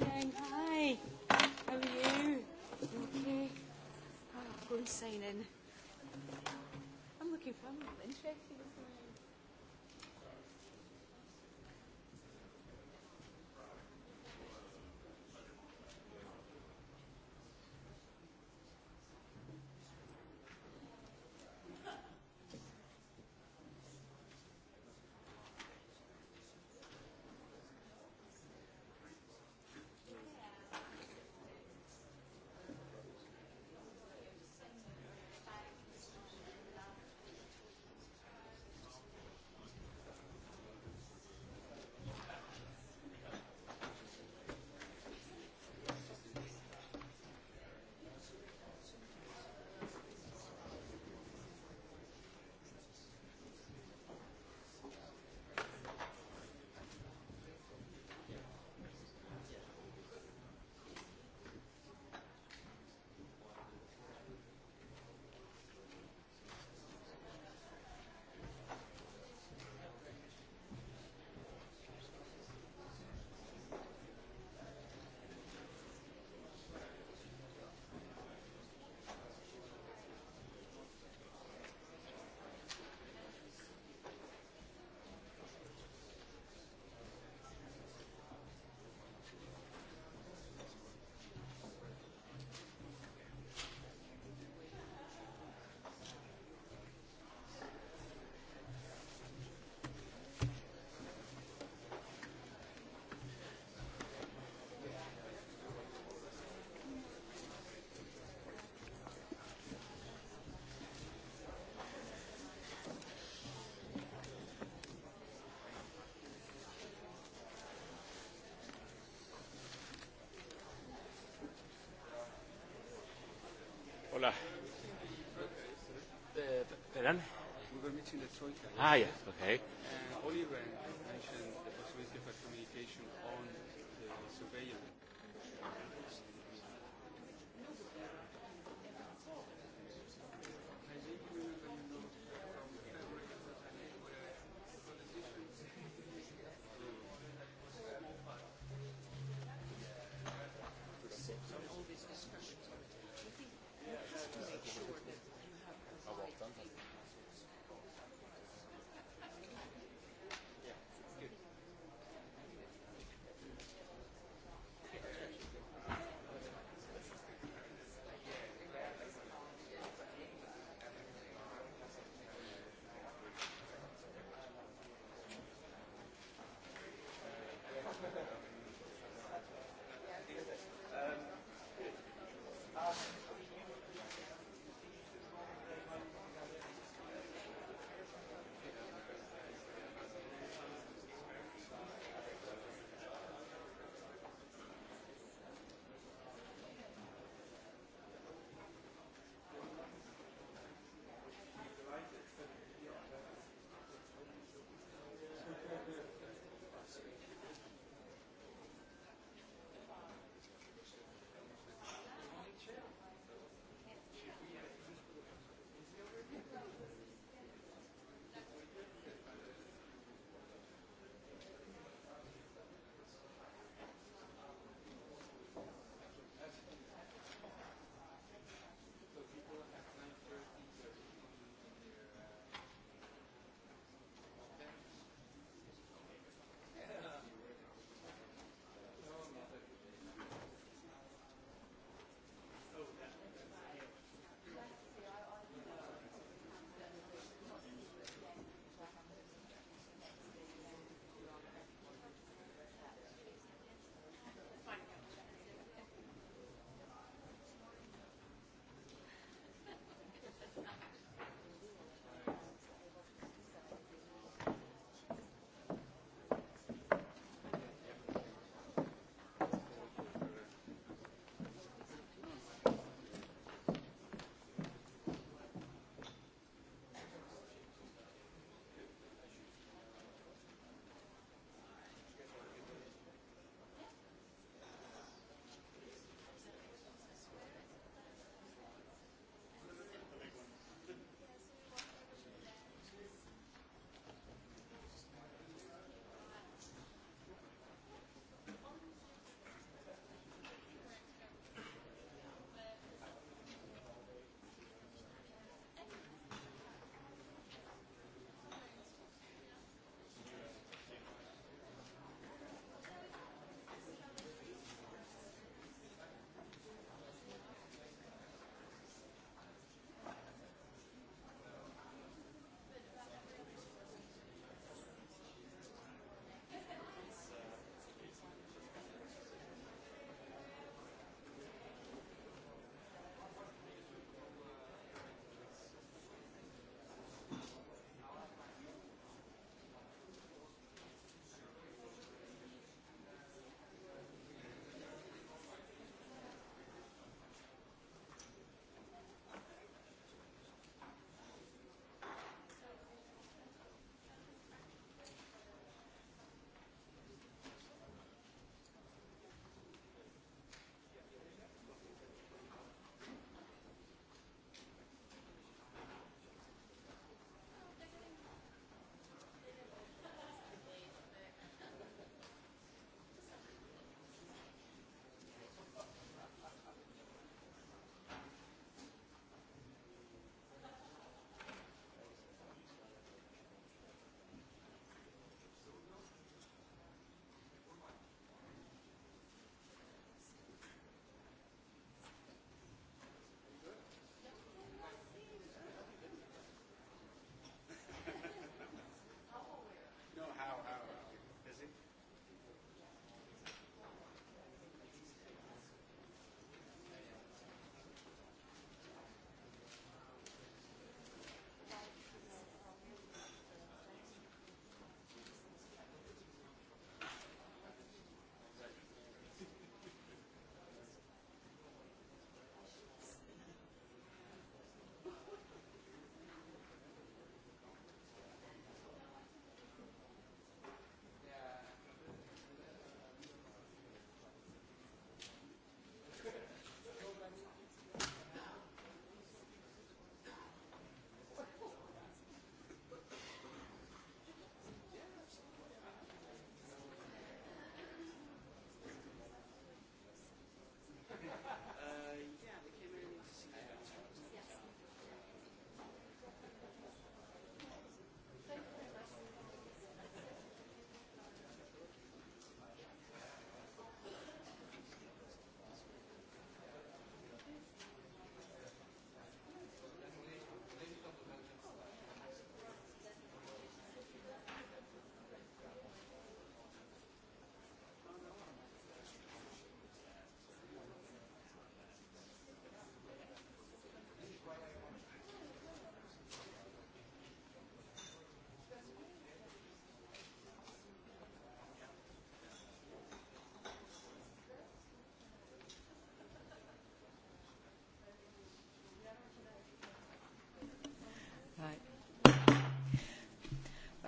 morning. Hi. How are you? You okay? Oh, I'll go and sign in. I'm looking for, a little interested. Hola. Pardon? We were meeting the Troika. Ah, yes, okay. And Oliver mentioned the possibility of a communication on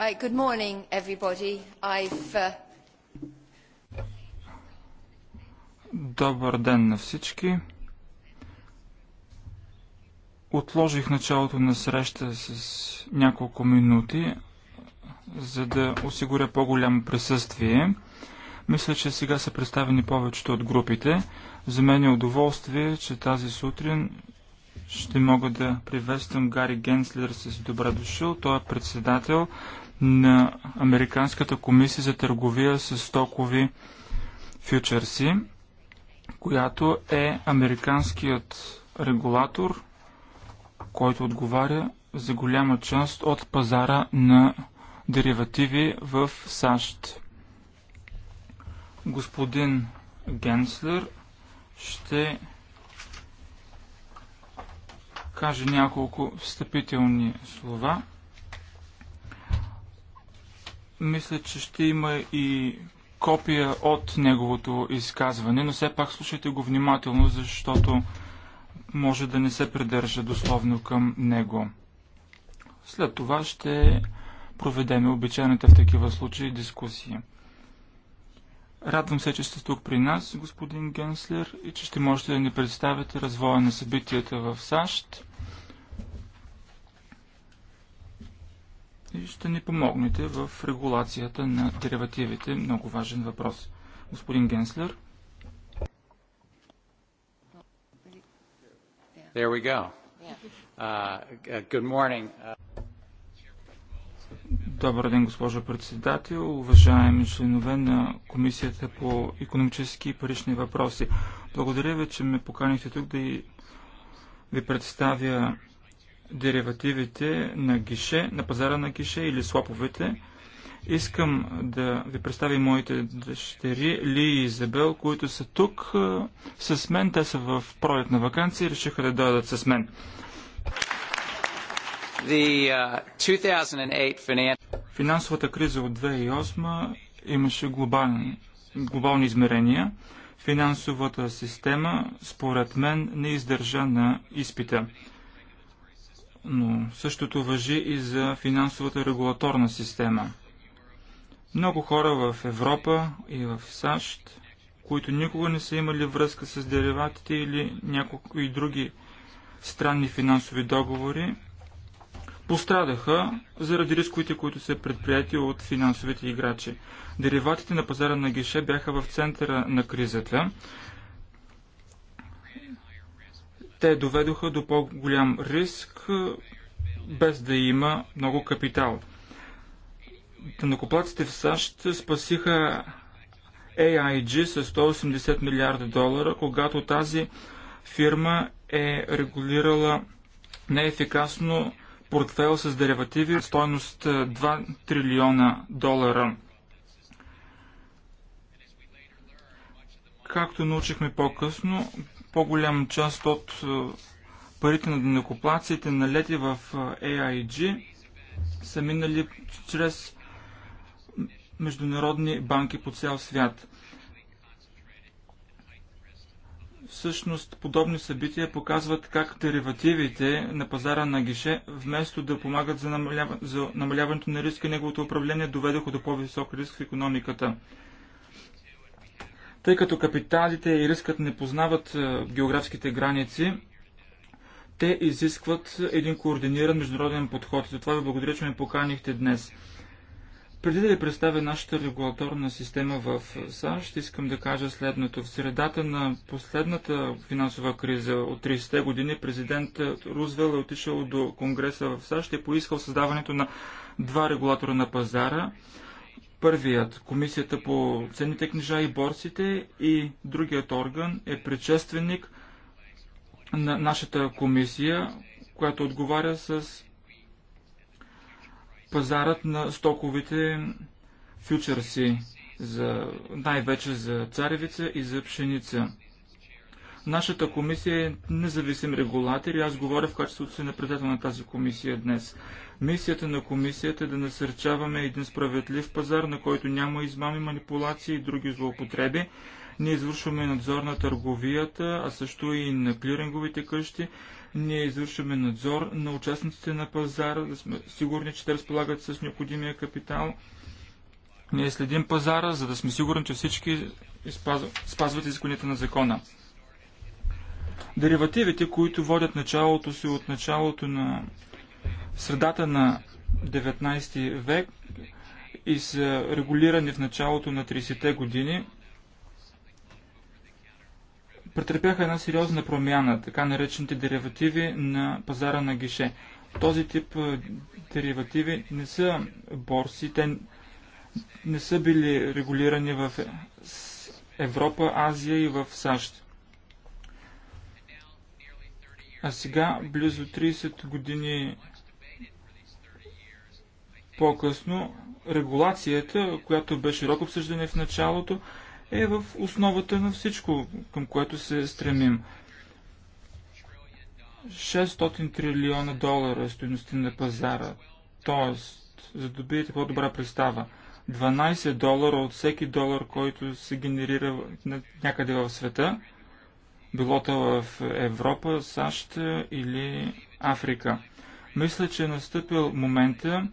Right, good morning, everybody. I've, uh... Добър ден на всички. Отложих началото на среща с няколко минути, за да осигуря по-голямо присъствие. Мисля, че сега са представени повечето от групите. За мен е удоволствие, че тази сутрин ще мога да приветствам Гари Генслер с добре дошъл. Той е председател на Американската комисия за търговия с стокови фьючерси, която е американският регулатор, който отговаря за голяма част от пазара на деривативи в САЩ. Господин Генслер ще каже няколко встъпителни слова. Мисля, че ще има и копия от неговото изказване, но все пак слушайте го внимателно, защото може да не се придържа дословно към него. След това ще проведем обичайната в такива случаи дискусия. Радвам се, че сте тук при нас, господин Генслер, и че ще можете да ни представите развоя на събитията в САЩ. и ще ни помогнете в регулацията на деривативите. Много важен въпрос. Господин Генслер. There we go. Uh, good morning. Добър ден, госпожо председател, уважаеми членове на Комисията по економически и парични въпроси. Благодаря ви, че ме поканихте тук да ви представя деривативите на гише, на пазара на гише или слаповете. Искам да ви представя моите дъщери Ли и Изабел, които са тук с мен. Те са в на вакансия и решиха да дойдат с мен. The, uh, 2008 Финансовата криза от 2008 имаше глобални, глобални измерения. Финансовата система, според мен, не издържа на изпита. Но същото въжи и за финансовата регулаторна система. Много хора в Европа и в САЩ, които никога не са имали връзка с дериватите или някои други странни финансови договори, пострадаха заради рисковите, които са предприяти от финансовите играчи. Дериватите на пазара на гише бяха в центъра на кризата те доведоха до по-голям риск, е, без да има много капитал. Накоплаците в САЩ спасиха AIG с 180 милиарда долара, когато тази фирма е регулирала неефикасно портфел с деривативи стойност 2 е, трилиона долара. Както научихме по-късно, по-голям част от е, парите на денокоплациите налети в е, AIG са минали чрез международни банки по цял свят. Всъщност, подобни събития показват как деривативите на пазара на гише, вместо да помагат за, намалява... за намаляването на риска и неговото управление, доведоха до по-висок риск в економиката. Тъй като капиталите и рискът не познават е, географските граници, те изискват един координиран международен подход. За това ви благодаря, че ме поканихте днес. Преди да ви представя нашата регулаторна система в САЩ, искам да кажа следното. В средата на последната финансова криза от 30-те години президент Рузвел е отишъл до Конгреса в САЩ и е поискал създаването на два регулатора на пазара – Първият, Комисията по ценните книжа и борсите и другият орган е предшественик на нашата комисия, която отговаря с пазарът на стоковите фьючерси, за, най-вече за царевица и за пшеница. Нашата комисия е независим регулатор и аз говоря в качеството си на председател на тази комисия днес. Мисията на комисията е да насърчаваме един справедлив пазар, на който няма измами, манипулации и други злоупотреби. Ние извършваме надзор на търговията, а също и на клиринговите къщи. Ние извършваме надзор на участниците на пазара, да сме сигурни, че те разполагат с необходимия капитал. Ние следим пазара, за да сме сигурни, че всички спазват изискванията на закона. Деривативите, които водят началото си от началото на средата на 19 век и са регулирани в началото на 30-те години, претърпяха една сериозна промяна, така наречените деривативи на пазара на гише. Този тип деривативи не са борси, те не са били регулирани в е- Европа, Азия и в САЩ. А сега, близо 30 години по-късно, регулацията, която бе широко обсъждане в началото, е в основата на всичко, към което се стремим. 600 трилиона долара е стоеността на пазара. Тоест, за да добиете по-добра представа, 12 долара от всеки долар, който се генерира някъде в света – било то в Европа, САЩ или Африка. Мисля, че е настъпил момента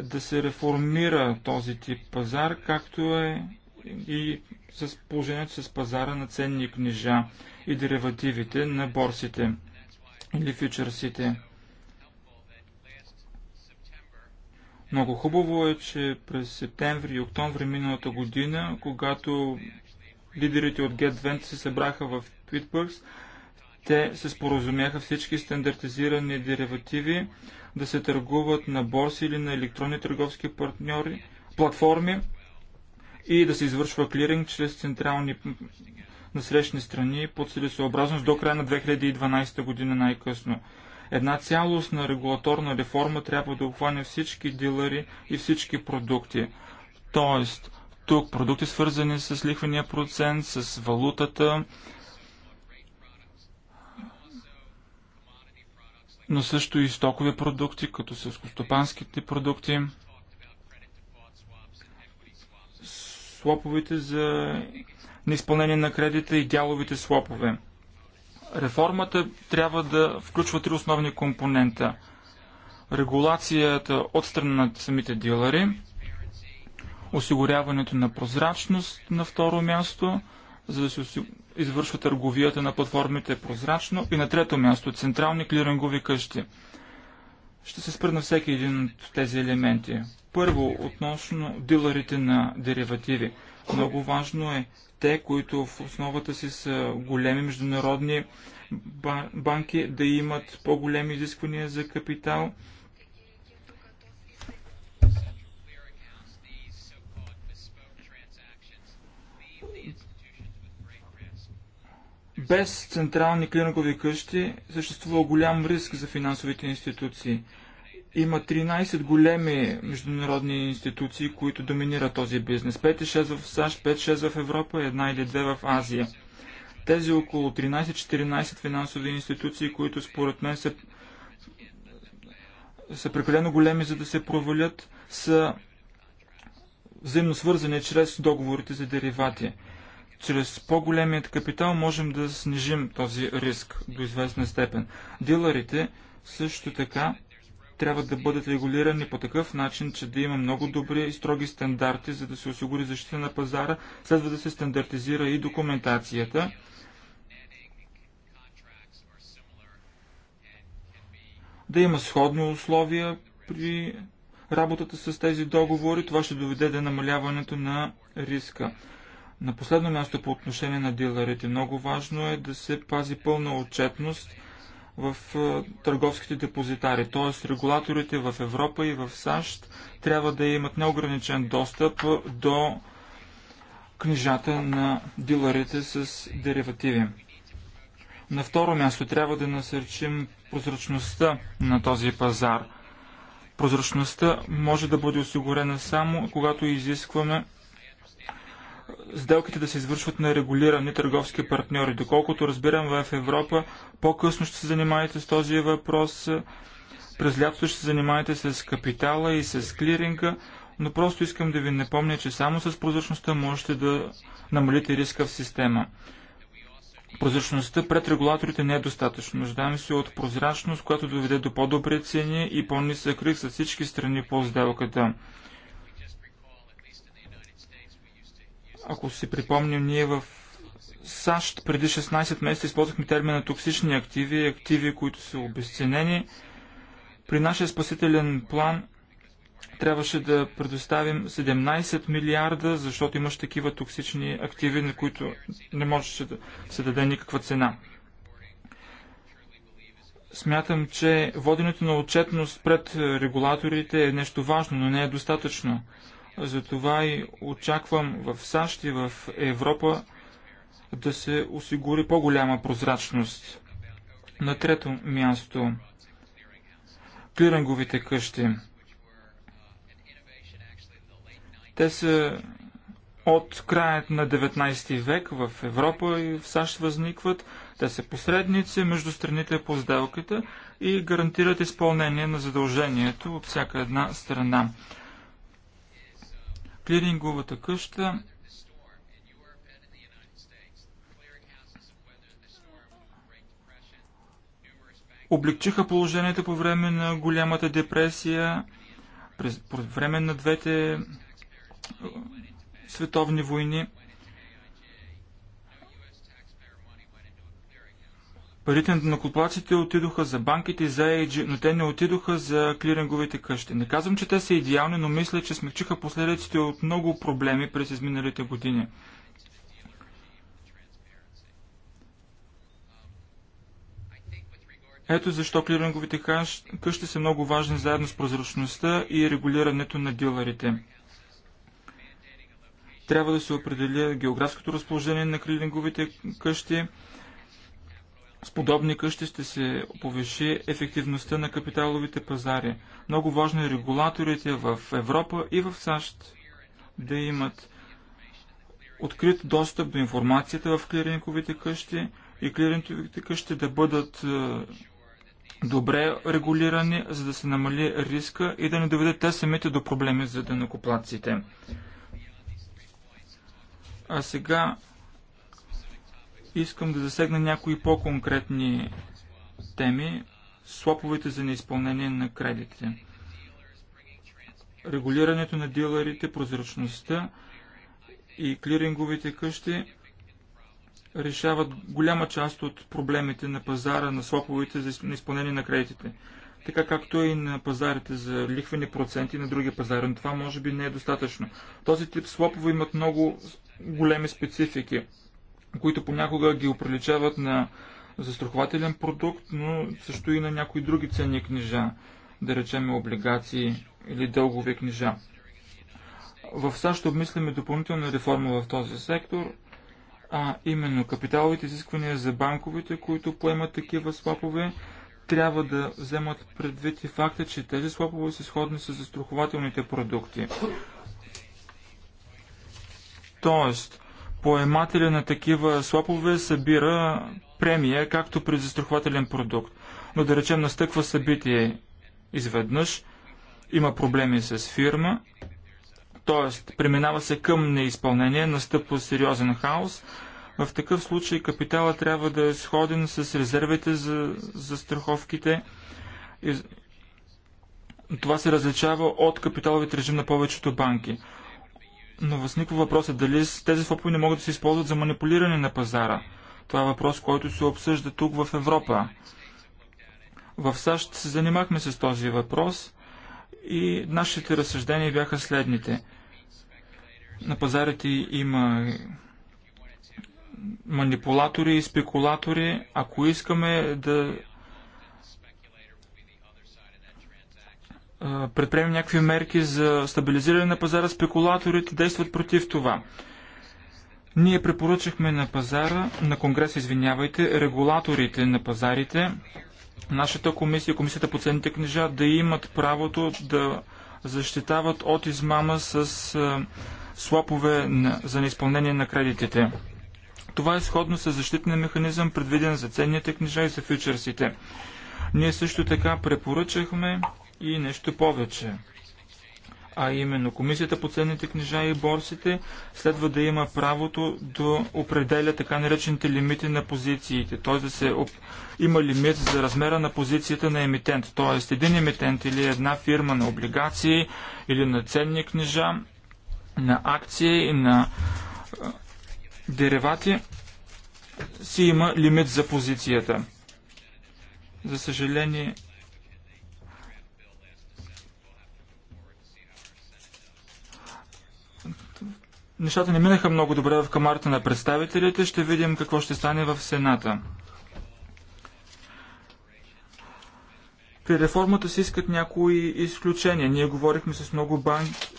да се реформира този тип пазар, както е и с положението с пазара на ценни книжа и деривативите на борсите или фьючерсите. Много хубаво е, че през септември и октомври миналата година, когато лидерите от G20 се събраха в Питбъргс. Те се споразумяха всички стандартизирани деривативи да се търгуват на борси или на електронни търговски партньори, платформи и да се извършва клиринг чрез централни насрещни страни по целесообразност до края на 2012 година най-късно. Една цялостна регулаторна реформа трябва да обхване всички дилъри и всички продукти. Тоест, тук продукти свързани с лихвения процент, с валутата, но също и стокови продукти, като селскостопанските продукти, слоповете за неизпълнение на кредита и дяловите слопове. Реформата трябва да включва три основни компонента. Регулацията от страна на самите дилери, осигуряването на прозрачност на второ място, за да се извършва търговията на платформите прозрачно и на трето място централни клирингови къщи. Ще се спра на всеки един от тези елементи. Първо, относно диларите на деривативи. Много важно е те, които в основата си са големи международни банки, да имат по-големи изисквания за капитал, без централни клиникови къщи съществува голям риск за финансовите институции. Има 13 големи международни институции, които доминират този бизнес. 5-6 в САЩ, 5-6 в Европа, една или две в Азия. Тези около 13-14 финансови институции, които според мен са, са прекалено големи за да се провалят, са взаимно свързани чрез договорите за деривати чрез по-големият капитал можем да снижим този риск до известна степен. Дилърите също така трябва да бъдат регулирани по такъв начин, че да има много добри и строги стандарти, за да се осигури защита на пазара. Следва да се стандартизира и документацията. Да има сходни условия при работата с тези договори. Това ще доведе до намаляването на риска. На последно място по отношение на дилерите. Много важно е да се пази пълна отчетност в е, търговските депозитари. Т.е. регулаторите в Европа и в САЩ трябва да имат неограничен достъп до книжата на дилерите с деривативи. На второ място трябва да насърчим прозрачността на този пазар. Прозрачността може да бъде осигурена само когато изискваме сделките да се извършват на регулирани търговски партньори. Доколкото разбирам в Европа, по-късно ще се занимаете с този въпрос. През лятото ще се занимаете с капитала и с клиринга, но просто искам да ви напомня, че само с прозрачността можете да намалите риска в система. Прозрачността пред регулаторите не е достатъчно. Нуждаем се от прозрачност, която доведе до по-добри цени и по-нисък риск за всички страни по сделката. Ако си припомним, ние в САЩ преди 16 месеца използвахме термина токсични активи, активи, които са обесценени. При нашия спасителен план трябваше да предоставим 17 милиарда, защото имаш такива токсични активи, на които не можеше да се даде никаква цена. Смятам, че воденето на отчетност пред регулаторите е нещо важно, но не е достатъчно. Затова и очаквам в САЩ и в Европа да се осигури по-голяма прозрачност. На трето място клиранговите къщи. Те са от краят на 19 век в Европа и в САЩ възникват. Те са посредници между страните по сделката и гарантират изпълнение на задължението от всяка една страна клиринговата къща облегчиха положението по време на голямата депресия, през, по време на двете световни войни. Парите на коплаците отидоха за банките и за AG, но те не отидоха за клиринговите къщи. Не казвам, че те са идеални, но мисля, че смягчиха последиците от много проблеми през изминалите години. Ето защо клиринговите къщи са много важни заедно с прозрачността и регулирането на дилърите. Трябва да се определи географското разположение на клиринговите къщи, с подобни къщи ще се повиши ефективността на капиталовите пазари. Много важно е регулаторите в Европа и в САЩ да имат открит достъп до информацията в клиринговите къщи и клиринговите къщи да бъдат е, добре регулирани, за да се намали риска и да не доведат те самите до проблеми за денокоплаците. А сега Искам да засегна някои по-конкретни теми. Слоповете за неизпълнение на кредитите. Регулирането на дилерите, прозрачността и клиринговите къщи решават голяма част от проблемите на пазара на слоповете за изпълнение на кредитите. Така както и на пазарите за лихвени проценти на други пазари, но това може би не е достатъчно. Този тип слопове имат много големи специфики които понякога ги оприличават на застрахователен продукт, но също и на някои други ценни книжа, да речем облигации или дългови книжа. В САЩ обмисляме допълнителна реформа в този сектор, а именно капиталовите изисквания за банковите, които поемат такива слапове, трябва да вземат предвид и факта, че тези слапове са сходни с застрахователните продукти. Тоест, поемателя на такива слопове събира премия, както при застрахователен продукт. Но да речем настъква събитие изведнъж, има проблеми с фирма, т.е. преминава се към неизпълнение, настъпва сериозен хаос. В такъв случай капитала трябва да е сходен с резервите за, за страховките. Това се различава от капиталовите режим на повечето банки но възниква въпросът дали тези фопове не могат да се използват за манипулиране на пазара. Това е въпрос, който се обсъжда тук в Европа. В САЩ се занимахме с този въпрос и нашите разсъждения бяха следните. На пазарите има манипулатори и спекулатори. Ако искаме да предприемем някакви мерки за стабилизиране на пазара, спекулаторите действат против това. Ние препоръчахме на пазара, на Конгрес, извинявайте, регулаторите на пазарите, нашата комисия, комисията по ценните книжа, да имат правото да защитават от измама с слапове за неизпълнение на кредитите. Това е сходно с защитния механизъм, предвиден за ценните книжа и за фьючерсите. Ние също така препоръчахме и нещо повече. А именно, Комисията по ценните книжа и борсите следва да има правото да определя така наречените лимити на позициите, т.е. да се оп... има лимит за размера на позицията на емитент, т.е. един емитент или една фирма на облигации или на ценни книжа, на акции и на деривати си има лимит за позицията. За съжаление, Нещата не минаха много добре в камарата на представителите. Ще видим какво ще стане в Сената. При реформата се искат някои изключения. Ние говорихме с много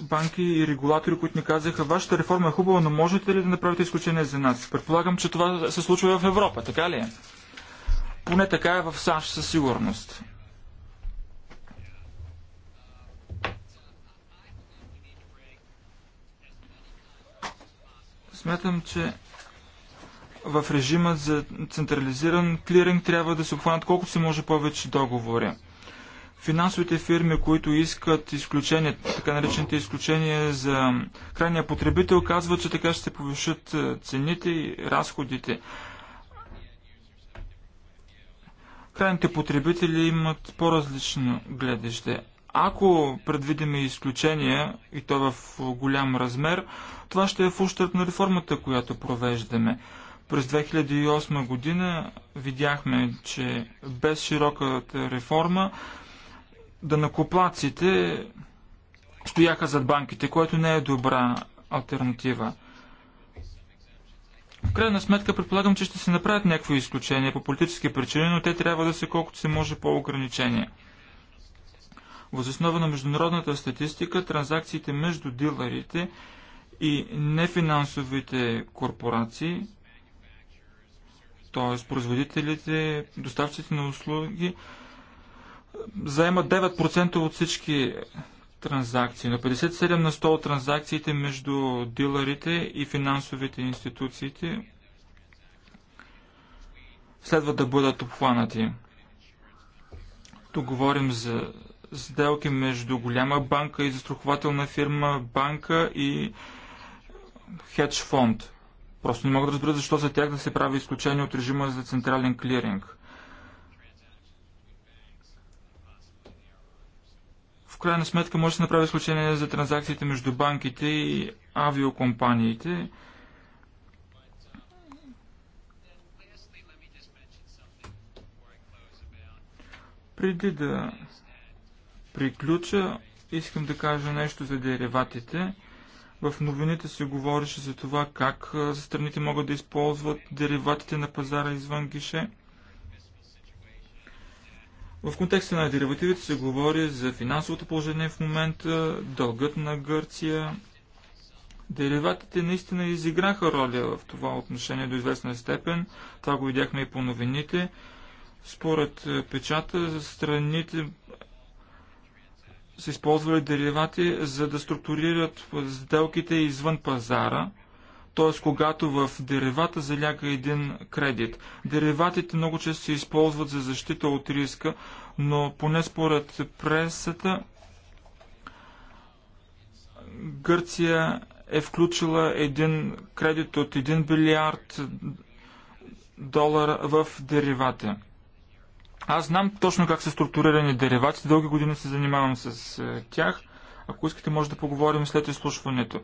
банки и регулатори, които ни казаха, вашата реформа е хубава, но можете ли да направите изключение за нас? Предполагам, че това се случва и в Европа, така ли е? Поне така е в САЩ със сигурност. Смятам, че в режима за централизиран клиринг трябва да се обхванат колкото се може повече договори. Финансовите фирми, които искат изключения, така наречените изключения за крайния потребител, казват, че така ще се повишат е, цените и разходите. Крайните потребители имат по-различно гледаще. Ако предвидим изключения, и то в голям размер, това ще е в ущърп на реформата, която провеждаме. През 2008 година видяхме, че без широката реформа данакоплаците стояха зад банките, което не е добра альтернатива. В крайна сметка предполагам, че ще се направят някакви изключения по политически причини, но те трябва да са колкото се може по ограничения. Възоснова на международната статистика, транзакциите между дилерите и нефинансовите корпорации, т.е. производителите, доставчите на услуги, заемат 9% от всички транзакции. На 57 на 100 от транзакциите между дилерите и финансовите институциите следва да бъдат обхванати. Тук говорим за сделки между голяма банка и застрахователна фирма, банка и хедж фонд. Просто не мога да разбера защо за тях да се прави изключение от режима за централен клиринг. В крайна сметка може да се направи изключение за транзакциите между банките и авиокомпаниите. Преди да приключа, искам да кажа нещо за дериватите. В новините се говореше за това как страните могат да използват дериватите на пазара извън гише. В контекста на деривативите се говори за финансовото положение в момента, дългът на Гърция. Дериватите наистина изиграха роля в това отношение до известна степен. Това го видяхме и по новините. Според печата, страните са използвали деривати, за да структурират сделките извън пазара, т.е. когато в деривата заляга един кредит. Дериватите много често се използват за защита от риска, но поне според пресата Гърция е включила един кредит от 1 билиард долара в деривата. Аз знам точно как са структурирани деривати, дълги години се занимавам с е, тях. Ако искате, може да поговорим след изслушването.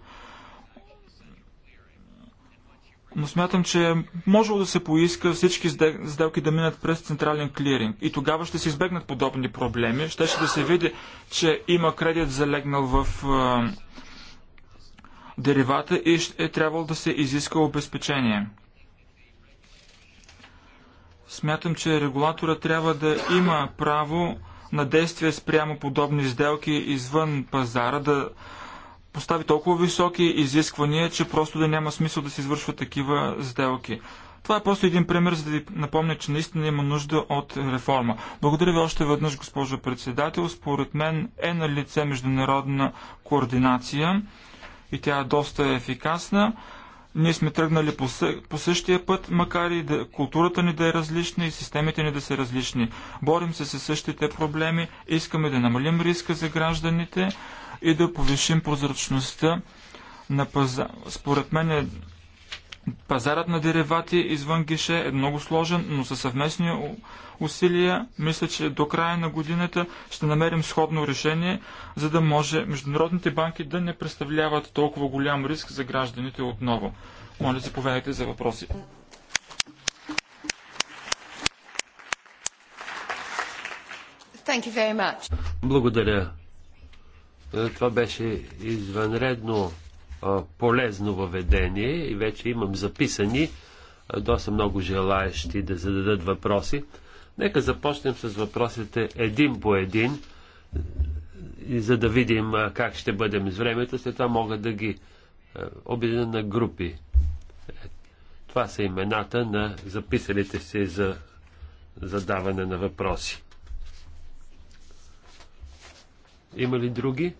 Но смятам, че можело да се поиска всички сделки да минат през централен клиринг. И тогава ще се избегнат подобни проблеми. Ще ще да се види, че има кредит залегнал в е, деривата и е трябвало да се изиска обезпечение. Смятам, че регулатора трябва да има право на действие спрямо подобни сделки извън пазара, да постави толкова високи изисквания, че просто да няма смисъл да се извършват такива сделки. Това е просто един пример, за да ви напомня, че наистина има нужда от реформа. Благодаря ви още веднъж, госпожо председател. Според мен е на лице международна координация и тя е доста ефикасна. Ние сме тръгнали по, по същия път, макар и да, културата ни да е различна и системите ни да са различни. Борим се с същите проблеми, искаме да намалим риска за гражданите и да повишим прозрачността на пазара. Според мен е Пазарът на деривати извън гише е много сложен, но със съвместни усилия мисля, че до края на годината ще намерим сходно решение, за да може международните банки да не представляват толкова голям риск за гражданите отново. Моля, заповядайте за въпроси. Благодаря. Е, това беше извънредно полезно въведение и вече имам записани доста много желаящи да зададат въпроси. Нека започнем с въпросите един по един, за да видим как ще бъдем с времето. След това мога да ги обедина на групи. Това са имената на записалите се за задаване на въпроси. Има ли други?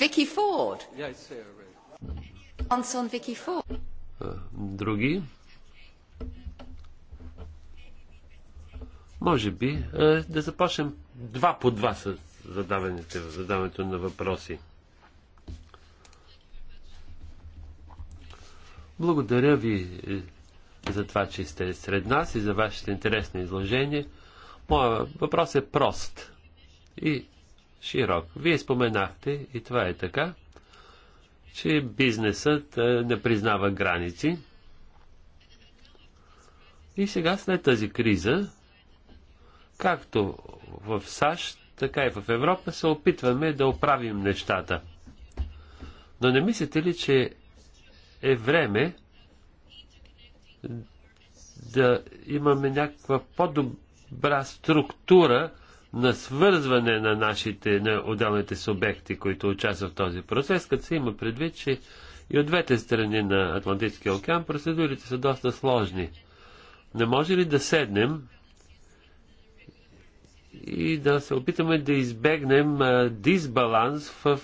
Вики Форд. Ансон Вики Форд. Други? Може би да започнем два по два с задаването на въпроси. Благодаря ви е, за това, че сте сред нас и за вашето интересно изложение. Моя въпрос е прост и широк. Вие споменахте, и това е така, че бизнесът е, не признава граници. И сега след тази криза, както в САЩ, така и в Европа, се опитваме да оправим нещата. Но не мислите ли, че е време да имаме някаква по-добра структура на свързване на нашите, на отделните субекти, които участват в този процес, като се има предвид, че и от двете страни на Атлантическия океан процедурите са доста сложни. Не може ли да седнем и да се опитаме да избегнем дисбаланс в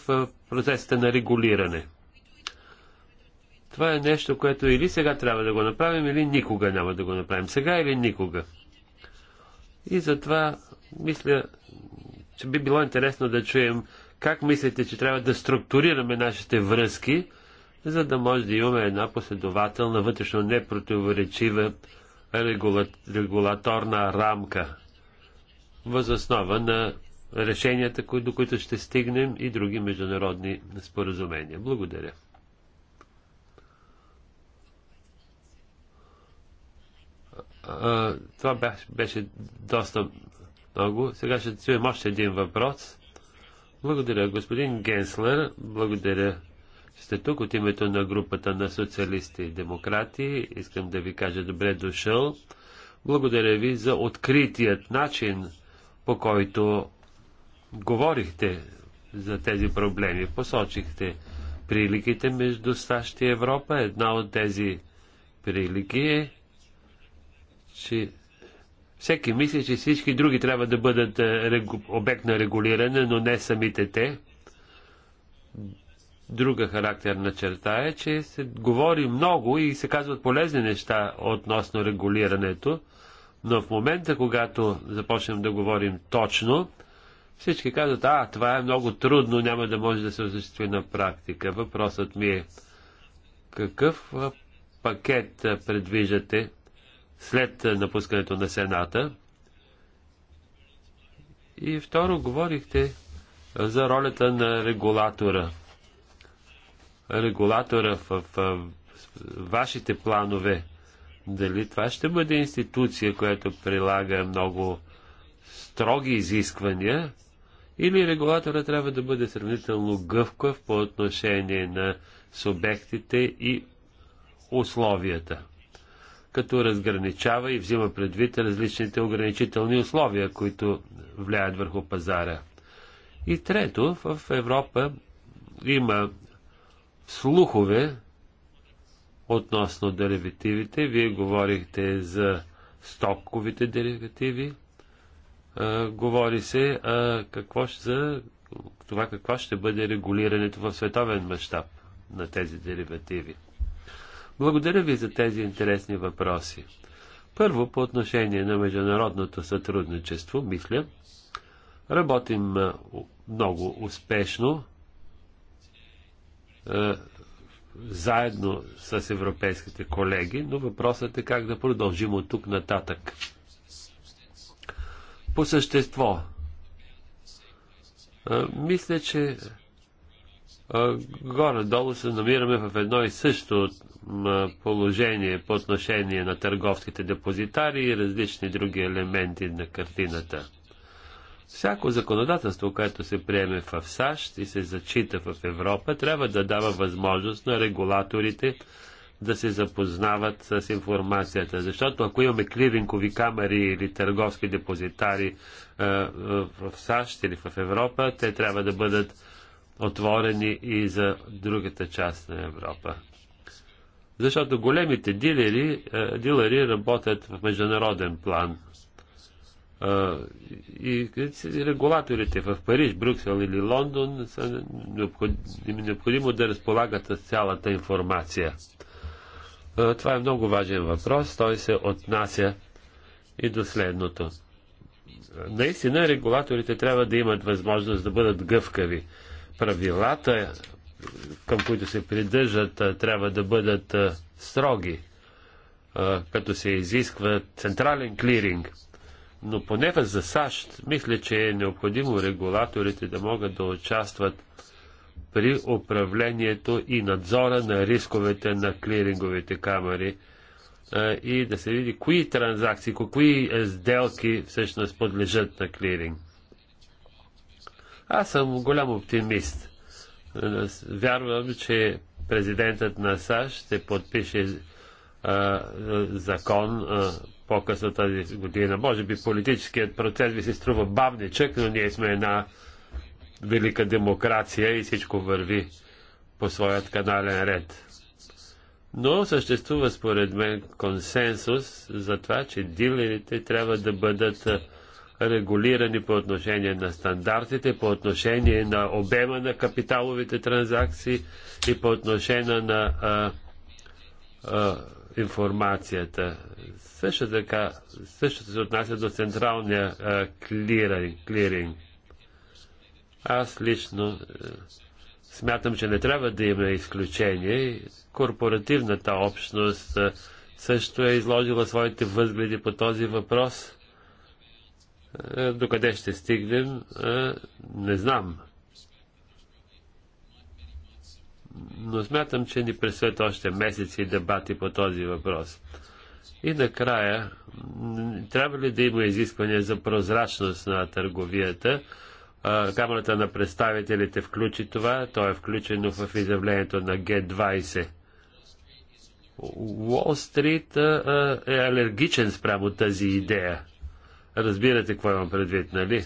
процесите на регулиране? Това е нещо, което или сега трябва да го направим, или никога няма да го направим. Сега или никога. И затова мисля, че би било интересно да чуем как мислите, че трябва да структурираме нашите връзки, за да може да имаме една последователна, вътрешно непротиворечива регула... регулаторна рамка, възоснова на решенията, кои... до които ще стигнем и други международни споразумения. Благодаря. това беше, беше доста много. Сега ще чуем още един въпрос. Благодаря, господин Генслер. Благодаря, че сте тук от името на групата на социалисти и демократи. Искам да ви кажа добре дошъл. Благодаря ви за откритият начин, по който говорихте за тези проблеми. Посочихте приликите между САЩ и Европа. Една от тези прилики е, че всеки мисли, че всички други трябва да бъдат е, обект на регулиране, но не самите те. Друга характерна черта е, че се говори много и се казват полезни неща относно регулирането, но в момента, когато започнем да говорим точно, всички казват, а, това е много трудно, няма да може да се осъществи на практика. Въпросът ми е, какъв пакет предвиждате след е, напускането на Сената. И второ, говорихте е, за ролята на регулатора. Регулатора в, в, в вашите планове. Дали това ще бъде институция, която прилага много строги изисквания, или регулатора трябва да бъде сравнително гъвкав по отношение на субектите и условията? като разграничава и взима предвид различните ограничителни условия, които влияят върху пазара. И трето, в Европа има слухове относно деривативите. Вие говорихте за стоковите деривативи. А, говори се а, какво ще, за това какво ще бъде регулирането в световен мащаб на тези деривативи. Благодаря ви за тези интересни въпроси. Първо, по отношение на международното сътрудничество, мисля, работим много успешно заедно с европейските колеги, но въпросът е как да продължим от тук нататък. По същество, мисля, че горе-долу се намираме в едно и също положение по отношение на търговските депозитари и различни други елементи на картината. Всяко законодателство, което се приеме в САЩ и се зачита в Европа, трябва да дава възможност на регулаторите да се запознават с информацията. Защото ако имаме клирингови камери или търговски депозитари в САЩ или в Европа, те трябва да бъдат отворени и за другата част на Европа. Защото големите дилери, е, дилери работят в международен план. Е, и регулаторите в Париж, Брюксел или Лондон са необходимо, е необходимо да разполагат с цялата информация. Това е много важен въпрос. Той се отнася и до следното. Наистина регулаторите трябва да имат възможност да бъдат гъвкави правилата, към които се придържат, трябва да бъдат строги, като се изисква централен клиринг. Но поне за САЩ, мисля, че е необходимо регулаторите да могат да участват при управлението и надзора на рисковете на клиринговите камери и да се види кои транзакции, кои е, сделки всъщност подлежат на клиринг. Аз съм голям оптимист. Вярвам, че президентът на САЩ ще подпише а, закон по-късно тази година. Може би политическият процес ви се струва бавничък, но ние сме една велика демокрация и всичко върви по своят канален ред. Но съществува според мен консенсус за това, че дилерите трябва да бъдат регулирани по отношение на стандартите, по отношение на обема на капиталовите транзакции и по отношение на а, а, информацията. Също така, също се отнася до централния а, клиринг, клиринг. Аз лично а, смятам, че не трябва да има изключение. Корпоративната общност а, също е изложила своите възгледи по този въпрос – е, До къде ще стигнем, е, не знам. Но смятам, че ни пресвет още месеци дебати по този въпрос. И накрая, трябва ли да има изисквания за прозрачност на търговията? Е, камерата на представителите включи това, то е включено в изявлението на Г-20. Уолл Стрит е алергичен спрямо тази идея. Разбирате какво имам предвид, нали?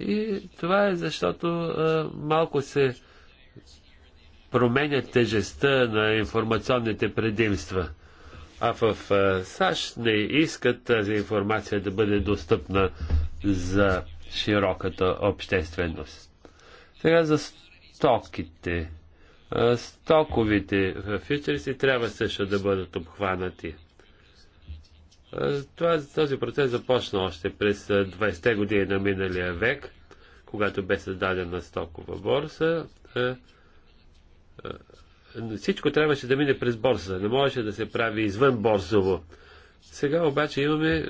И това е защото а, малко се променя тежестта на информационните предимства. А в а, САЩ не искат тази информация да бъде достъпна за широката общественост. Сега за стоките. А, стоковите фьючерси трябва също да бъдат обхванати. Е, този процес започна още през 20-те е, години на миналия век, когато бе създадена стокова борса. Е, всичко трябваше да мине през борса, не можеше да се прави извън борсово. Сега обаче имаме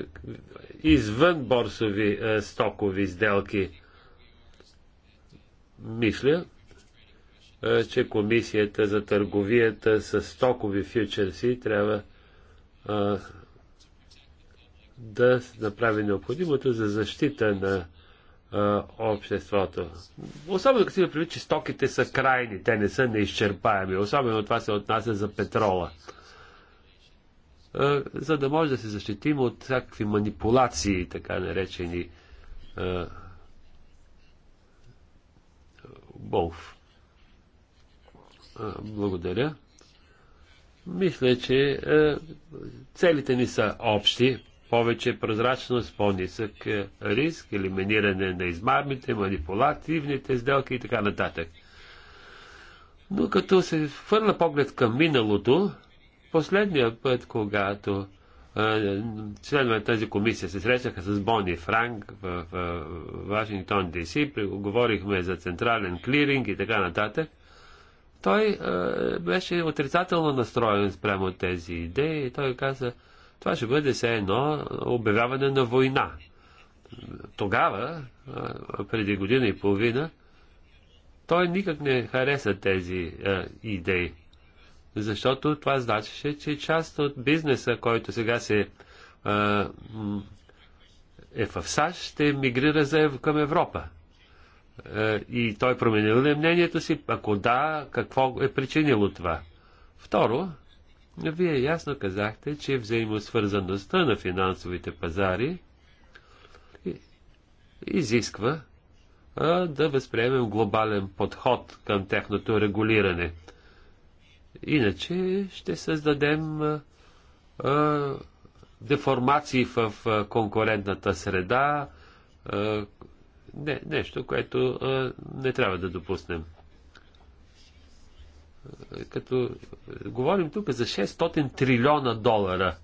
извън борсови стокови сделки. Мисля, че комисията за търговията с стокови фьючерси трябва да направи необходимото за защита на а, обществото. Особено като си предвид, че стоките са крайни, те не са неизчерпаеми. Особено това се отнася за петрола. А, за да може да се защитим от всякакви манипулации, така наречени а, Болф. Благодаря. Мисля, че целите ни са общи повече прозрачност, по-нисък е, риск, елиминиране на измамите, манипулативните сделки и така нататък. Но като се хвърля поглед към миналото, последния път, когато е, членове на тази комисия се срещаха с Бони Франк в, в, в Вашингтон ДС, говорихме за централен клиринг и така нататък, той а, е, беше отрицателно настроен спрямо тези идеи и той каза, това ще бъде все едно обявяване на война. Тогава, преди година и половина, той никак не хареса тези е, идеи. Защото това значеше, че част от бизнеса, който сега се е, е в САЩ, ще мигрира за, към Европа. Е, и той променил ли мнението си? Ако да, какво е причинило това? Второ, вие ясно казахте, че взаимосвързаността на финансовите пазари изисква а, да възприемем глобален подход към техното регулиране. Иначе ще създадем а, а, деформации в а, конкурентната среда, а, не, нещо, което а, не трябва да допуснем като е, говорим тук за 600 трилиона долара.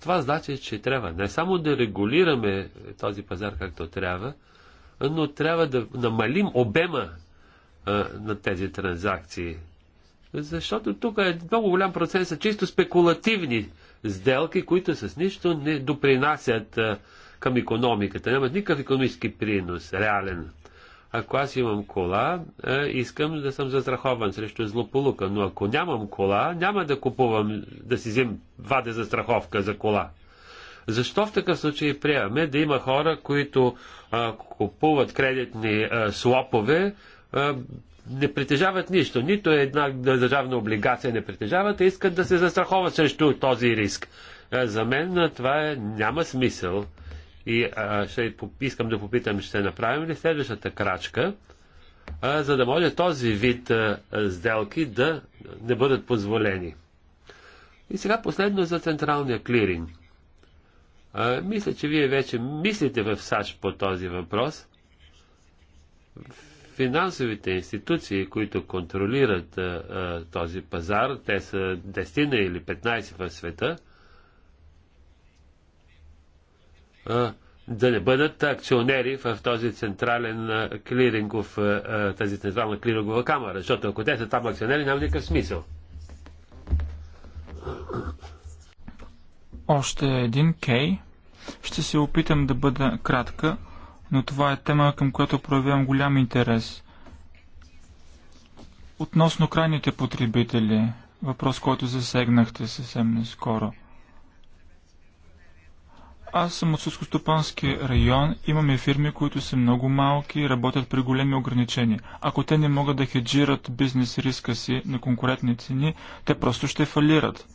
това значи, че трябва не само да регулираме този пазар както трябва, но трябва да намалим обема на тези транзакции. Защото тук е много голям процент са чисто спекулативни сделки, които с нищо не допринасят към економиката. Нямат никакъв економически принос, реален. Ако аз имам кола, е, искам да съм застрахован срещу злополука, но ако нямам кола, няма да купувам, да си взем ваде застраховка за кола. Защо в такъв случай приемаме да има хора, които а, купуват кредитни а, слопове, а, не притежават нищо, нито една държавна облигация не притежават, и искат да се застраховат срещу този риск. А, е, за мен а, това е, няма смисъл. И а, ще искам да попитам, ще направим ли следващата крачка, а, за да може този вид а, сделки да не бъдат позволени. И сега последно за централния клиринг. А, мисля, че вие вече мислите в САЩ по този въпрос. Финансовите институции, които контролират а, а, този пазар, те са 10 или 15 в света, да не бъдат акционери в този централен клирингов, тази централна клирингова камера, защото ако те са там акционери, няма никакъв смисъл. Още един кей. Ще се опитам да бъда кратка, но това е тема, към която проявявам голям интерес. Относно крайните потребители, въпрос, който засегнахте съвсем наскоро – аз съм от Сускостопански район. Имаме фирми, които са много малки и работят при големи ограничения. Ако те не могат да хеджират бизнес риска си на конкурентни цени, те просто ще фалират.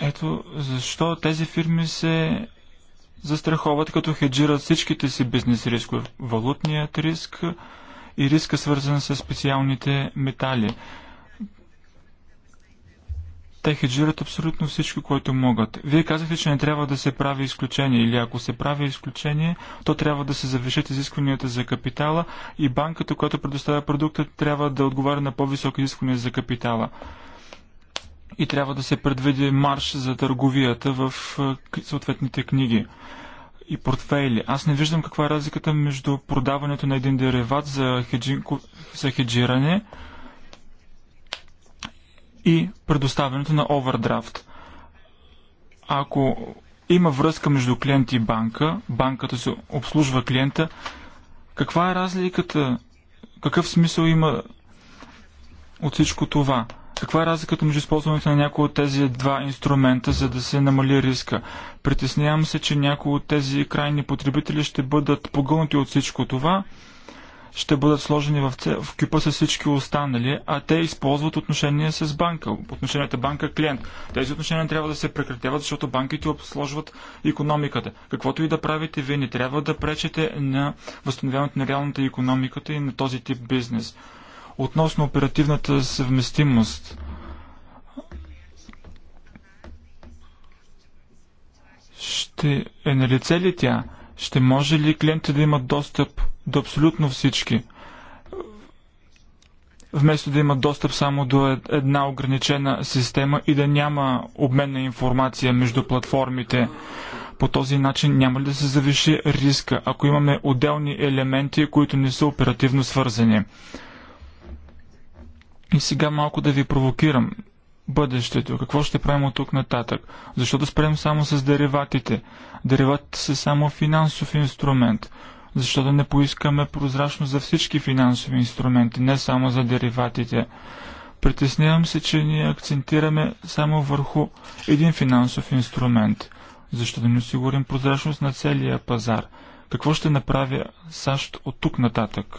Ето защо тези фирми се застраховат, като хеджират всичките си бизнес рискове. Валутният риск, и риска свързан с специалните метали. Те хеджират абсолютно всичко, което могат. Вие казахте, че не трябва да се прави изключение или ако се прави изключение, то трябва да се завишат изискванията за капитала и банката, която предоставя продукта, трябва да отговаря на по-високи изисквания за капитала. И трябва да се предвиди марш за търговията в е, съответните книги и портфейли. Аз не виждам каква е разликата между продаването на един дериват за, хеджин, за хеджиране и предоставянето на овердрафт. Ако има връзка между клиент и банка, банката се обслужва клиента, каква е разликата? Какъв смисъл има от всичко това? Каква е разликата между използването на някои от тези два инструмента, за да се намали риска? Притеснявам се, че някои от тези крайни потребители ще бъдат погълнати от всичко това, ще бъдат сложени в, ц... в кипа с всички останали, а те използват отношения с банка, отношенията банка-клиент. Тези отношения трябва да се прекратяват, защото банките обслужват економиката. Каквото и да правите, вие не трябва да пречете на възстановяването на реалната економиката и на този тип бизнес. Относно оперативната съвместимост, ще е на лице ли тя? Ще може ли клиентите да имат достъп до абсолютно всички? Вместо да имат достъп само до една ограничена система и да няма обмен на информация между платформите. По този начин няма ли да се завиши риска, ако имаме отделни елементи, които не са оперативно свързани? И сега малко да ви провокирам. Бъдещето, какво ще правим от тук нататък? Защо да спрем само с дериватите? Дериватите са само финансов инструмент. Защо да не поискаме прозрачност за всички финансови инструменти, не само за дериватите? Притеснявам се, че ние акцентираме само върху един финансов инструмент. Защо да не осигурим прозрачност на целия пазар? Какво ще направя САЩ от тук нататък?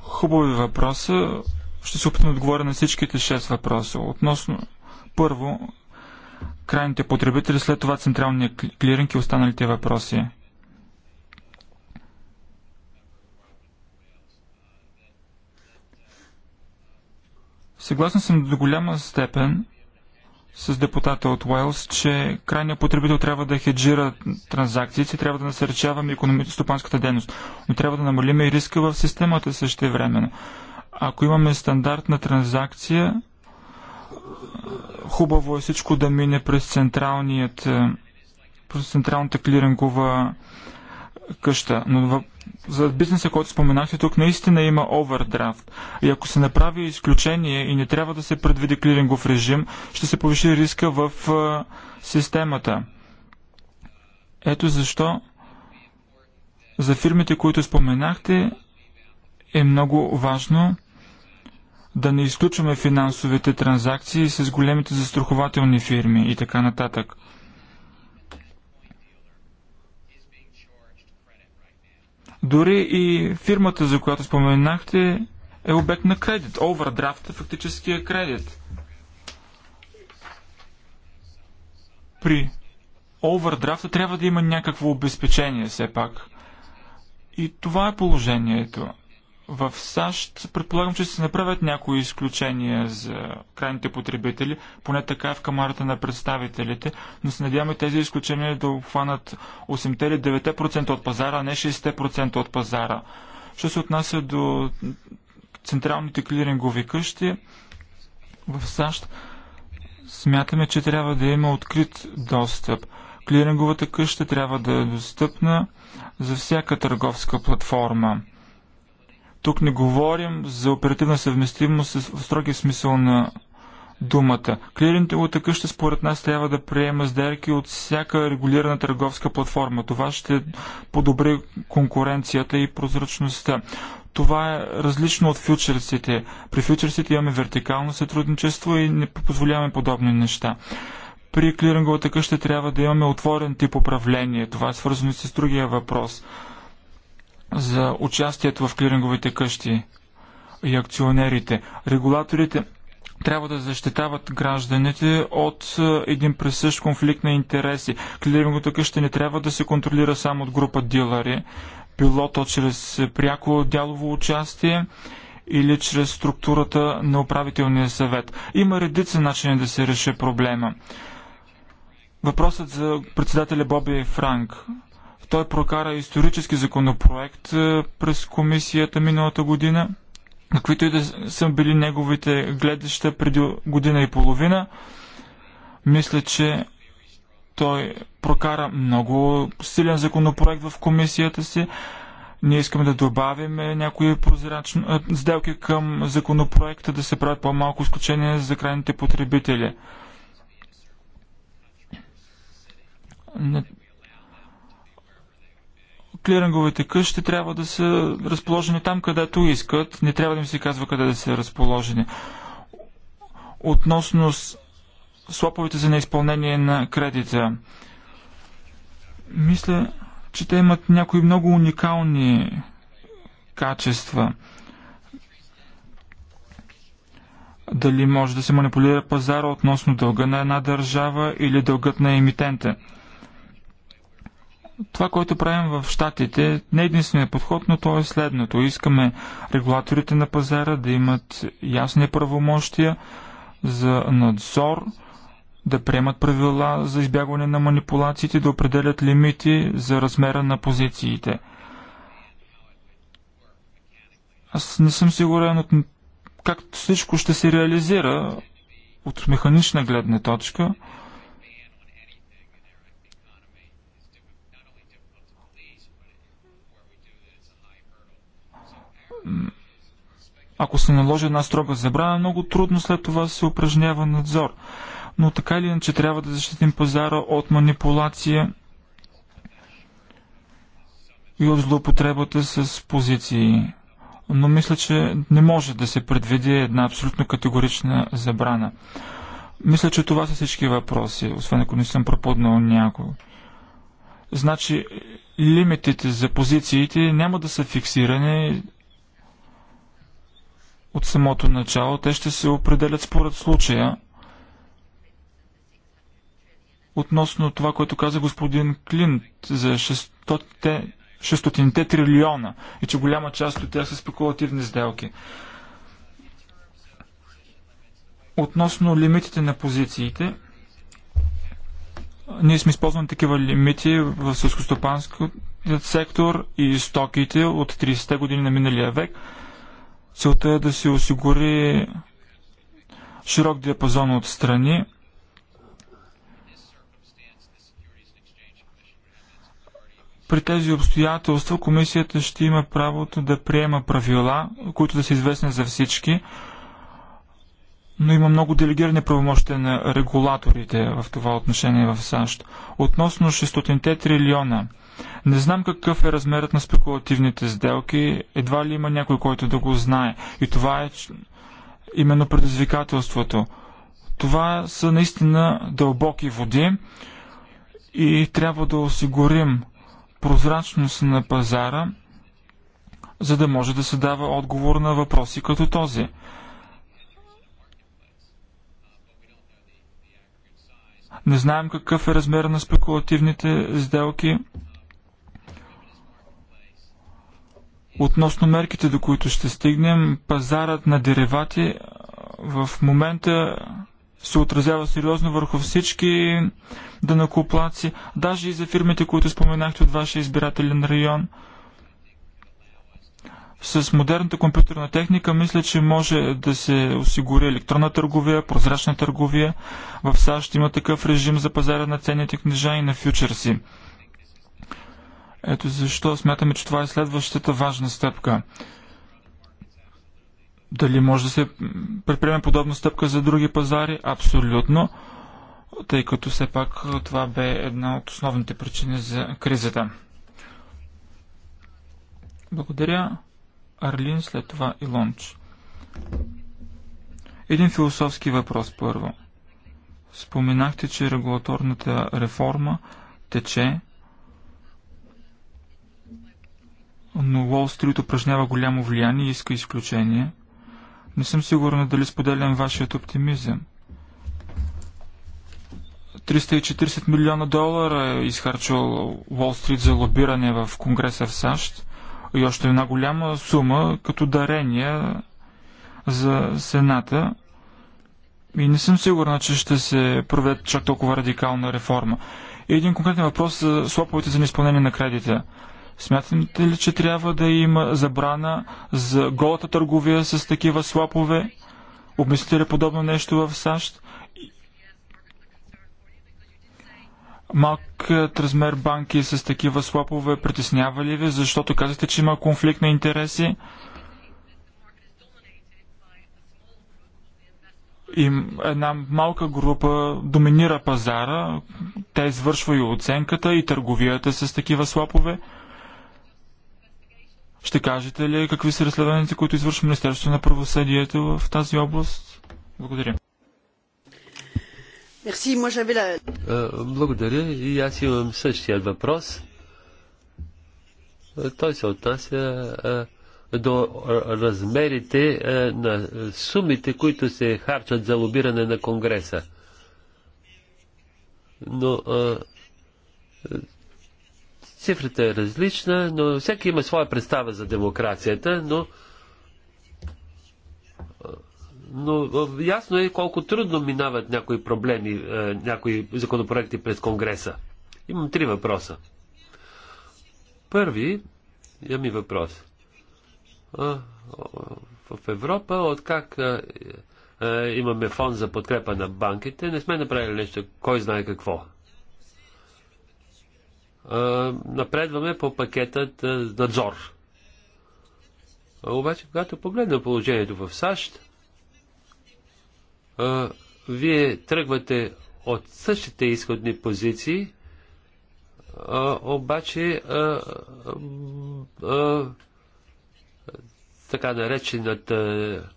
Хубави въпроса. Ще се опитам да отговоря на всичките шест въпроса. Относно първо, крайните потребители, след това централния клиринг и останалите въпроси. Съгласен съм до голяма степен, с депутата от Уелс, че крайният потребител трябва да хеджира транзакциите, трябва да насърчаваме економическата стопанската дейност, но трябва да намалиме и риска в системата също времено. Ако имаме стандартна транзакция, хубаво е всичко да мине през, централният, през централната клирингова къща. Но в... за бизнеса, който споменахте тук, наистина има овердрафт. И ако се направи изключение и не трябва да се предвиди клирингов режим, ще се повиши риска в системата. Ето защо за фирмите, които споменахте, е много важно да не изключваме финансовите транзакции с големите застрахователни фирми и така нататък. Дори и фирмата, за която споменахте, е обект на кредит. Овърдрафт е фактически е кредит. При овърдрафта трябва да има някакво обезпечение все пак. И това е положението. В САЩ предполагам, че се направят някои изключения за крайните потребители, поне така е в камарата на представителите, но се надяваме тези изключения да обхванат 8 или 9% от пазара, а не 60% от пазара. Що се отнася до централните клирингови къщи в САЩ, смятаме, че трябва да има открит достъп. Клиринговата къща трябва да е достъпна за всяка търговска платформа. Тук не говорим за оперативна съвместимост в строгия смисъл на думата. Клиринговата е къща според нас трябва да приема сделки от всяка регулирана търговска платформа. Това ще подобри конкуренцията и прозрачността. Това е различно от фьючерсите. При фьючерсите имаме вертикално сътрудничество и не позволяваме подобни неща. При клиринговата къща трябва да имаме отворен тип управление. Това е свързано с другия въпрос – за участието в клиринговите къщи и акционерите. Регулаторите трябва да защитават гражданите от е, един пресъщ конфликт на интереси. Клиринговата къща не трябва да се контролира само от група дилъри, било то чрез пряко дялово участие или чрез структурата на управителния съвет. Има редица начини да се реши проблема. Въпросът за председателя Боби Франк. Той прокара исторически законопроект е, през комисията миналата година, каквито и да са били неговите гледаща преди година и половина. Мисля, че той прокара много силен законопроект в комисията си. Ние искаме да добавим някои прозрачни е, сделки към законопроекта, да се правят по-малко изключения за крайните потребители клиринговите къщи трябва да са разположени там, където искат. Не трябва да им се казва къде да са разположени. Относно слоповете за неизпълнение на кредита, мисля, че те имат някои много уникални качества. Дали може да се манипулира пазара относно дълга на една държава или дългът на емитента – това, което правим в щатите, не е единствения подход, но то е следното. Искаме регулаторите на пазара да имат ясни правомощия за надзор, да приемат правила за избягване на манипулациите, да определят лимити за размера на позициите. Аз не съм сигурен от как всичко ще се реализира от механична гледна точка – ако се наложи една строга забрана, много трудно след това се упражнява надзор. Но така или иначе трябва да защитим пазара от манипулация и от злоупотребата с позиции. Но мисля, че не може да се предвиди една абсолютно категорична забрана. Мисля, че това са всички въпроси, освен ако не съм пропаднал някой. Значи, лимитите за позициите няма да са фиксирани, от самото начало. Те ще се определят според случая. Относно това, което каза господин Клинт за 600-те трилиона и че голяма част от тях са спекулативни сделки. Относно лимитите на позициите, ние сме използвали такива лимити в сълскостопанския сектор и стоките от 30-те години на миналия век – Целта е да се осигури широк диапазон от страни. При тези обстоятелства комисията ще има правото да приема правила, които да са известни за всички, но има много делегирани правомощия на регулаторите в това отношение в САЩ. Относно 600 трилиона – не знам какъв е размерът на спекулативните сделки, едва ли има някой, който да го знае. И това е именно предизвикателството. Това са наистина дълбоки води и трябва да осигурим прозрачност на пазара, за да може да се дава отговор на въпроси като този. Не знаем какъв е размер на спекулативните сделки, Относно мерките, до които ще стигнем, пазарът на деривати в момента се отразява сериозно върху всички дънакоплаци, даже и за фирмите, които споменахте от вашия избирателен район. С модерната компютърна техника мисля, че може да се осигури електронна търговия, прозрачна търговия. В САЩ има такъв режим за пазара на ценните книжа и на фьючерси. Ето защо смятаме, че това е следващата важна стъпка. Дали може да се предприеме подобна стъпка за други пазари? Абсолютно, тъй като все пак това бе една от основните причини за кризата. Благодаря, Арлин, след това и Лонч. Един философски въпрос първо. Споменахте, че регулаторната реформа тече но Уолл Стрит упражнява голямо влияние и иска изключение. Не съм сигурна дали споделям вашият оптимизъм. 340 милиона долара е изхарчил Уолл Стрит за лобиране в Конгреса в САЩ и още една голяма сума като дарение за Сената. И не съм сигурна, че ще се проведе чак толкова радикална реформа. И един конкретен въпрос за слоповете за неизпълнение на кредита. Смятате ли, че трябва да има забрана за голата търговия с такива слапове? Обмислите ли подобно нещо в САЩ? Малкият е, размер банки с такива слапове притеснява ли ви, защото казахте, че има конфликт на интереси? И една малка група доминира пазара, тя извършва и оценката и търговията с такива слапове. Ще кажете ли какви са разследваните, които извършва Министерството на правосъдието в тази област? Благодаря. Благодаря и аз имам същия въпрос. Той се отнася до размерите на сумите, които се харчат за лобиране на Конгреса. Но Цифрата е различна, но всеки има своя представа за демокрацията, но, но ясно е колко трудно минават някои проблеми, някои законопроекти през Конгреса. Имам три въпроса. Първи, я е ми въпрос. в Европа, как е, имаме фонд за подкрепа на банките, не сме направили нещо, кой знае какво напредваме по пакетът надзор. Обаче, когато погледна положението в САЩ, вие тръгвате от същите изходни позиции, обаче така наречената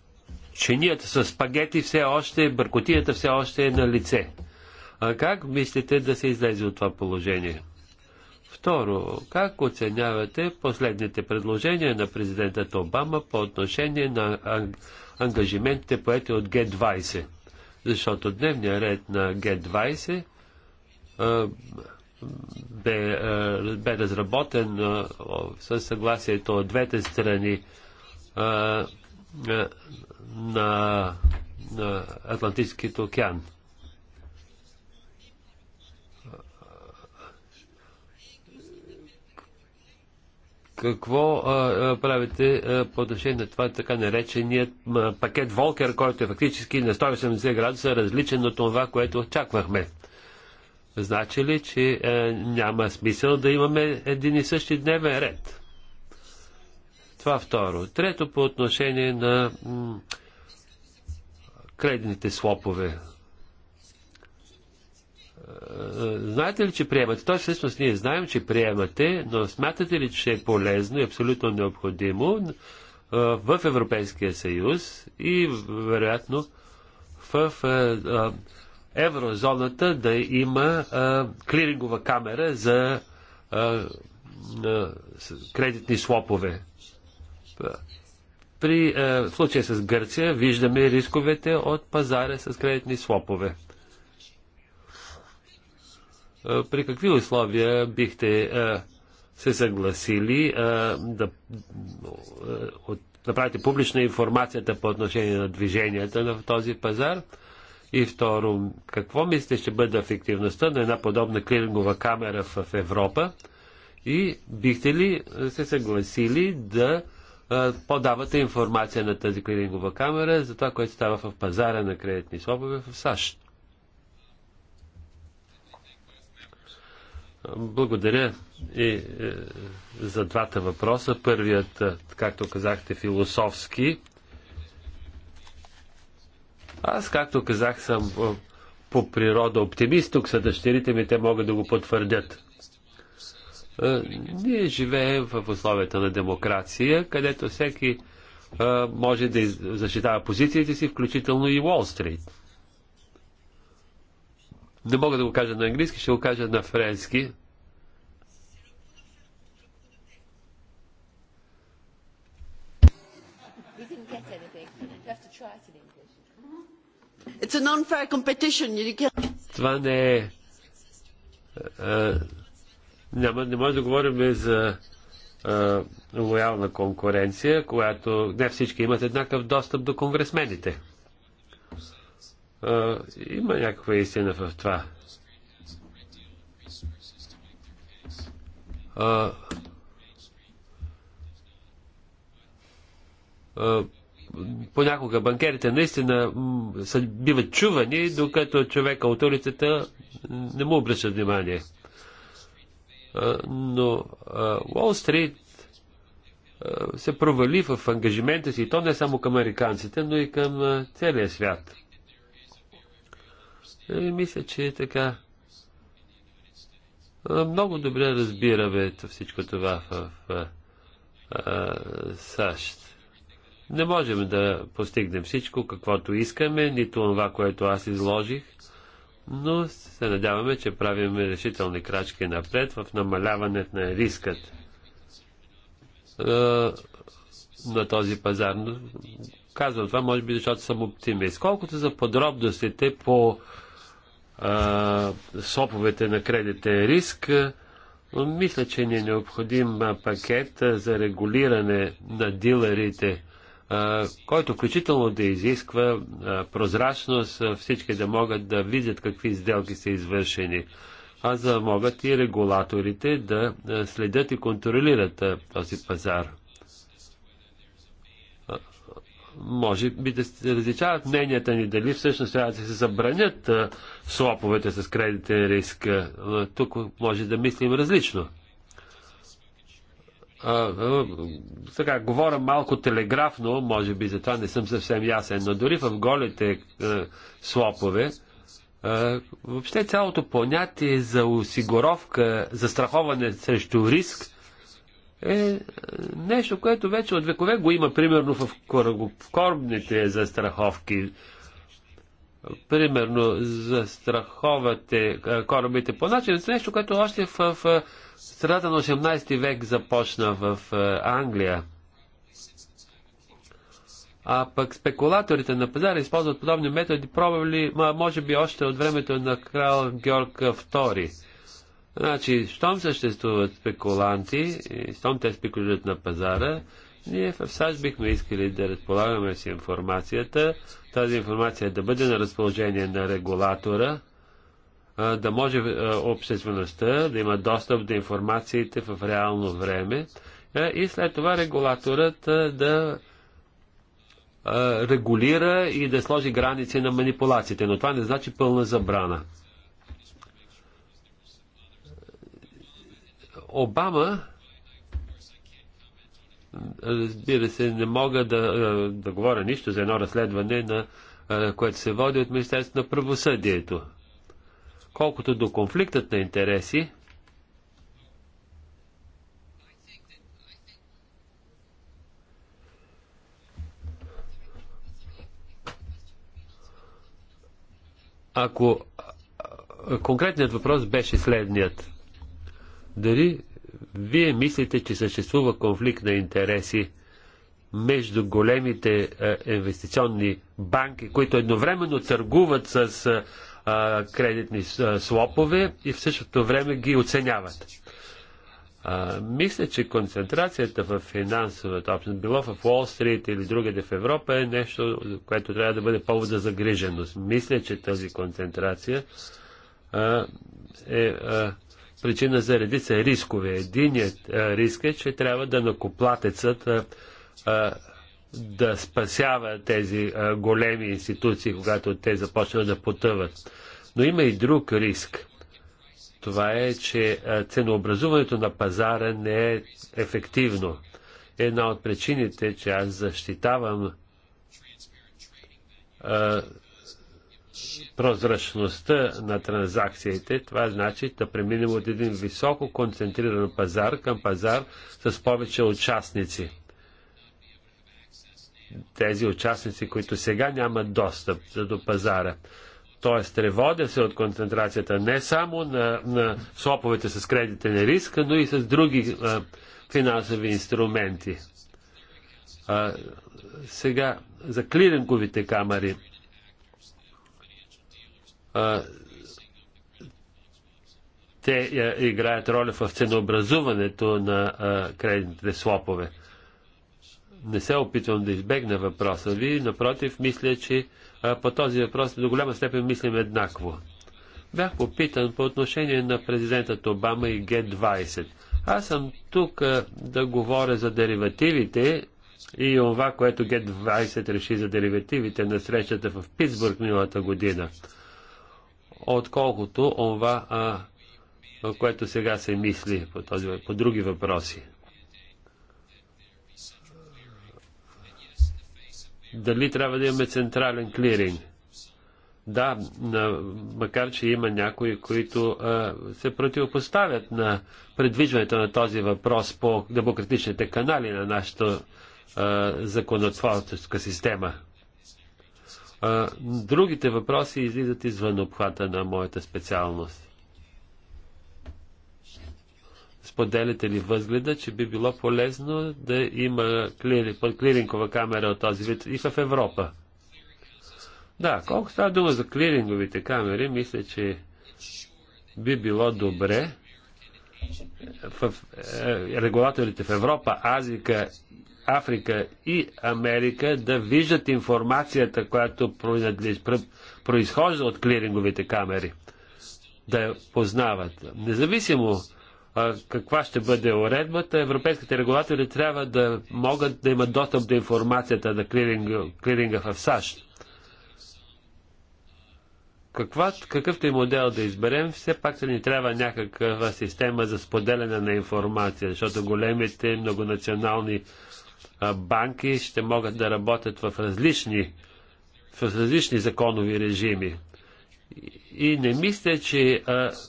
чинията с спагети все още, бъркотията все още е на лице. А как мислите да се излезе от това положение? Второ, как оценявате последните предложения на президента Обама по отношение на ангажиментите поети от Г-20? Защото дневният ред на Г-20 бе, бе разработен със съгласието от двете страни на, на Атлантическият океан. какво а, правите а, по отношение на това така нареченият пакет Волкер, който е фактически на 180 градуса различен от това, което очаквахме? Значи ли, че а, е, няма смисъл да имаме един и същи дневен ред? Това второ. Трето по отношение на кредитните слопове знаете ли, че приемате? То всъщност ние знаем, че приемате, но смятате ли, че е полезно и абсолютно необходимо в Европейския съюз и вероятно в еврозоната да има клирингова камера за кредитни слопове? При случая с Гърция виждаме рисковете от пазара с кредитни слопове при какви условия бихте се съгласили да направите публична информацията по отношение на движенията на този пазар? И второ, какво мислите ще бъде ефективността на една подобна клирингова камера в Европа? И бихте ли се съгласили да подавате информация на тази клирингова камера за това, което става в пазара на кредитни слабове в САЩ? Благодаря и е, за двата въпроса. Първият, е, както казахте, философски. Аз, както казах, съм е, по природа оптимист. Тук са дъщерите ми, те могат да го потвърдят. Ние живеем в условията на демокрация, където всеки може да защитава позициите си, включително и Уолл Стрит. Не мога да го кажа на английски, ще го кажа на френски. Това не е. А, е, няма, не може да говорим за а, е, лоялна конкуренция, която не всички имат еднакъв достъп до конгресмените има някаква истина в това. А, а, понякога банкерите наистина са, биват чувани, докато човека от улицата не му обръща внимание. А, но Уолл Стрит се провали в ангажимента си, и то не само към американците, но и към целия свят. И е, мисля, че е така много добре разбираме всичко това в, в, в САЩ. Не можем да постигнем всичко, каквото искаме, нито това, което аз изложих, но се надяваме, че правим решителни крачки напред в намаляването на рискът на този пазар. Казвам това, може би, защото съм оптимист. Колкото за подробностите по соповете на кредитен риск. Мисля, че ни е необходим пакет за регулиране на дилерите, който включително да изисква прозрачност, всички да могат да видят какви сделки са извършени, а за да могат и регулаторите да следят и контролират този пазар може би да се различават мненията ни дали всъщност трябва да се забранят слоповете с кредитен риск. Тук може да мислим различно. Сега говоря малко телеграфно, може би затова не съм съвсем ясен, но дори в голите слопове, въобще цялото понятие за осигуровка, за страховане срещу риск е, е нещо, което вече от векове го има, примерно в корабните застраховки. Примерно застраховате е, корабите по начин, нещо, което още в, в на 18 век започна в е, Англия. А пък спекулаторите на пазара използват подобни методи, пробвали, може би още от времето на крал Георг II. Значи, щом съществуват спекуланти, и щом те спекулират на пазара, ние в САЩ бихме искали да разполагаме с информацията, тази информация да бъде на разположение на регулатора, да може обществеността да има достъп до информациите в реално време и след това регулаторът да регулира и да сложи граници на манипулациите, но това не значи пълна забрана. Обама, разбира се, не мога да, да говоря нищо за едно разследване, на, което се води от Министерството на правосъдието. Колкото до конфликтът на интереси, ако конкретният въпрос беше следният дали вие мислите, че съществува конфликт на интереси между големите е, инвестиционни банки, които едновременно търгуват с е, кредитни е, слопове и в същото време ги оценяват. А, мисля, че концентрацията в финансовата общност, било в Уолл Стрит или другаде в Европа, е нещо, което трябва да бъде повод за загриженост. Мисля, че тази концентрация а, е а, причина за редица рискове. Единият риск е, че трябва да накоплатецът да спасява тези големи институции, когато те започнат да потъват. Но има и друг риск. Това е, че ценообразуването на пазара не е ефективно. Една от причините, че аз защитавам прозрачността на транзакциите, това значи да преминем от един високо концентриран пазар към пазар с повече участници. Тези участници, които сега нямат достъп до пазара. Тоест, треводя се от концентрацията не само на, на слоповете с кредитен риск, но и с други а, финансови инструменти. А, сега, за клиринговите камери – те е, играят роля в ценообразуването на кредитните слопове. Не се опитвам да избегна въпроса ви, напротив, мисля, че по този въпрос до голяма степен мислим еднакво. Бях попитан по отношение на президентът Обама и Г-20. Аз съм тук да говоря за деривативите и това, което Г-20 реши за деривативите на срещата в Питсбург миналата година отколкото това, което сега се мисли по, този, по други въпроси. Дали трябва да имаме централен клиринг? Да, макар че има някои, които а, се противопоставят на предвижването на този въпрос по демократичните канали на нашата законотворческа система. Другите въпроси излизат извън обхвата на моята специалност. Споделите ли възгледа, че би било полезно да има клирингова камера от този вид и в Европа? Да, колко става дума за клиринговите камери, мисля, че би било добре в е, регулаторите в Европа, Азика Африка и Америка да виждат информацията, която произхожда от клиринговите камери, да я познават. Независимо а, каква ще бъде уредбата, европейските регулатори трябва да могат да имат достъп до информацията на клиринга, клиринга в САЩ. Каква, какъвто и модел да изберем, все пак се ни трябва някаква система за споделяне на информация, защото големите многонационални банки ще могат да работят в различни, в различни законови режими. И не мисля, че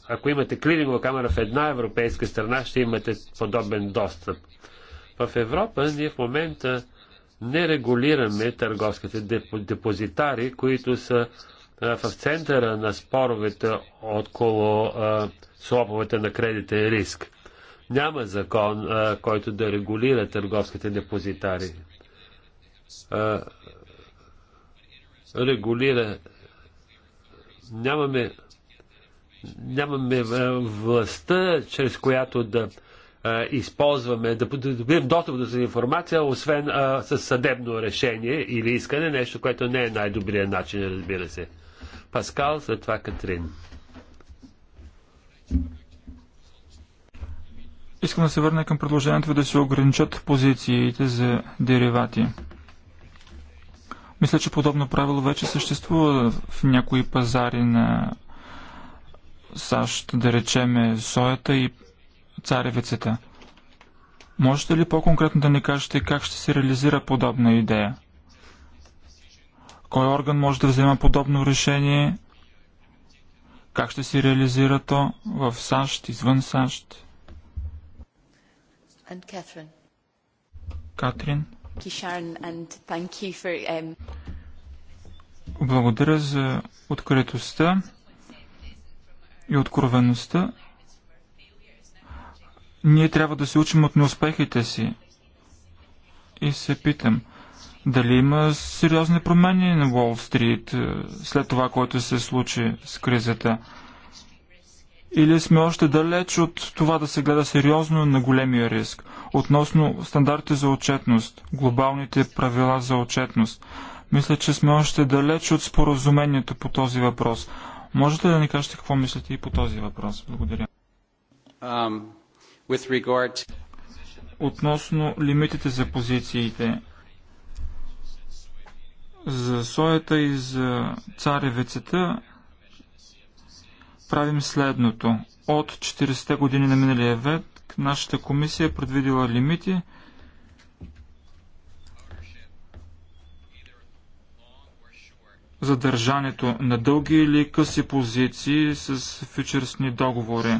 ако имате клинингова камера в една европейска страна, ще имате подобен достъп. В Европа ние в момента не регулираме търговските депозитари, които са в центъра на споровете около слоповете на кредитен риск. Няма закон, а, който да регулира търговските депозитари. А, регулира. Нямаме, нямаме властта, чрез която да а, използваме, да добием достъп до информация, освен а, с съдебно решение или искане, нещо, което не е най-добрият начин, разбира се. Паскал, след това Катрин. Искам да се върна към предложението ви да се ограничат позициите за деривати. Мисля, че подобно правило вече съществува в някои пазари на САЩ, да речеме соята и царевицата. Можете ли по-конкретно да ни кажете как ще се реализира подобна идея? Кой орган може да взема подобно решение? Как ще се реализира то в САЩ, извън САЩ? and Catherine. Um, Благодаря за откритостта и откровеността. Ние трябва да се учим от неуспехите си. И се питам, дали има сериозни промени на Уолл Стрит е, след това, което се случи с кризата? или сме още далеч от това да се гледа сериозно на големия риск относно стандартите за отчетност, глобалните правила за отчетност. Мисля, че сме още далеч от споразумението по този въпрос. Можете да ни кажете какво мислите и по този въпрос? Благодаря. Um, regard... Относно лимитите за позициите, за соята и за царевицата, правим следното. От 40-те години на миналия век нашата комисия е предвидила лимити, задържането на дълги или къси позиции с фьючерсни договори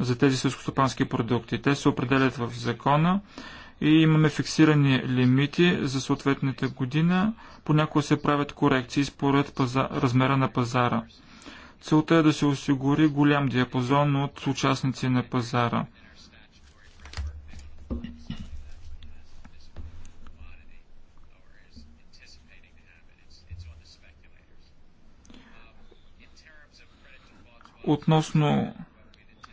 за тези сълскостопански продукти. Те се определят в закона и имаме фиксирани лимити за съответната година. Понякога се правят корекции според паза... размера на пазара. Целта е да се осигури голям диапазон от участници на пазара. Относно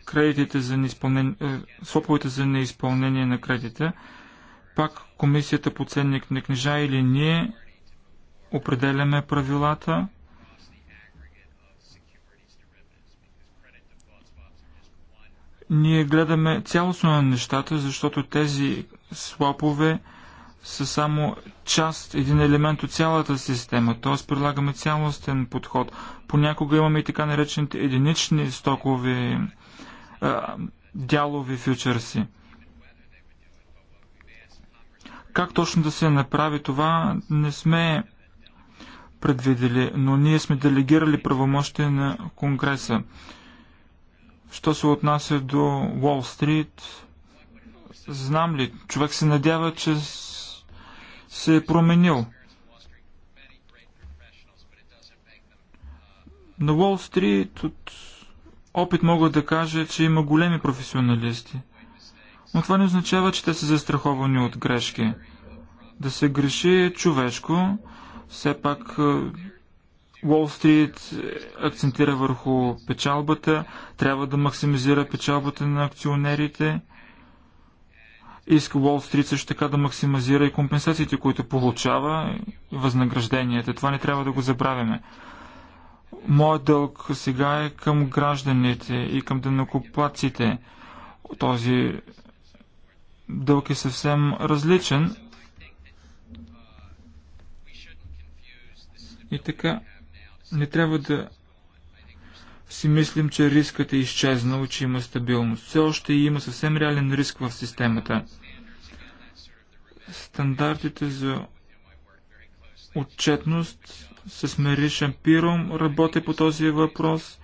кредитите за неизпълнение, соповете за неизпълнение на кредита, пак комисията по ценник на книжа или ние определяме правилата, Ние гледаме цялостно на нещата, защото тези слапове са само част, един елемент от цялата система, т.е. прилагаме цялостен подход. Понякога имаме и така наречените единични стокови а, дялови фьючерси. Как точно да се направи това, не сме предвидели, но ние сме делегирали правомощите на Конгреса. Що се отнася до Уолл Стрит, знам ли, човек се надява, че се е променил. На Уолл Стрит от опит мога да кажа, че има големи професионалисти. Но това не означава, че те са застраховани от грешки. Да се греши е човешко, все пак е, Уолл Стрит е, акцентира върху печалбата, трябва да максимизира печалбата на акционерите. Иска Уолл Стрит също така да максимизира и компенсациите, които получава, възнагражденията. Това не трябва да го забравяме. Моят дълг сега е към гражданите и към денокоплаците. Този дълг е съвсем различен. И така, не трябва да си мислим, че рискът е изчезнал че има стабилност. Все още има съвсем реален риск в системата. Стандартите за отчетност с Мери Шампиром работя по този въпрос,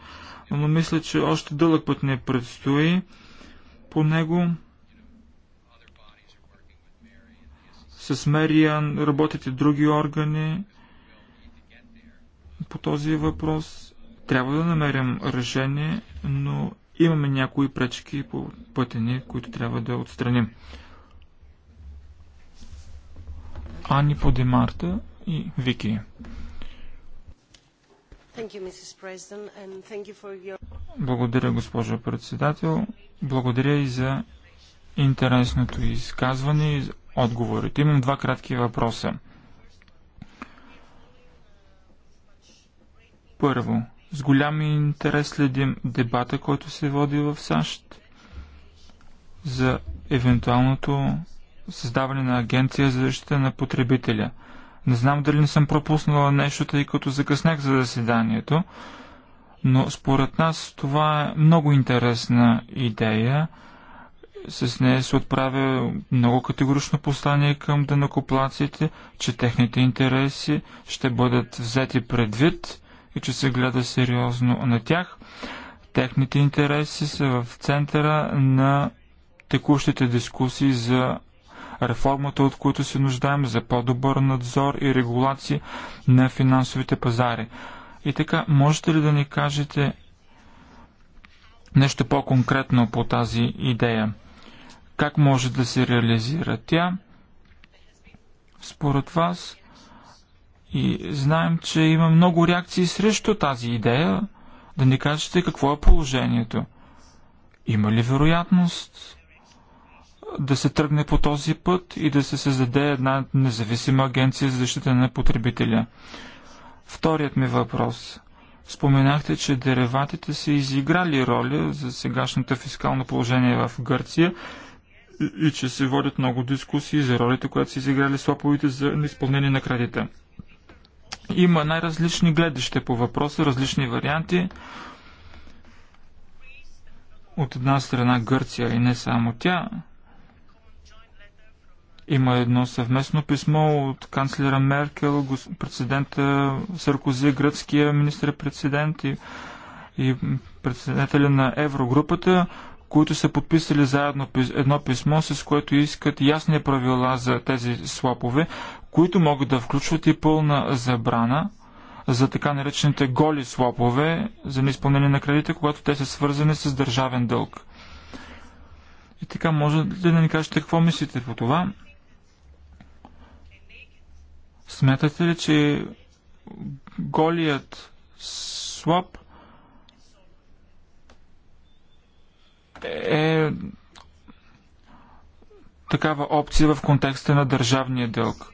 но мисля, че още дълъг път не предстои по него. С Мериан работят и други органи по този въпрос. Трябва да намерим решение, но имаме някои пречки по пътя ни, които трябва да отстраним. Ани Подемарта и Вики. Благодаря, госпожо председател. Благодаря и за интересното изказване и отговорите. Имам два кратки въпроса. Първо, с голям интерес следим дебата, който се води в САЩ за евентуалното създаване на агенция за защита на потребителя. Не знам дали не съм пропуснала нещо, тъй като закъснях за заседанието, но според нас това е много интересна идея. С нея се отправя много категорично послание към дънакоплаците, че техните интереси ще бъдат взети предвид и че се гледа сериозно на тях. Техните интереси са в центъра на текущите дискусии за реформата, от които се нуждаем за по-добър надзор и регулации на финансовите пазари. И така, можете ли да ни кажете нещо по-конкретно по тази идея? Как може да се реализира тя? Според вас, и знаем, че има много реакции срещу тази идея. Да ни кажете какво е положението. Има ли вероятност да се тръгне по този път и да се създаде една независима агенция за защита на потребителя? Вторият ми въпрос. Споменахте, че дереватите са изиграли роля за сегашното фискално положение в Гърция и, и че се водят много дискусии за ролите, която са изиграли слоповите за изпълнение на кредита. Има най-различни гледаща по въпроса, различни варианти. От една страна Гърция и не само тя. Има едно съвместно писмо от канцлера Меркел, президента Саркози, гръцкия министр председент и, и председателя на Еврогрупата, които са подписали заедно едно писмо, с което искат ясни правила за тези слапове, които могат да включват и пълна забрана за така наречените голи слопове за неизпълнение на кредита, когато те са свързани с държавен дълг. И така, може ли да ни кажете какво мислите по това? Смятате ли, че голият слаб е такава опция в контекста на държавния дълг?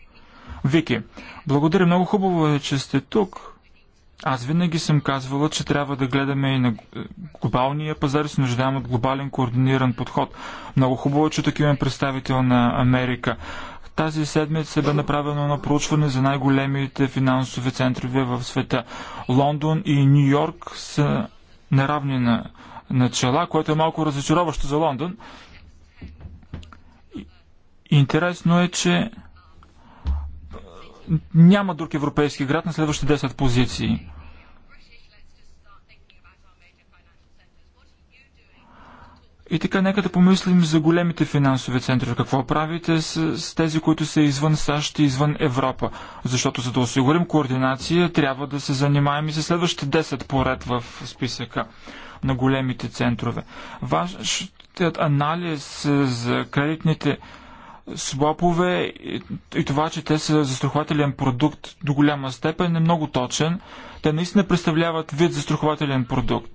Вики, благодаря много хубаво е, че сте тук. Аз винаги съм казвала, че трябва да гледаме и на глобалния пазар и се нуждаем от глобален координиран подход. Много хубаво е, че тук имам представител на Америка. Тази седмица бе направено на проучване за най-големите финансови центрове в света. Лондон и Нью Йорк са наравни на начала, което е малко разочароващо за Лондон. Интересно е, че няма друг европейски град на следващите 10 позиции. И така, нека да помислим за големите финансови центрове. Какво правите с, с тези, които са извън САЩ и извън Европа? Защото за да осигурим координация, трябва да се занимаем и с следващите 10 поред в списъка на големите центрове. Вашият анализ за кредитните Слопове и това, че те са застрахователен продукт до голяма степен е много точен. Те наистина представляват вид застрахователен продукт.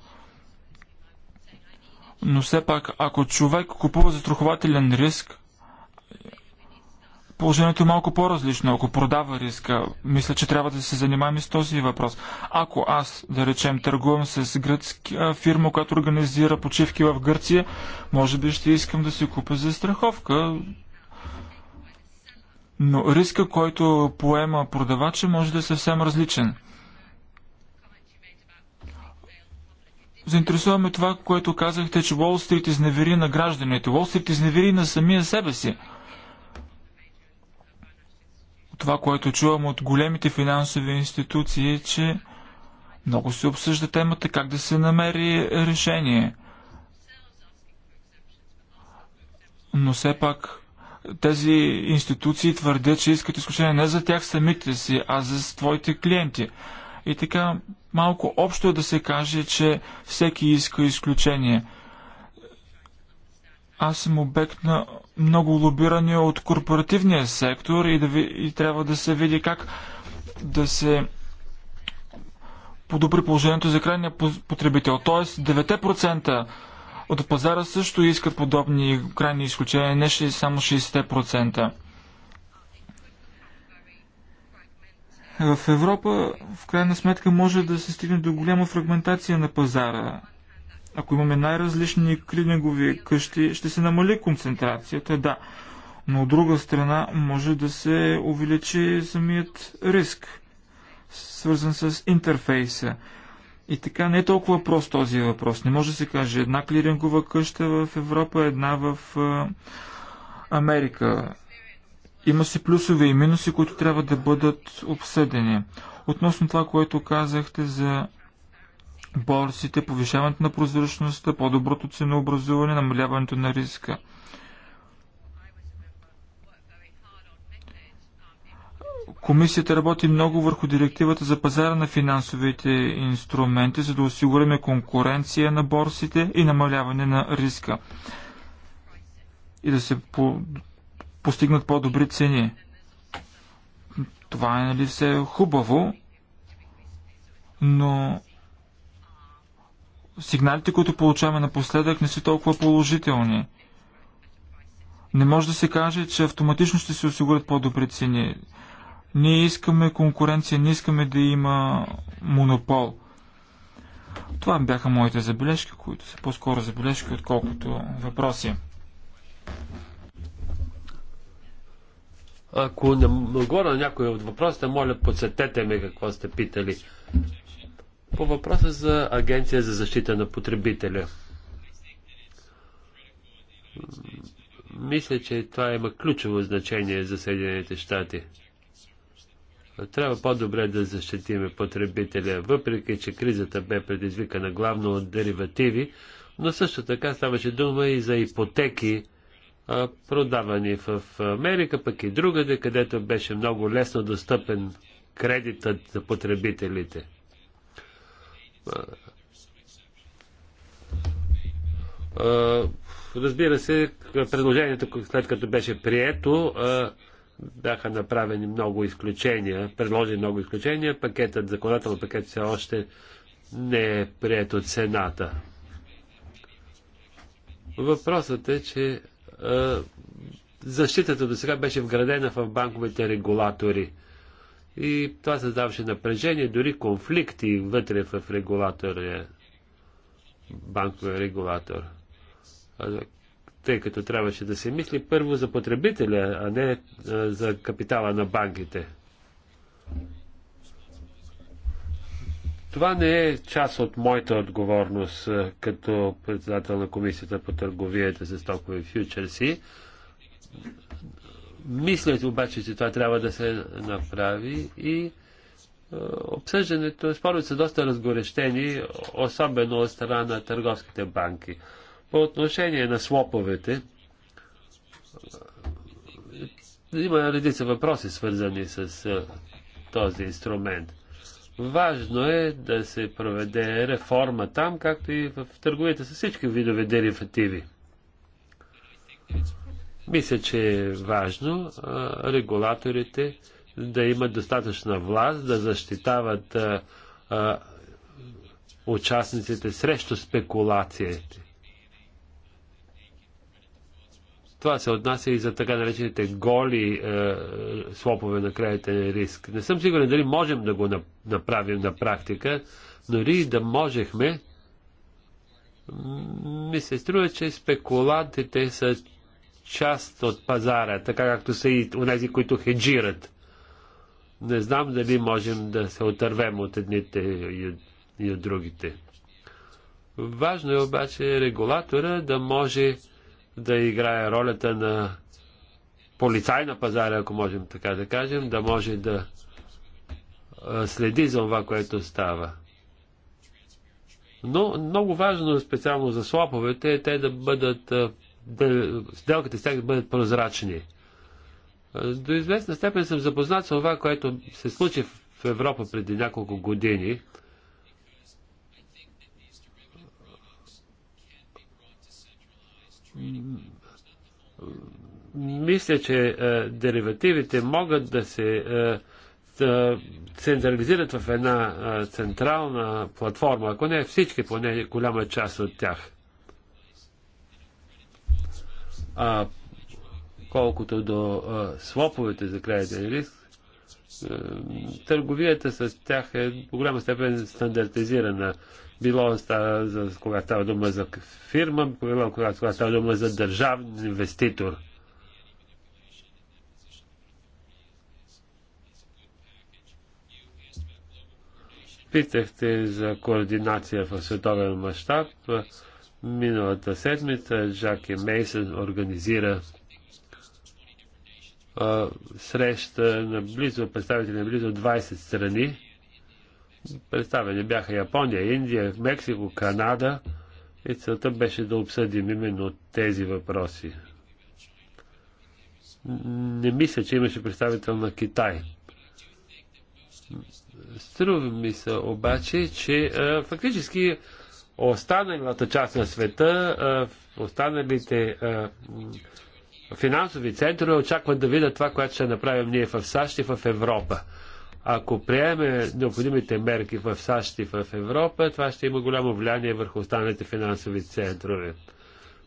Но все пак, ако човек купува застрахователен риск, положението е малко по-различно. Ако продава риска, мисля, че трябва да се занимаваме с този въпрос. Ако аз, да речем, търгувам с гръцка фирма, която организира почивки в Гърция, може би ще искам да си купя застраховка но риска, който поема продавача, може да е съвсем различен. Заинтересуваме това, което казахте, че Уолл Стрит изневери на гражданите. Уолл Стрит изневери на самия себе си. Това, което чувам от големите финансови институции е, че много се обсъжда темата как да се намери решение. Но все пак тези институции твърдят, че искат изключение не за тях самите си, а за своите клиенти. И така малко общо е да се каже, че всеки иска изключение. Аз съм обект на много лобиране от корпоративния сектор и, да ви, и трябва да се види как да се подобри положението за крайния потребител. Тоест 9% от пазара също иска подобни крайни изключения, не само 60%. В Европа, в крайна сметка, може да се стигне до голяма фрагментация на пазара. Ако имаме най-различни клинингови къщи, ще се намали концентрацията, да. Но от друга страна може да се увеличи самият риск, свързан с интерфейса. И така не е толкова прост този въпрос. Не може да се каже една клирингова къща в Европа, една в Америка. Има си плюсове и минуси, които трябва да бъдат обсъдени. Относно това, което казахте за борсите, повишаването на прозрачността, по-доброто ценообразуване, намаляването на риска. Комисията работи много върху директивата за пазара на финансовите инструменти, за да осигуряме конкуренция на борсите и намаляване на риска и да се по- постигнат по-добри цени. Това е нали все хубаво, но сигналите, които получаваме напоследък, не са толкова положителни. Не може да се каже, че автоматично ще се осигурят по-добри цени. Ние искаме конкуренция, не искаме да има монопол. Това бяха моите забележки, които са по-скоро забележки, отколкото въпроси. Ако не мога на някой от въпросите, моля, подсетете ме какво сте питали. По въпроса за Агенция за защита на потребителя. Мисля, че това има ключово значение за Съединените щати. Трябва по-добре да защитиме потребителя, въпреки че кризата бе предизвикана главно от деривативи, но също така ставаше дума и за ипотеки, продавани в Америка, пък и другаде, където беше много лесно достъпен кредитът за потребителите. Разбира се, предложението, след като беше прието, бяха направени много изключения, предложени много изключения. Пакетът, законодателно пакет все още не е прият от Сената. Въпросът е, че а, защитата до сега беше вградена в банковите регулатори. И това създаваше напрежение, дори конфликти вътре в регулатория, банковия регулатор тъй като трябваше да се мисли първо за потребителя, а не за капитала на банките. Това не е част от моята отговорност като председател на комисията по търговията за стокови фьючерси. Мислят обаче, че това трябва да се направи и обсъждането, споровете са доста разгорещени, особено от страна на търговските банки. По отношение на слоповете, има редица въпроси, свързани с този инструмент. Важно е да се проведе реформа там, както и в търговията с всички видове деривативи. Мисля, че е важно регулаторите да имат достатъчна власт, да защитават а, а, участниците срещу спекулациите. Това се отнася и за така наречените голи е, слопове на на риск. Не съм сигурен дали можем да го направим на практика, но и да можехме, ми се струва, че спекулантите са част от пазара, така както са и тези, които хеджират. Не знам дали можем да се отървем от едните и, и от другите. Важно е обаче регулатора да може да играе ролята на полицай на пазара, ако можем така да кажем, да може да следи за това, което става. Но много важно, специално за слаповете, е те да бъдат, да, сделките с тях да бъдат прозрачни. До известна степен съм запознат с това, което се случи в Европа преди няколко години – мисля, че е, деривативите могат да се е, да централизират в една е, централна платформа, ако не всички, поне голяма част от тях. А колкото до а, слоповете за кредитен риск, търговията с тях е в голяма степен стандартизирана било за, когато става дума за фирма, било когато става дума за държавен инвеститор. Питахте за координация в световен мащаб. Миналата седмица и Мейсън организира а, среща на близо представители на близо 20 страни Представени бяха Япония, Индия, Мексико, Канада и целта беше да обсъдим именно тези въпроси. Не мисля, че имаше представител на Китай. Струва ми се обаче, че а, фактически останалата част на света, а, останалите а, финансови центрове очакват да видят това, което ще направим ние в САЩ и в Европа. Ако приеме необходимите мерки в САЩ и в Европа, това ще има голямо влияние върху останалите финансови центрове.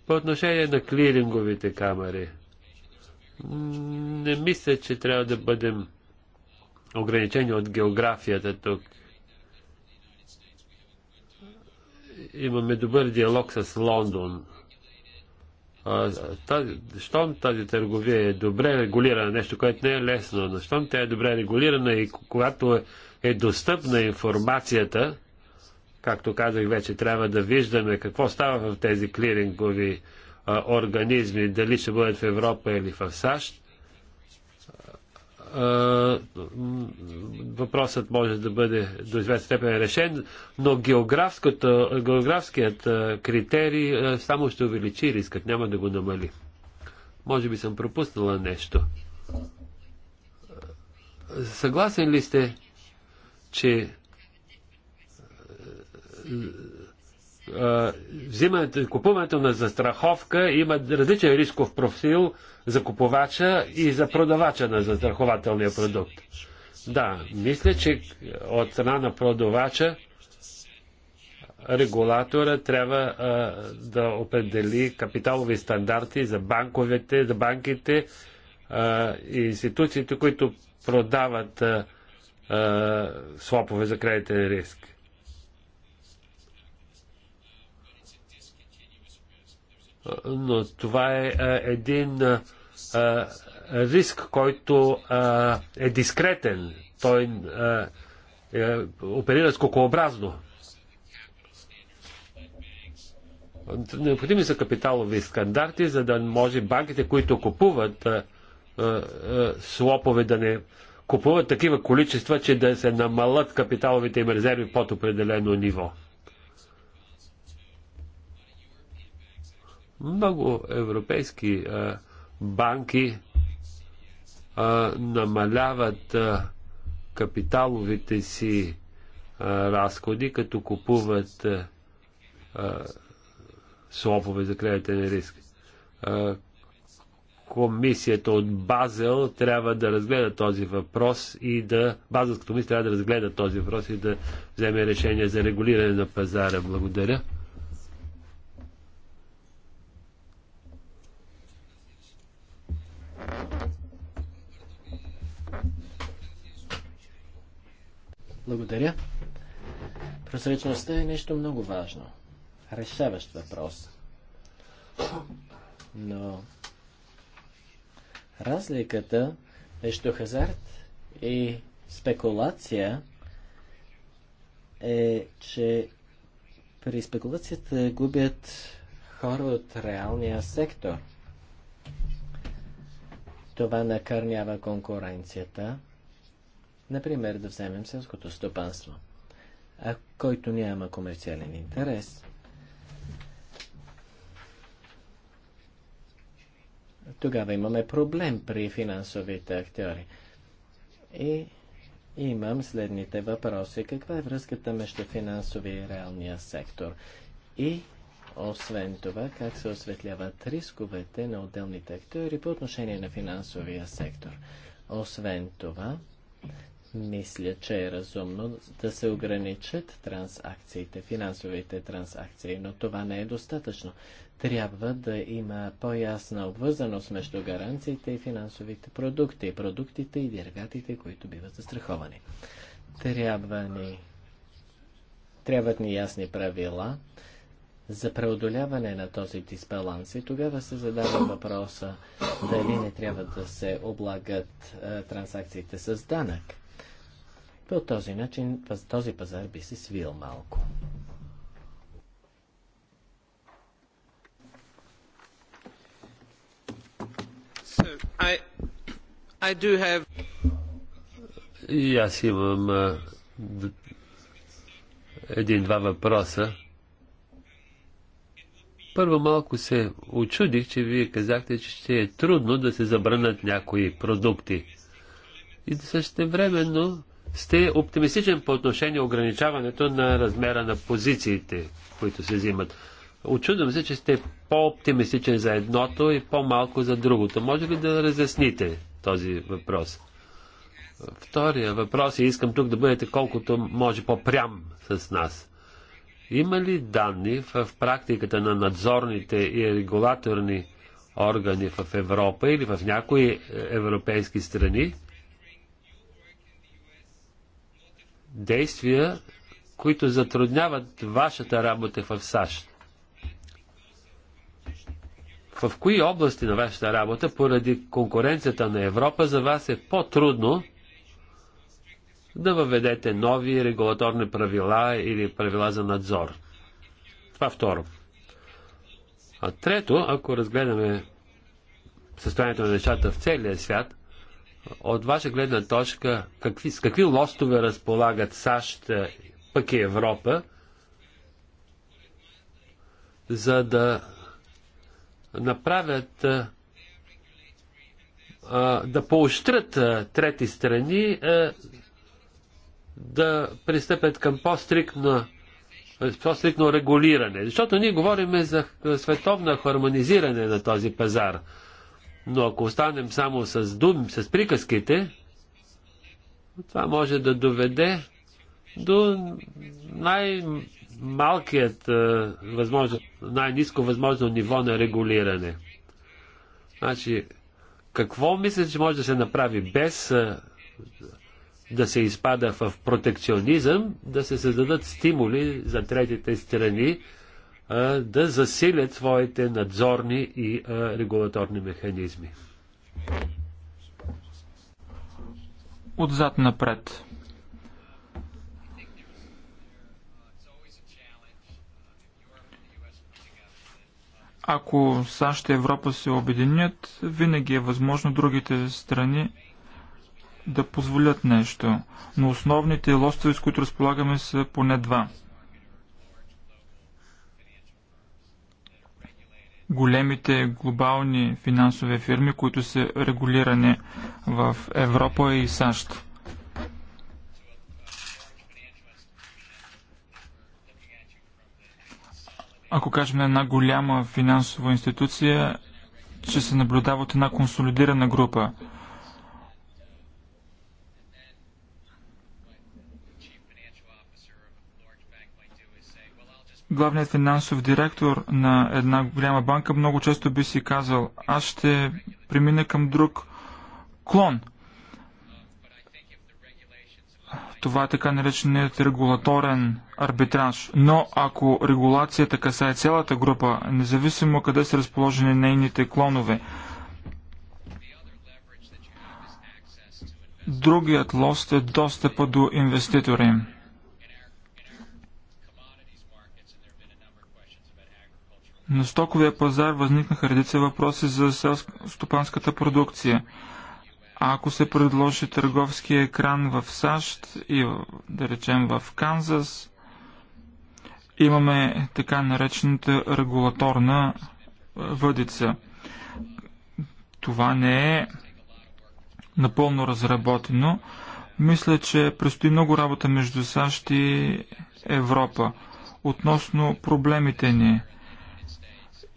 По отношение на клиринговите камери, не мисля, че трябва да бъдем ограничени от географията тук. Имаме добър диалог с Лондон щом тази търговия е добре регулирана, нещо, което не е лесно, но щом тя е добре регулирана и когато е достъпна информацията, както казах вече, трябва да виждаме какво става в тези клирингови а, организми, дали ще бъдат в Европа или в САЩ, въпросът може да бъде до известна степен решен, но географският критерий само ще увеличи рискът, няма да го намали. Може би съм пропуснала нещо. Съгласен ли сте, че взимането, купуването на застраховка има различен рисков профил, за купувача и за продавача на застрахователния продукт. Да, мисля, че от страна на продавача регулатора трябва а, да определи капиталови стандарти за банковете, за банките а, и институциите, които продават а, а, слопове за кредитен риск. Но това е а, един а, риск, който а, е дискретен. Той а, е, оперира скокообразно. Необходими са капиталови стандарти, за да може банките, които купуват а, а, слопове, да не купуват такива количества, че да се намалят капиталовите им резерви под определено ниво. Много европейски а, банки а, намаляват а, капиталовите си а, разходи, като купуват слопове за кредитен риск. А, комисията от Базел трябва да разгледа този въпрос и да Базелската комисия трябва да разгледа този въпрос и да вземе решение за регулиране на пазара. Благодаря. Благодаря. Прозрачността е нещо много важно. Решаващ въпрос. Но разликата между хазарт и спекулация е, че при спекулацията губят хора от реалния сектор. Това накърнява конкуренцията Например, да вземем селското стопанство, а който няма комерциален интерес, тогава имаме проблем при финансовите актьори. И имам следните въпроси. Каква е връзката между финансовия и реалния сектор? И освен това, как се осветляват рисковете на отделните актьори по отношение на финансовия сектор? Освен това, мисля, че е разумно да се ограничат трансакциите, финансовите трансакции, но това не е достатъчно. Трябва да има по-ясна обвързаност между гаранциите и финансовите продукти, продуктите и дергатите, които биват застраховани. Трябва ни, трябват ни ясни правила за преодоляване на този дисбаланс. И тогава се задава въпроса дали не трябва да се облагат а, е, транзакциите с данък. По този начин този пазар би се свил малко. So, I, I do have... И аз имам един-два въпроса. Първо малко се очудих, че вие казахте, че ще е трудно да се забранат някои продукти. И същевременно. времено сте оптимистичен по отношение ограничаването на размера на позициите, които се взимат. Очудвам се, че сте по-оптимистичен за едното и по-малко за другото. Може ли да разясните този въпрос? Втория въпрос и искам тук да бъдете колкото може по-прям с нас. Има ли данни в практиката на надзорните и регулаторни органи в Европа или в някои европейски страни, действия, които затрудняват вашата работа в САЩ? В кои области на вашата работа, поради конкуренцията на Европа, за вас е по-трудно да въведете нови регулаторни правила или правила за надзор? Това второ. А трето, ако разгледаме състоянието на нещата в целия свят – от ваша гледна точка, какви, с какви лостове разполагат САЩ, е, пък и Европа, за да направят е, да поощрят е, трети страни да пристъпят към по стриктно по регулиране. Защото ние говорим за световно хармонизиране на този пазар. Но ако останем само с дум, с приказките, това може да доведе до най-малкият е, възможно, най-низко възможно ниво на регулиране. Значи, какво мисля, че може да се направи без е, да се изпада в протекционизъм, да се създадат стимули за третите страни да засилят своите надзорни и регулаторни механизми. Отзад напред. Ако САЩ и Европа се обединят, винаги е възможно другите страни да позволят нещо. Но основните лостове, с които разполагаме, са поне два – големите глобални финансови фирми, които са регулирани в Европа и САЩ. Ако кажем една голяма финансова институция, че се наблюдава от една консолидирана група – главният финансов директор на една голяма банка много често би си казал, аз ще премина към друг клон. Това е така нареченият регулаторен арбитраж. Но ако регулацията касае цялата група, независимо къде са разположени нейните клонове, другият лост е достъпа до инвеститори. На стоковия пазар възникнаха редица въпроси за селско-стопанската продукция. А ако се предложи търговски екран в САЩ и да речем в Канзас, имаме така наречената регулаторна е, въдица. Това не е напълно разработено. Мисля, че предстои много работа между САЩ и Европа относно проблемите ни –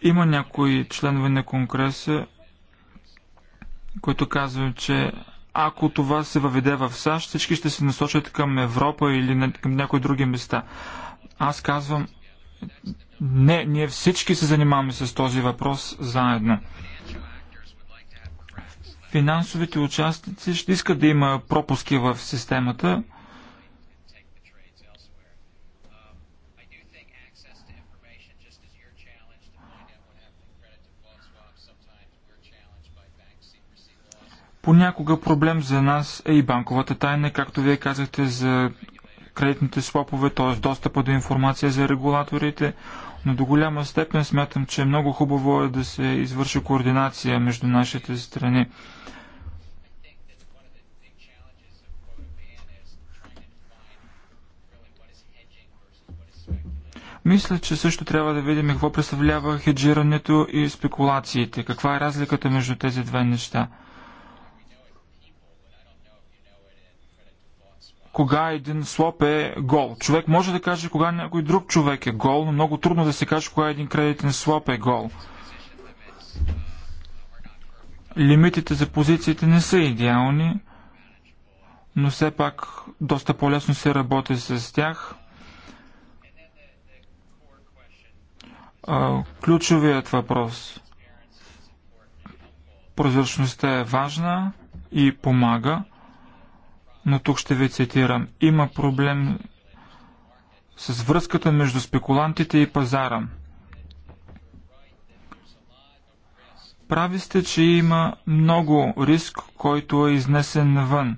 има някои членове на Конгреса, които казват, че ако това се въведе в САЩ, всички ще се насочат към Европа или към някои други места. Аз казвам, не, ние всички се занимаваме с този въпрос заедно. Финансовите участници ще искат да има пропуски в системата, Понякога проблем за нас е и банковата тайна, както вие казахте за кредитните слопове, т.е. достъпа до информация за регулаторите, но до голяма степен смятам, че е много хубаво е да се извърши координация между нашите страни. Мисля, че също трябва да видим какво представлява хеджирането и спекулациите. Каква е разликата между тези две неща? кога един слоп е гол. Човек може да каже кога някой друг човек е гол, но много трудно да се каже кога един кредитен слоп е гол. Лимитите за позициите не са идеални, но все пак доста по-лесно се работи с тях. А, ключовият въпрос. Прозрачността е важна и помага но тук ще ви цитирам. Има проблем с връзката между спекулантите и пазара. Прави сте, че има много риск, който е изнесен навън.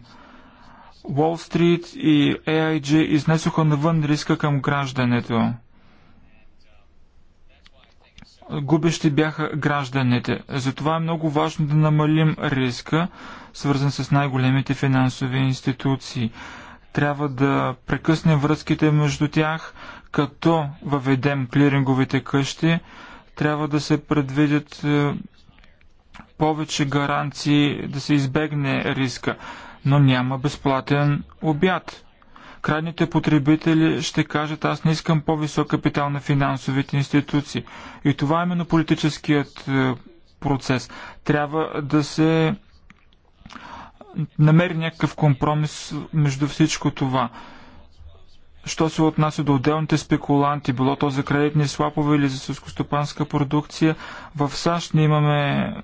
Уолл Стрит и AIG изнесоха навън риска към граждането губещи бяха гражданите. Затова е много важно да намалим риска, свързан с най-големите финансови институции. Трябва да прекъснем връзките между тях, като въведем клиринговите къщи. Трябва да се предвидят е, повече гаранции да се избегне риска, но няма безплатен обяд крайните потребители ще кажат аз не искам по-висок капитал на финансовите институции. И това е именно политическият е, процес. Трябва да се намери някакъв компромис между всичко това. Що се отнася до отделните спекуланти, било то за кредитни слапове или за сълскостопанска продукция, в САЩ не имаме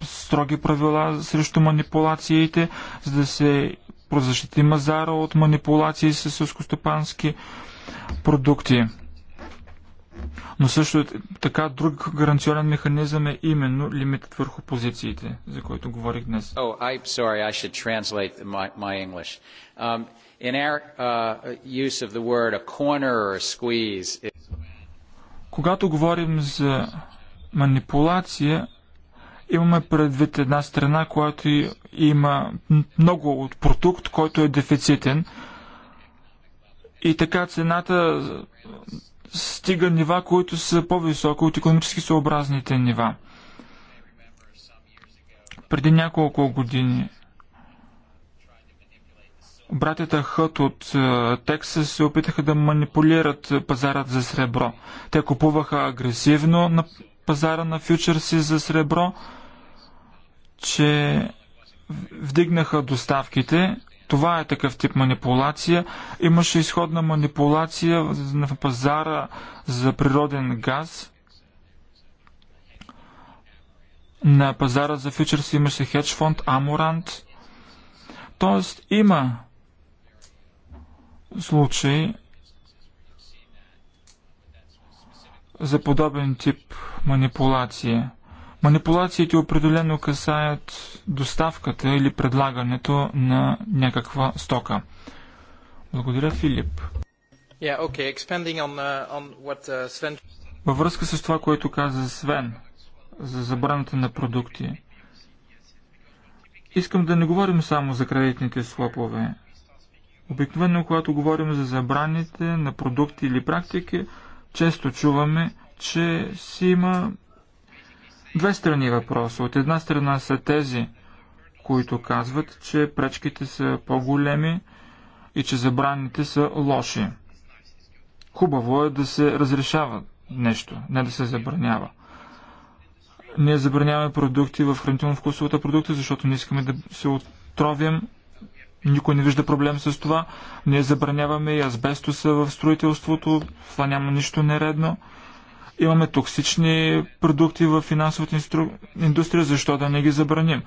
строги правила срещу манипулациите, за да се да защити Мазара от манипулации с сълскостопански продукти. Но също е така друг гаранционен механизъм е именно лимитът върху позициите, за който говорих днес. Oh, I'm sorry, I should translate my, my English. Um, in our uh, use of the word a corner or a squeeze... It... Когато говорим за манипулация, Имаме предвид една страна, която има много от продукт, който е дефицитен. И така цената стига нива, които са по-високо от економически съобразните нива. Преди няколко години братята Хът от е, Тексас се опитаха да манипулират пазарът за сребро. Те купуваха агресивно на пазара на фьючерси за сребро, че вдигнаха доставките. Това е такъв тип манипулация. Имаше изходна манипулация на пазара за природен газ. На пазара за фьючерси имаше хедж фонд Амурант. Тоест има случаи, за подобен тип манипулация. Манипулациите определено касаят доставката или предлагането на някаква стока. Благодаря, Филип. Yeah, okay. on, uh, on what, uh, Sven... Във връзка с това, което каза Свен за забраната на продукти, искам да не говорим само за кредитните слопове. Обикновено, когато говорим за забраните на продукти или практики, често чуваме, че си има две страни въпроса. От една страна са тези, които казват, че пречките са по-големи и че забраните са лоши. Хубаво е да се разрешава нещо, не да се забранява. Ние забраняваме продукти в хранително-вкусовата продукта, защото не искаме да се отровим никой не вижда проблем с това. Ние забраняваме и азбестоса в строителството. Това няма нищо нередно. Имаме токсични продукти в финансовата инстру... индустрия. Защо да не ги забраним?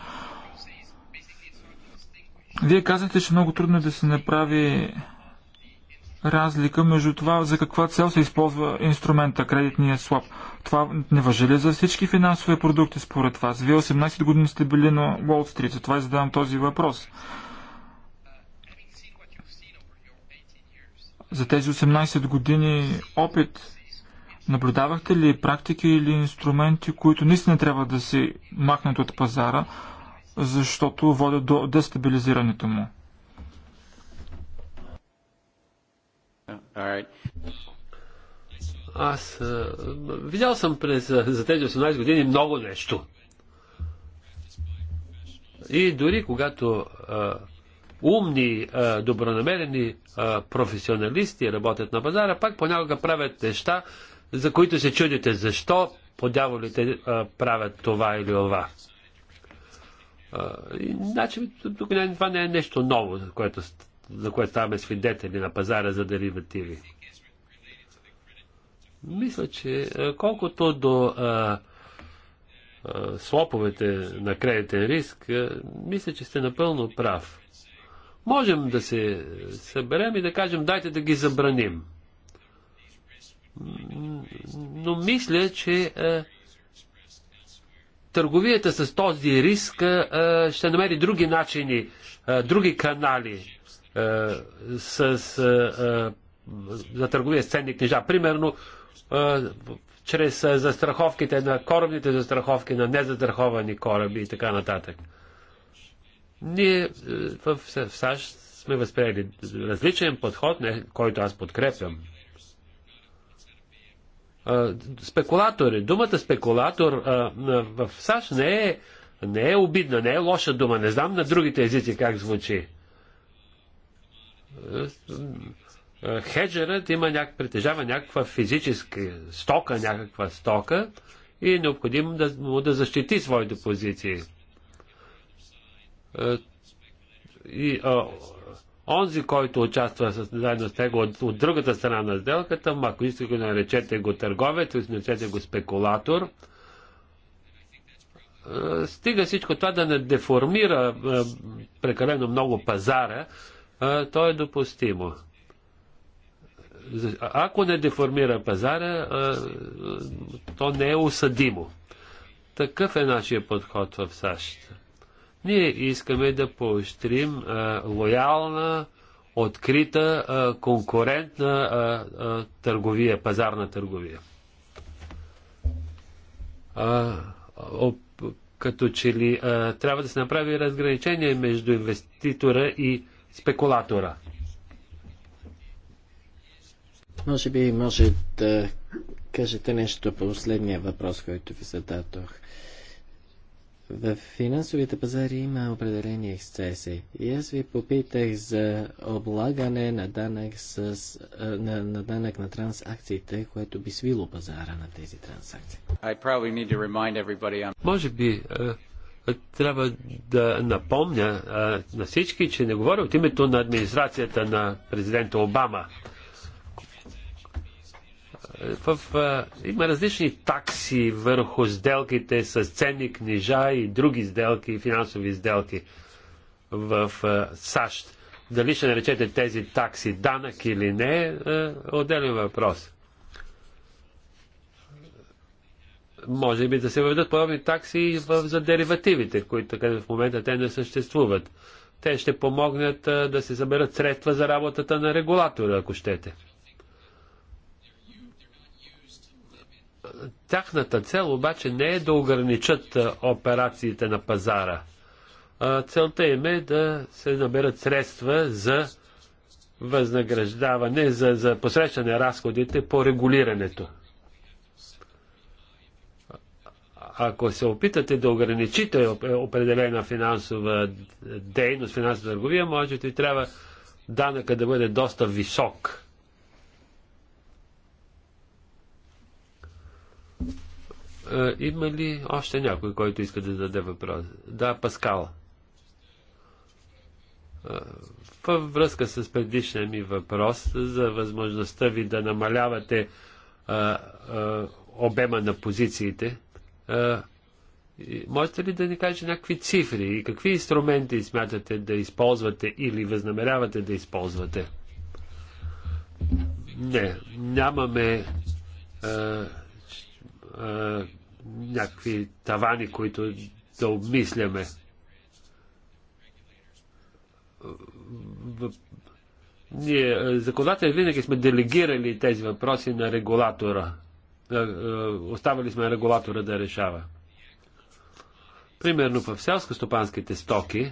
Вие казвате, че много трудно е да се направи разлика между това за каква цел се използва инструмента, кредитния слаб. Това не въжи ли за всички финансови продукти според вас? Вие 18 години сте били на Уолл Стрит, затова и задавам този въпрос. За тези 18 години опит наблюдавахте ли практики или инструменти, които наистина трябва да се махнат от пазара, защото водят до дестабилизирането му? Аз а, видял съм през, за тези 18 години много нещо. И дори когато а, умни, добронамерени професионалисти работят на пазара, пак понякога правят неща, за които се чудите защо подяволите правят това или ова. Значи, тук това не е нещо ново, за което, за което ставаме свидетели на пазара за деривативи. Мисля, че колкото до а, слоповете на кредитен риск, мисля, че сте напълно прав. Можем да се съберем и да кажем, дайте да ги забраним. Но мисля, че е, търговията с този риск е, ще намери други начини, е, други канали е, с, е, е, за търговия с ценни книжа. Примерно, чрез застраховките на корабните застраховки, на незастраховани кораби и така нататък. Ние е, в САЩ сме възприели различен подход, който аз подкрепям. Спекулатори. Думата спекулатор в САЩ не е, не е обидна, не е лоша дума. Не знам на другите езици как звучи. Е, е, хеджерът има няк... притежава някаква физическа стока, някаква стока и е необходимо да, му да защити своите позиции. Е, и а, онзи, който участва с, заедно с него от, от другата страна на сделката, ако искате да наречете го търговец, наречете го спекулатор, е, стига всичко това да не деформира е, прекалено много пазара, то е допустимо. Ако не деформира пазара, то не е осъдимо. Такъв е нашия подход в САЩ. Ние искаме да поощрим а, лоялна, открита, а, конкурентна а, а, търговия, пазарна търговия. А, об, като че ли а, трябва да се направи разграничение между инвеститора и спекулатора. Може би може да кажете нещо по последния въпрос, който ви зададох. В финансовите пазари има определени ексцеси. И аз ви попитах за облагане на данък, с, на, на, данък на трансакциите, което би свило пазара на тези трансакции. On... Може би трябва да напомня на всички, че не говоря от името на администрацията на президента Обама в, има различни такси върху сделките с ценни книжа и други сделки, финансови сделки в САЩ. Дали ще наречете тези такси данък или не, е отделен въпрос. Може би да се въведат подобни такси за деривативите, които в момента те не съществуват. Те ще помогнат да се заберат средства за работата на регулатора, ако щете. тяхната цел обаче не е да ограничат операциите на пазара. Целта им е да се наберат средства за възнаграждаване, за, за посрещане разходите по регулирането. Ако се опитате да ограничите определена финансова дейност, финансова търговия, може би трябва данъка да бъде доста висок Е, има ли още някой, който иска да даде въпрос? Да, Паскал. Е, във връзка с предишния ми въпрос за възможността ви да намалявате а, е, а, обема на позициите, а, можете ли да ни кажете някакви цифри и какви инструменти смятате да използвате или възнамерявате да използвате? Не, нямаме а, някакви тавани, които да обмисляме. Ние, законодатели, винаги сме делегирали тези въпроси на регулатора. Оставали сме регулатора да решава. Примерно в селско-стопанските стоки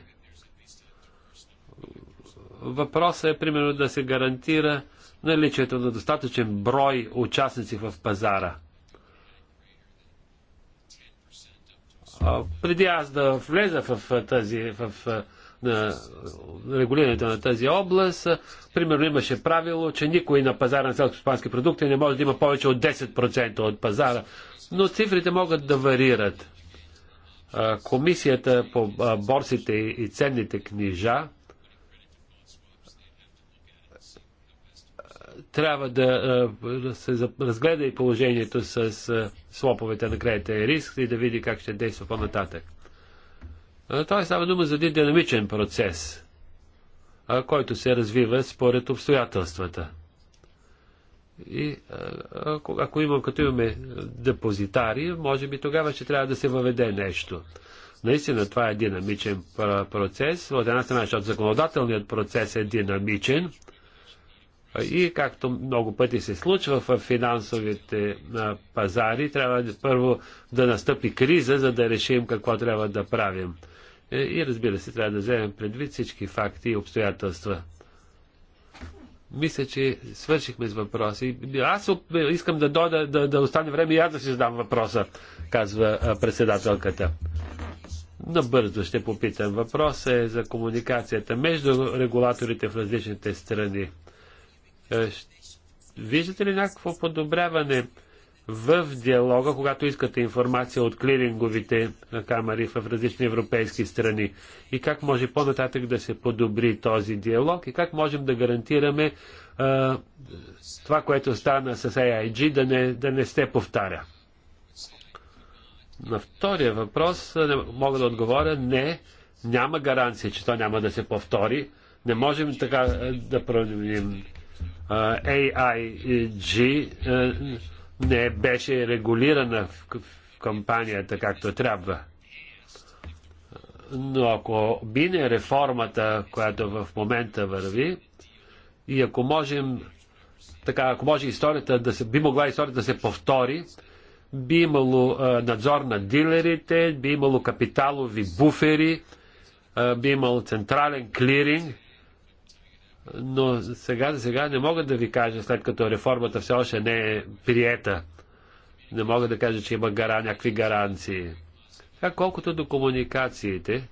въпросът е примерно да се гарантира наличието на достатъчен брой участници в пазара – преди аз да влеза в тази, в на регулирането на тази област, примерно имаше правило, че никой на пазара на селско-спански продукти не може да има повече от 10% от пазара, но цифрите могат да варират. Комисията по борсите и ценните книжа трябва да се разгледа и положението с слоповете на и риск и да види как ще действа по-нататък. Той е само дума за един динамичен процес, който се развива според обстоятелствата. И ако, ако имам, като имаме депозитари, може би тогава ще трябва да се въведе нещо. Наистина това е динамичен процес. От една страна, защото законодателният процес е динамичен, и както много пъти се случва в финансовите пазари, трябва първо да настъпи криза, за да решим какво трябва да правим. Е, и разбира се, трябва да вземем предвид всички факти и обстоятелства. Мисля, че свършихме с въпроси. Аз искам да дода да, да остане време и аз да си задам въпроса, казва председателката. Набързо ще попитам. Въпросът е за комуникацията между регулаторите в различните страни. Е, виждате ли някакво подобряване в диалога, когато искате информация от клиринговите камери в различни европейски страни? И как може по-нататък да се подобри този диалог? И как можем да гарантираме а, това, което стана с AIG, да не, да не се повтаря? На втория въпрос мога да отговоря не, няма гаранция, че то няма да се повтори. Не можем така да променим AIG не беше регулирана в кампанията както трябва. Но ако бине реформата, която в момента върви, и ако можем, така, ако може историята да се, би могла историята да се повтори, би имало надзор на дилерите, би имало капиталови буфери, би имало централен клиринг, но сега за сега не мога да ви кажа, след като реформата все още не е приета. Не мога да кажа, че има гара, някакви гаранции. Така колкото до комуникациите,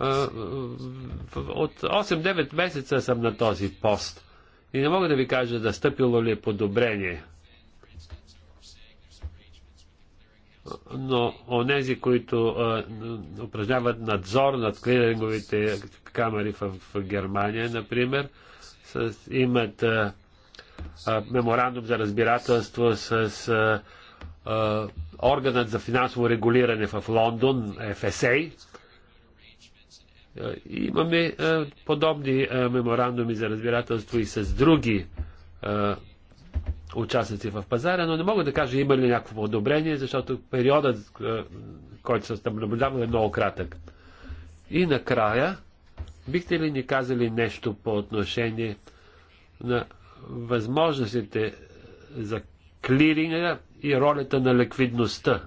от 8-9 месеца съм на този пост и не мога да ви кажа да стъпило ли е подобрение – но онези, които а, упражняват надзор над клиринговите камери в, в Германия, например, с, имат а, а, меморандум за разбирателство с а, а, органът за финансово регулиране в Лондон, ФСА. Имаме а, подобни а, меморандуми за разбирателство и с други а, участници в пазара, но не мога да кажа има ли някакво одобрение, защото периодът, е, който се наблюдавал е много кратък. И накрая, бихте ли ни казали нещо по отношение на възможностите за клиринга и ролята на ликвидността?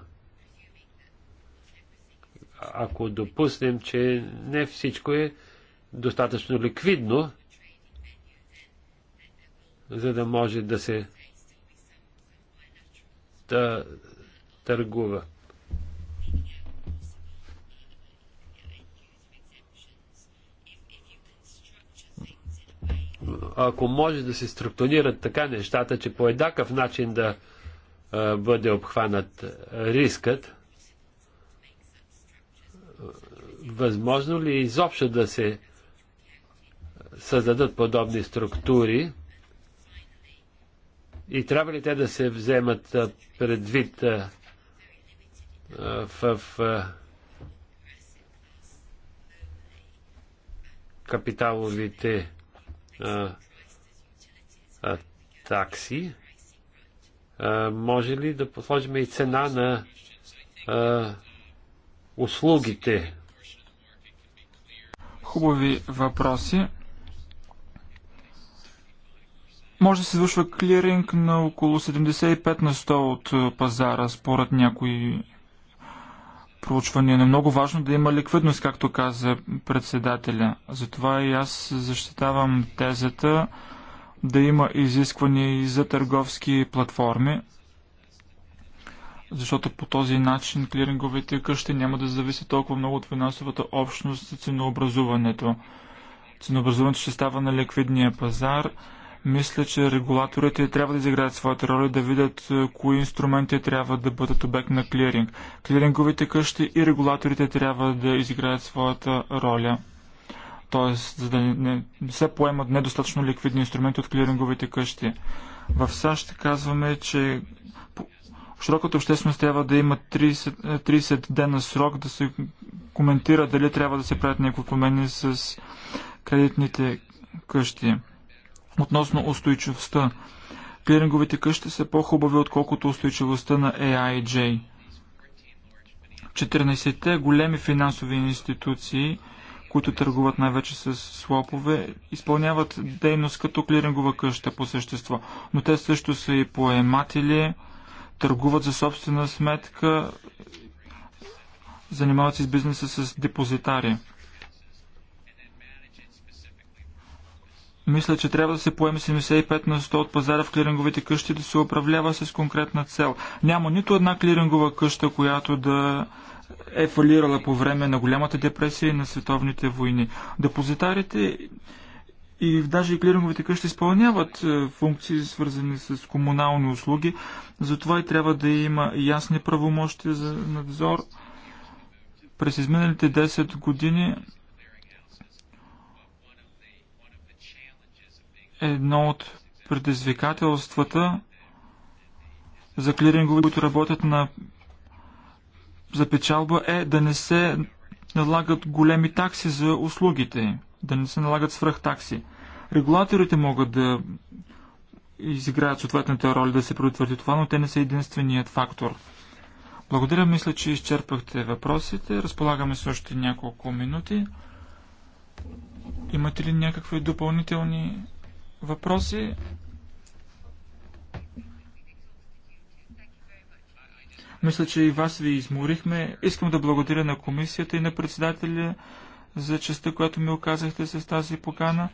Ако допуснем, че не всичко е достатъчно ликвидно, за да може да се да търгува. Ако може да се структурират така нещата, че по едакъв начин да а, бъде обхванат рискът, възможно ли изобщо да се създадат подобни структури, и трябва ли те да се вземат предвид в капиталовите такси? Може ли да посложим и цена на услугите? Хубави въпроси може да се извършва клиринг на около 75 на 100 от е, пазара, според някои проучвания. Но е много важно да има ликвидност, както каза председателя. Затова и аз защитавам тезата да има изисквания и за търговски платформи, защото по този начин клиринговите къщи няма да зависят толкова много от финансовата общност и ценообразуването. Ценообразуването ще става на ликвидния пазар – мисля, че регулаторите трябва да изиграят своята роля да видят е, кои инструменти трябва да бъдат обект на клиринг. Клиринговите къщи и регулаторите трябва да изиграят своята роля. Тоест, за да не се поемат недостатъчно ликвидни инструменти от клиринговите къщи. В САЩ казваме, че широката общественост трябва да има 30, 30 е, дена срок да се коментира дали трябва да се правят някакви промени с кредитните къщи. Относно устойчивостта, клиринговите къщи са по-хубави, отколкото устойчивостта на AIJ. 14-те големи финансови институции, които търгуват най-вече с слопове, изпълняват дейност като клирингова къща по същество, но те също са и поематели, търгуват за собствена сметка, занимават се с бизнеса с депозитари. Мисля, че трябва да се поеме 75 на 100 от пазара в клиринговите къщи да се управлява с конкретна цел. Няма нито една клирингова къща, която да е фалирала по време на голямата депресия и на световните войни. Депозитарите и даже и клиринговите къщи изпълняват е, функции, свързани с комунални услуги, затова и трябва да има ясни правомощи за надзор. През изминалите 10 години едно от предизвикателствата за клирингови, които работят на за печалба е да не се налагат големи такси за услугите, да не се налагат такси. Регулаторите могат да изиграят съответната роля да се предотврати това, но те не са единственият фактор. Благодаря, мисля, че изчерпахте въпросите. Разполагаме с още няколко минути. Имате ли някакви допълнителни въпроси. Мисля, че и вас ви изморихме. Искам да благодаря на комисията и на председателя за частта, която ми оказахте с тази покана.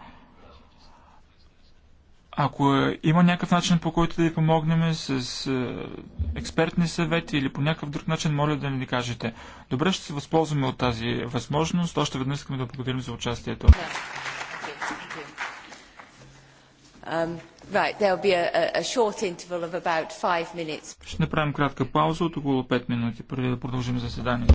Ако е, има някакъв начин, по който да ви помогнем с е, експертни съвети или по някакъв друг начин, моля да ни кажете. Добре, ще се възползваме от тази възможност. Още веднъж искаме да благодарим за участието. Um, right, there'll be a, a short interval of about five minutes. Ще направим кратка пауза от около 5 минути, преди да продължим заседанието.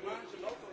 Germanische Laufbahn.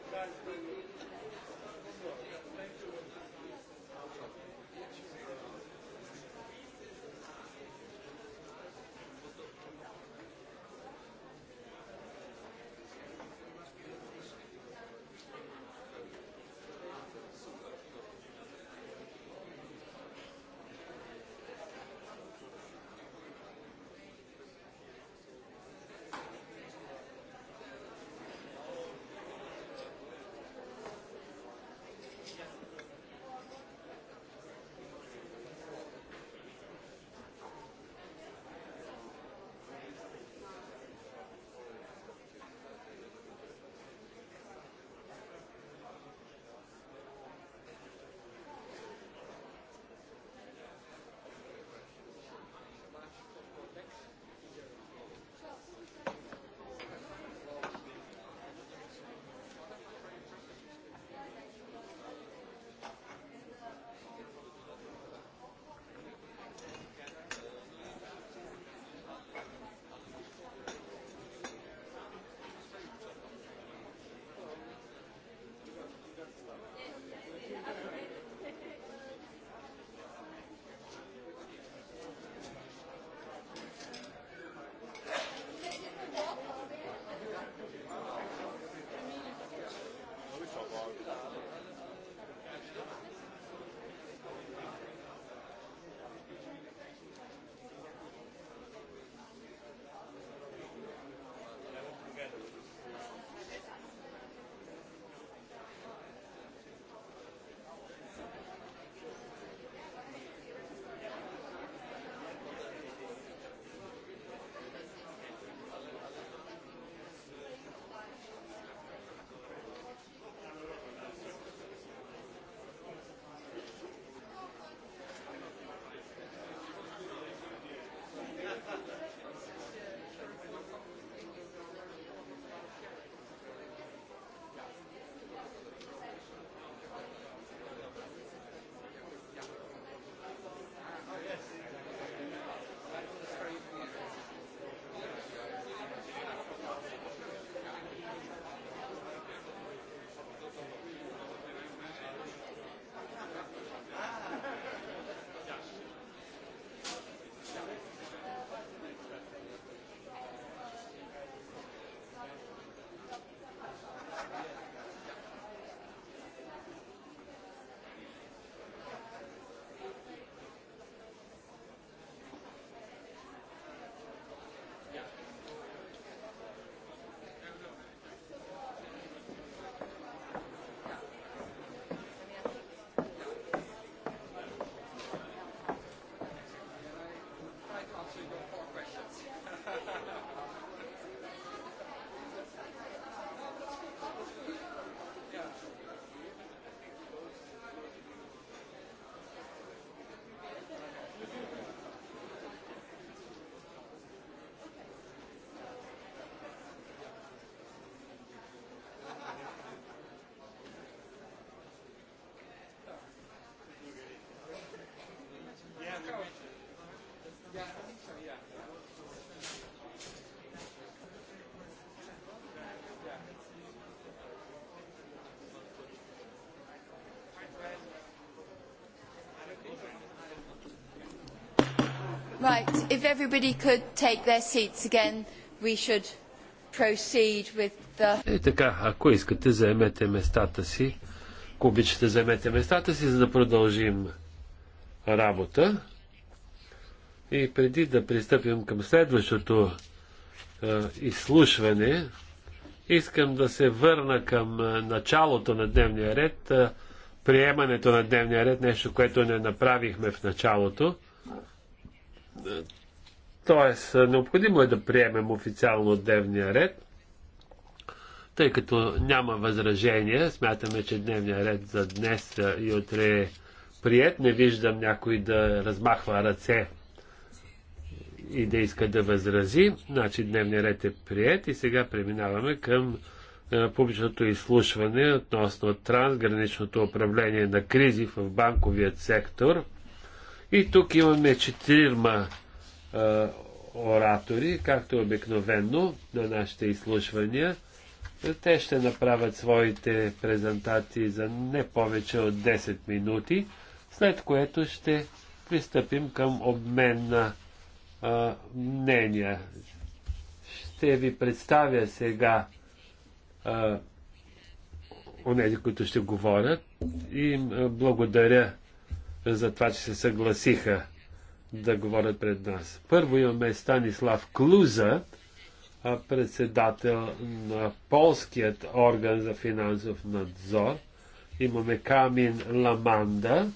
Right, if everybody could take their seats again, we should proceed with the... И е, така, ако искате, заемете местата си. Ако обичате, заемете местата си, за да продължим работа. И преди да пристъпим към следващото е, изслушване, искам да се върна към началото на дневния ред, е, приемането на дневния ред, нещо, което не направихме в началото. Тоест, необходимо е да приемем официално дневния ред. Тъй като няма възражения, смятаме, че дневния ред за днес и утре е прият. Не виждам някой да размахва ръце и не иска да възрази, значи дневният ред е прият и сега преминаваме към е, публичното изслушване относно трансграничното управление на кризи в банковият сектор. И тук имаме четирима е, оратори, както обикновено на нашите изслушвания. Те ще направят своите презентации за не повече от 10 минути, след което ще пристъпим към обмен на мнения. Ще ви представя сега а, онези, които ще говорят и благодаря за това, че се съгласиха да говорят пред нас. Първо имаме Станислав Клуза, председател на полският орган за финансов надзор. Имаме Камин Ламанда,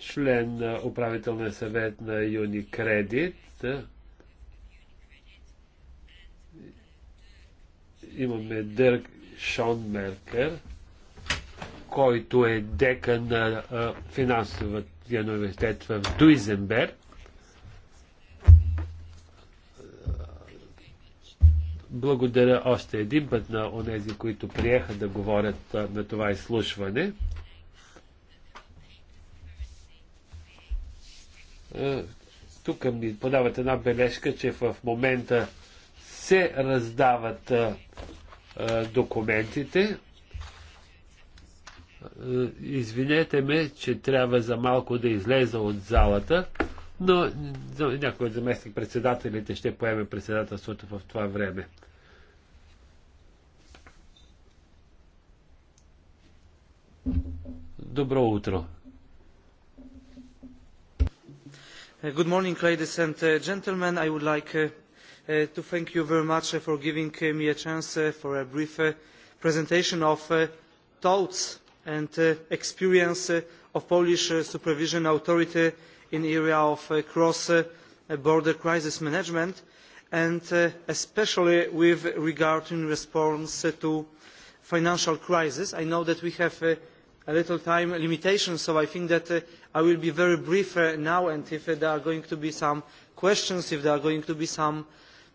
член на управителния съвет на Юникредит. Имаме Дърк Шонмеркер, който е дека на финансовия университет в Дуизенберг. Благодаря още един път на онези, които приеха да говорят на това изслушване. Е, тук ми подават една бележка, че в момента се раздават е, е, документите. Извинете ме, че трябва за малко да излеза от залата, но някой от заместник председателите ще поеме председателството в това време. Добро утро! Good morning, ladies and gentlemen. I would like to thank you very much for giving me a chance for a brief presentation of thoughts and experience of the Polish supervision authority in the area of cross-border crisis management, and especially with regard to response to financial crisis. I know that we have a little time limitation, so I think that I will be very brief now, and if there are going to be some questions, if there are going to be some,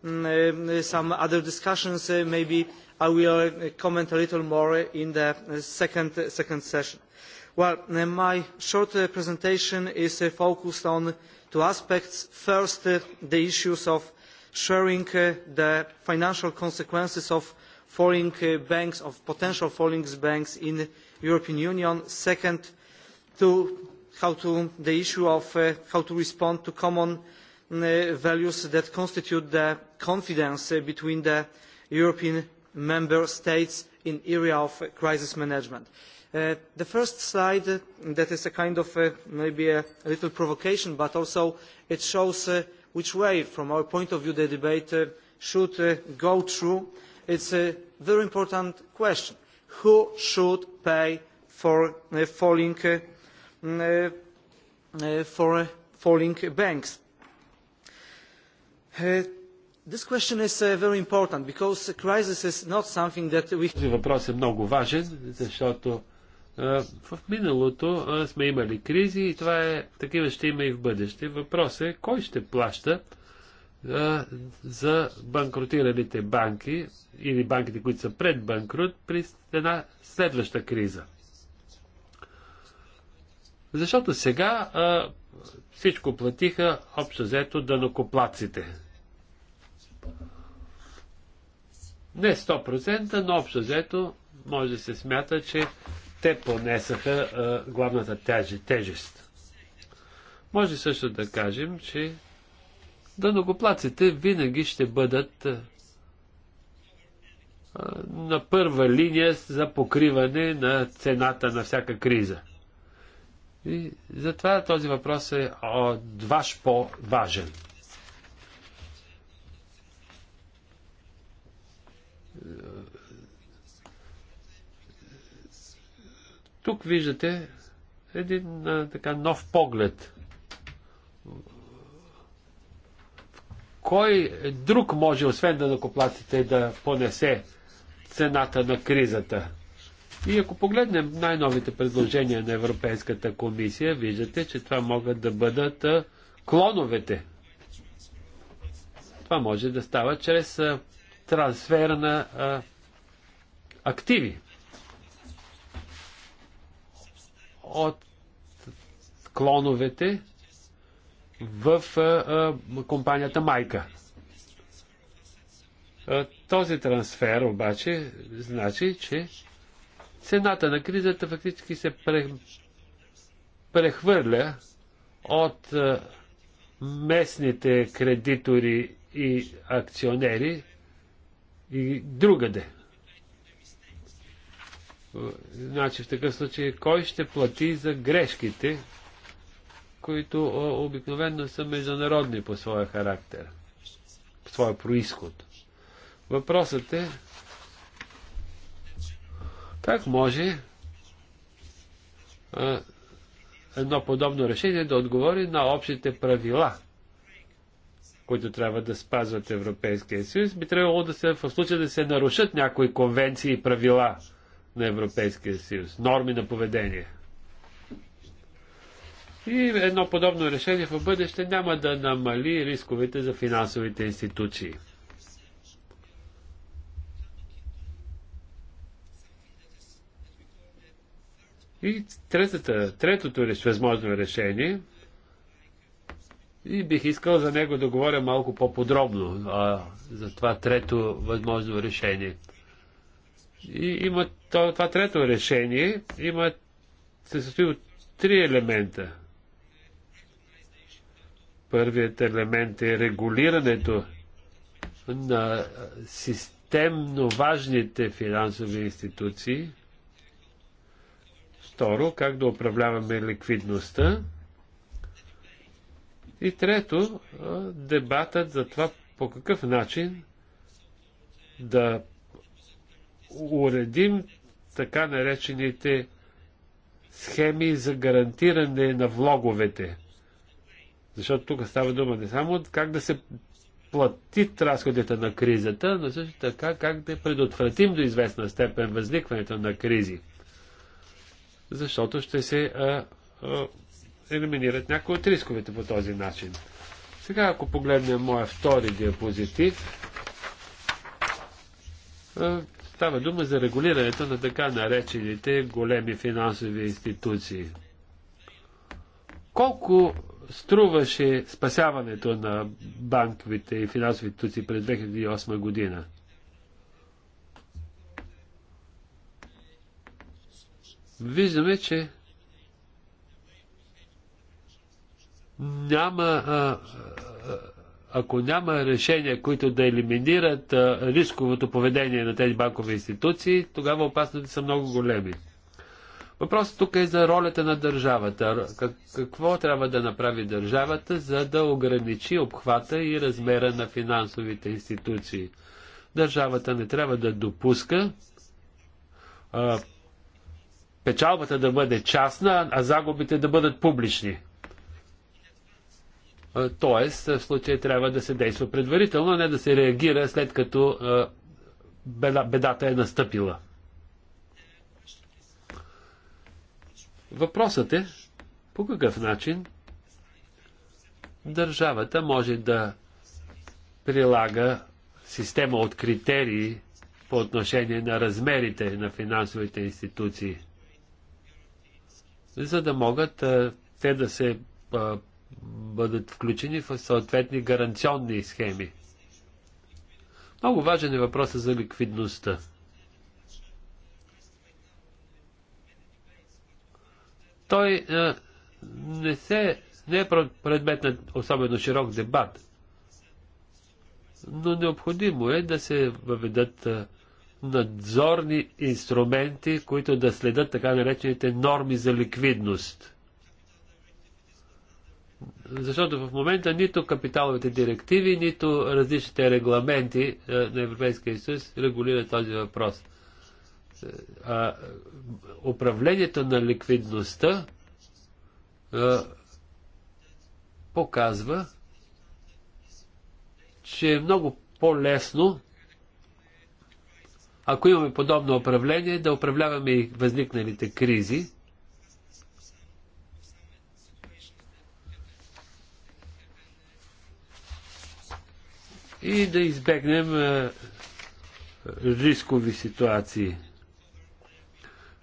other discussions, maybe I will comment a little more in the second, session. Well, my short presentation is focused on two aspects. First, the issues of sharing the financial consequences of foreign banks, of potential foreign banks in the European Union. Second, to how to the issue of how to respond to common values that constitute the confidence between the European member states in the area of crisis management. the first slide that is a kind of maybe a little provocation, but also it shows which way, from our point of view, the debate should go through. It is a very important question. Who should pay for falling е, е, for falling banks. Е, this question is uh, very important because the crisis is not something that we... Този въпрос е много важен, защото в миналото сме имали кризи и това е, такива ще има и в бъдеще. Въпросът е кой ще плаща за банкротиралите банки или банките, които са пред банкрут при една следваща криза. Защото сега а, всичко платиха общо взето данокоплаците. Не 100%, но общо взето може да се смята, че те понесаха а, главната тяжи, тежест. Може също да кажем, че данокоплаците винаги ще бъдат а, на първа линия за покриване на цената на всяка криза. И затова този въпрос е от ваш по-важен. Тук виждате един а, така нов поглед. Кой друг може, освен да накоплатите, да понесе цената на кризата? И ако погледнем най-новите предложения на Европейската комисия, виждате, че това могат да бъдат клоновете. Това може да става чрез трансфер на активи. От клоновете в а, а, компанията Майка. А, този трансфер обаче значи, че цената на кризата фактически се прехвърля от е, местните кредитори и акционери и другаде. Е, значи в такъв случай кой ще плати за грешките, които е, обикновено са международни по своя характер, по своя происход. Въпросът е как може а, едно подобно решение да отговори на общите правила, които трябва да спазват Европейския съюз? Би трябвало да се, в случай да се нарушат някои конвенции и правила на Европейския съюз, норми на поведение. И едно подобно решение в бъдеще няма да намали рисковете за финансовите институции. И третата, третото възможно решение, и бих искал за него да говоря малко по-подробно, за това трето възможно решение. И има, това трето решение има, се състои от три елемента. Първият елемент е регулирането на системно важните финансови институции – Второ, как да управляваме ликвидността. И трето, дебатът за това по какъв начин да уредим така наречените схеми за гарантиране на влоговете. Защото тук става дума не само как да се плати разходите на кризата, но също така как да предотвратим до известна степен възникването на кризи защото ще се а, а, елиминират някои от рисковете по този начин. Сега, ако погледнем моя втори диапозитив, а, става дума за регулирането на така наречените големи финансови институции. Колко струваше спасяването на банковите и финансови институции през 2008 година? виждаме, че няма, а, ако няма решения, които да елиминират а, рисковото поведение на тези банкови институции, тогава опасностите са много големи. Въпросът тук е за ролята на държавата. Какво трябва да направи държавата, за да ограничи обхвата и размера на финансовите институции? Държавата не трябва да допуска печалбата да бъде частна, а загубите да бъдат публични. Тоест, в случая трябва да се действа предварително, а не да се реагира след като бедата е настъпила. Въпросът е по какъв начин държавата може да прилага система от критерии по отношение на размерите на финансовите институции – за да могат те да се бъдат включени в съответни гаранционни схеми. Много важен е въпросът за ликвидността. Той а, не, се, не е предмет на особено широк дебат, но необходимо е да се въведат а, надзорни инструменти, които да следят така наречените норми за ликвидност. Защото в момента нито капиталовите директиви, нито различните регламенти е, на Европейския съюз регулират този въпрос. Е, а, управлението на ликвидността а, е, показва, че е много по-лесно ако имаме подобно управление, да управляваме и възникналите кризи. И да избегнем е, рискови ситуации.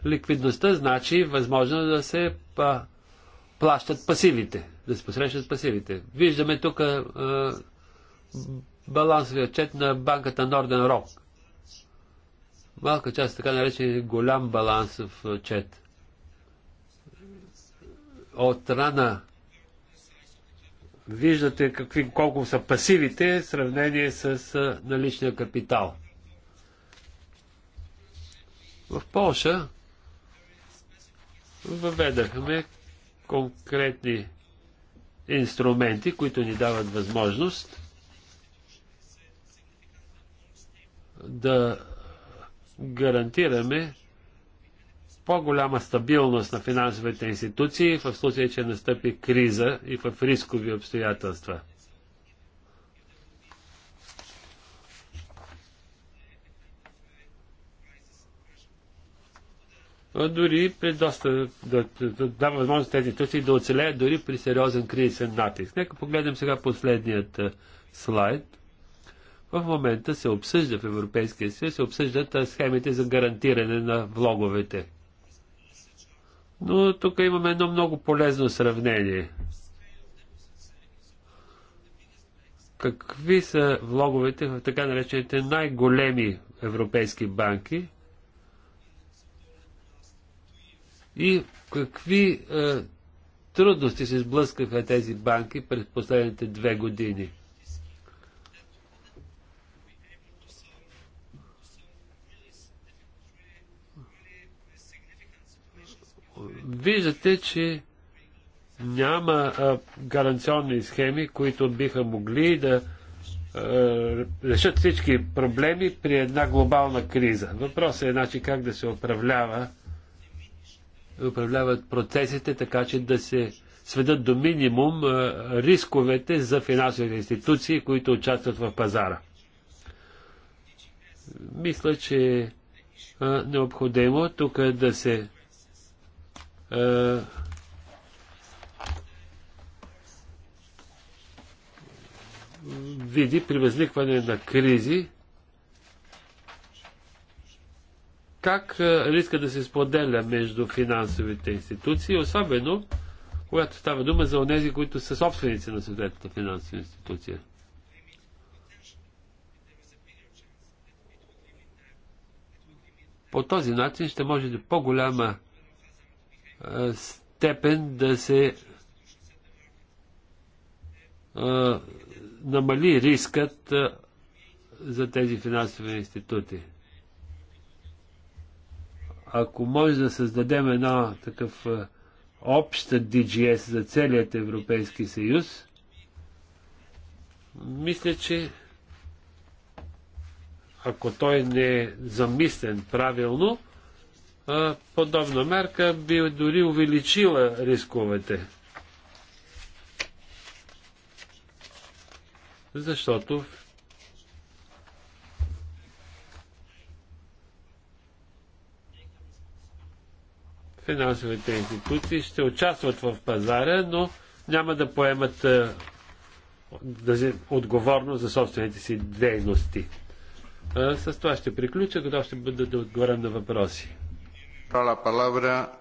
Ликвидността значи възможно да се плащат пасивите, да се посрещат пасивите. Виждаме тук е, балансовия чет на банката Northern Rock малка част, така наречен голям баланс в чет. От рана виждате какви, колко са пасивите в сравнение с наличния капитал. В Польша въведахме конкретни инструменти, които ни дават възможност да гарантираме по-голяма стабилност на финансовите институции в случай, че настъпи криза и в рискови обстоятелства. дори при доста, да, да, да възможност тези институции да оцелеят дори при сериозен кризисен натиск. Нека погледнем сега последният слайд. В момента се обсъжда в Европейския съюз, се обсъждат схемите за гарантиране на влоговете. Но тук имаме едно много полезно сравнение. Какви са влоговете в така наречените най-големи европейски банки и какви е, трудности се сблъскаха тези банки през последните две години? Виждате, че няма а, гаранционни схеми, които биха могли да а, решат всички проблеми при една глобална криза. Въпросът е значи, как да се управлява управляват процесите, така че да се сведат до минимум а, рисковете за финансовите институции, които участват в пазара. Мисля, че а, необходимо тук да се е, види при възникване на кризи, как е, риска да се споделя между финансовите институции, особено когато става дума за онези, които са собственици на съответната финансова институция. По този начин ще може да е по-голяма степен да се намали рискът за тези финансови институти. Ако може да създадем една такъв обща DGS за целият Европейски съюз, мисля, че ако той не е замислен правилно, подобна мерка би дори увеличила рисковете. Защото финансовите институции ще участват в пазара, но няма да поемат да отговорност за собствените си дейности. С това ще приключа, когато ще бъда да отговарям на въпроси. La palabra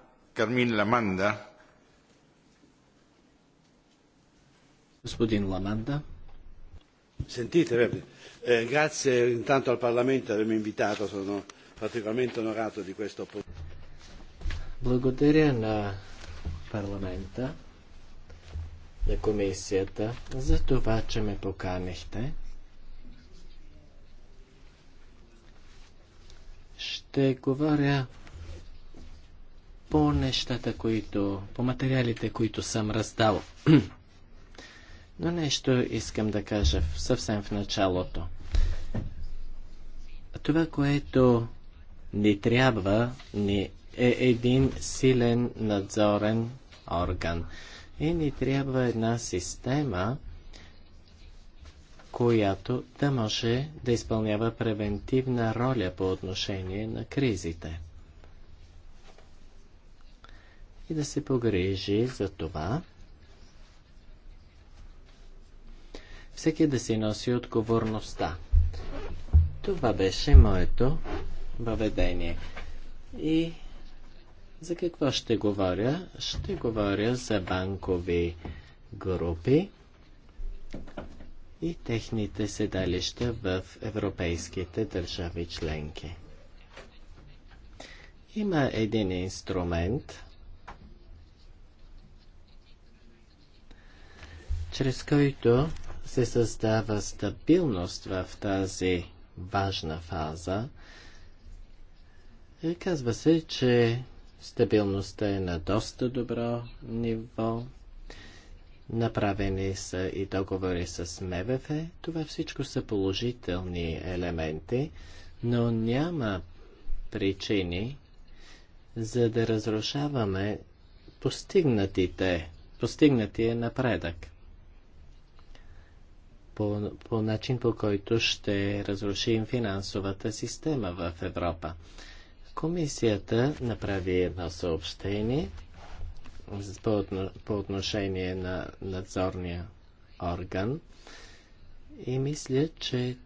Sentite, Eh, grazie intanto al Parlamento avermi invitato, sono particolarmente onorato di questa opportunità. Благодаря на парламента, на комисията, за това, че ме поканихте. Ще говоря по нещата, които, по материалите, които съм раздал. Но нещо искам да кажа съвсем в началото. Това, което ни трябва, ни е един силен надзорен орган. И ни трябва една система, която да може да изпълнява превентивна роля по отношение на кризите и да се погрижи за това всеки да си носи отговорността. Това беше моето въведение. И за какво ще говоря? Ще говоря за банкови групи и техните седалища в европейските държави членки. Има един инструмент, чрез който се създава стабилност в тази важна фаза. И казва се, че стабилността е на доста добро ниво. Направени са и договори с МВФ. Това всичко са положителни елементи, но няма причини за да разрушаваме постигнатите, постигнатия напредък по, по начин, по който ще разрушим финансовата система в Европа. Комисията направи едно съобщение по, по отношение на надзорния орган и мисля, че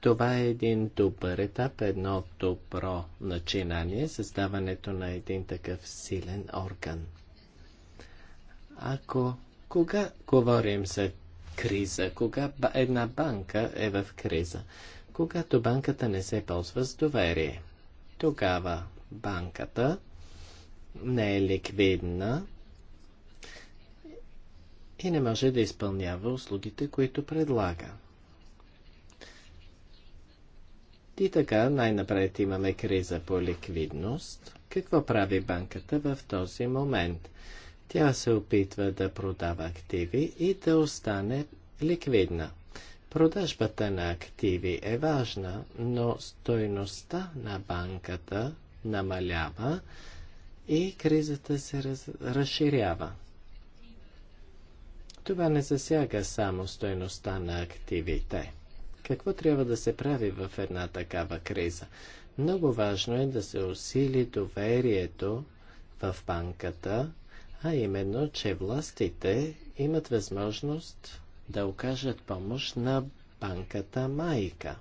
това е един добър етап, едно добро начинание, създаването на един такъв силен орган. Ако кога говорим за криза, кога една банка е в криза, когато банката не се ползва с доверие. Тогава банката не е ликвидна и не може да изпълнява услугите, които предлага. И така, най-напред имаме криза по ликвидност. Какво прави банката в този момент? Тя се опитва да продава активи и да остане ликвидна. Продажбата на активи е важна, но стойността на банката намалява и кризата се раз... разширява. Това не засяга само стойността на активите. Какво трябва да се прави в една такава криза? Много важно е да се усили доверието в банката а именно, че властите имат възможност да окажат помощ на банката Майка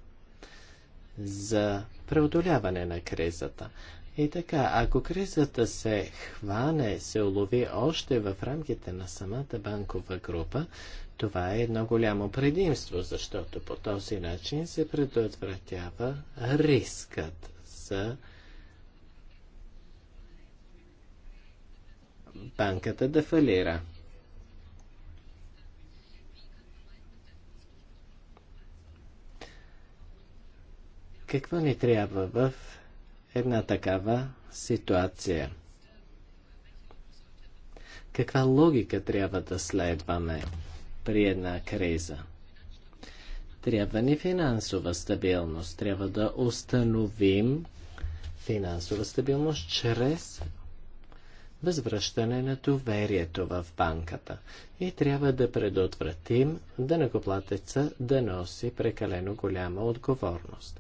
за преодоляване на кризата. И така, ако кризата се хване, се улови още в рамките на самата банкова група, това е едно голямо предимство, защото по този начин се предотвратява рискът за банката да фалира. Какво ни трябва в една такава ситуация? Каква логика трябва да следваме при една криза? Трябва ни финансова стабилност. Трябва да установим финансова стабилност чрез възвръщане на доверието в банката и трябва да предотвратим дънакоплатеца да носи прекалено голяма отговорност.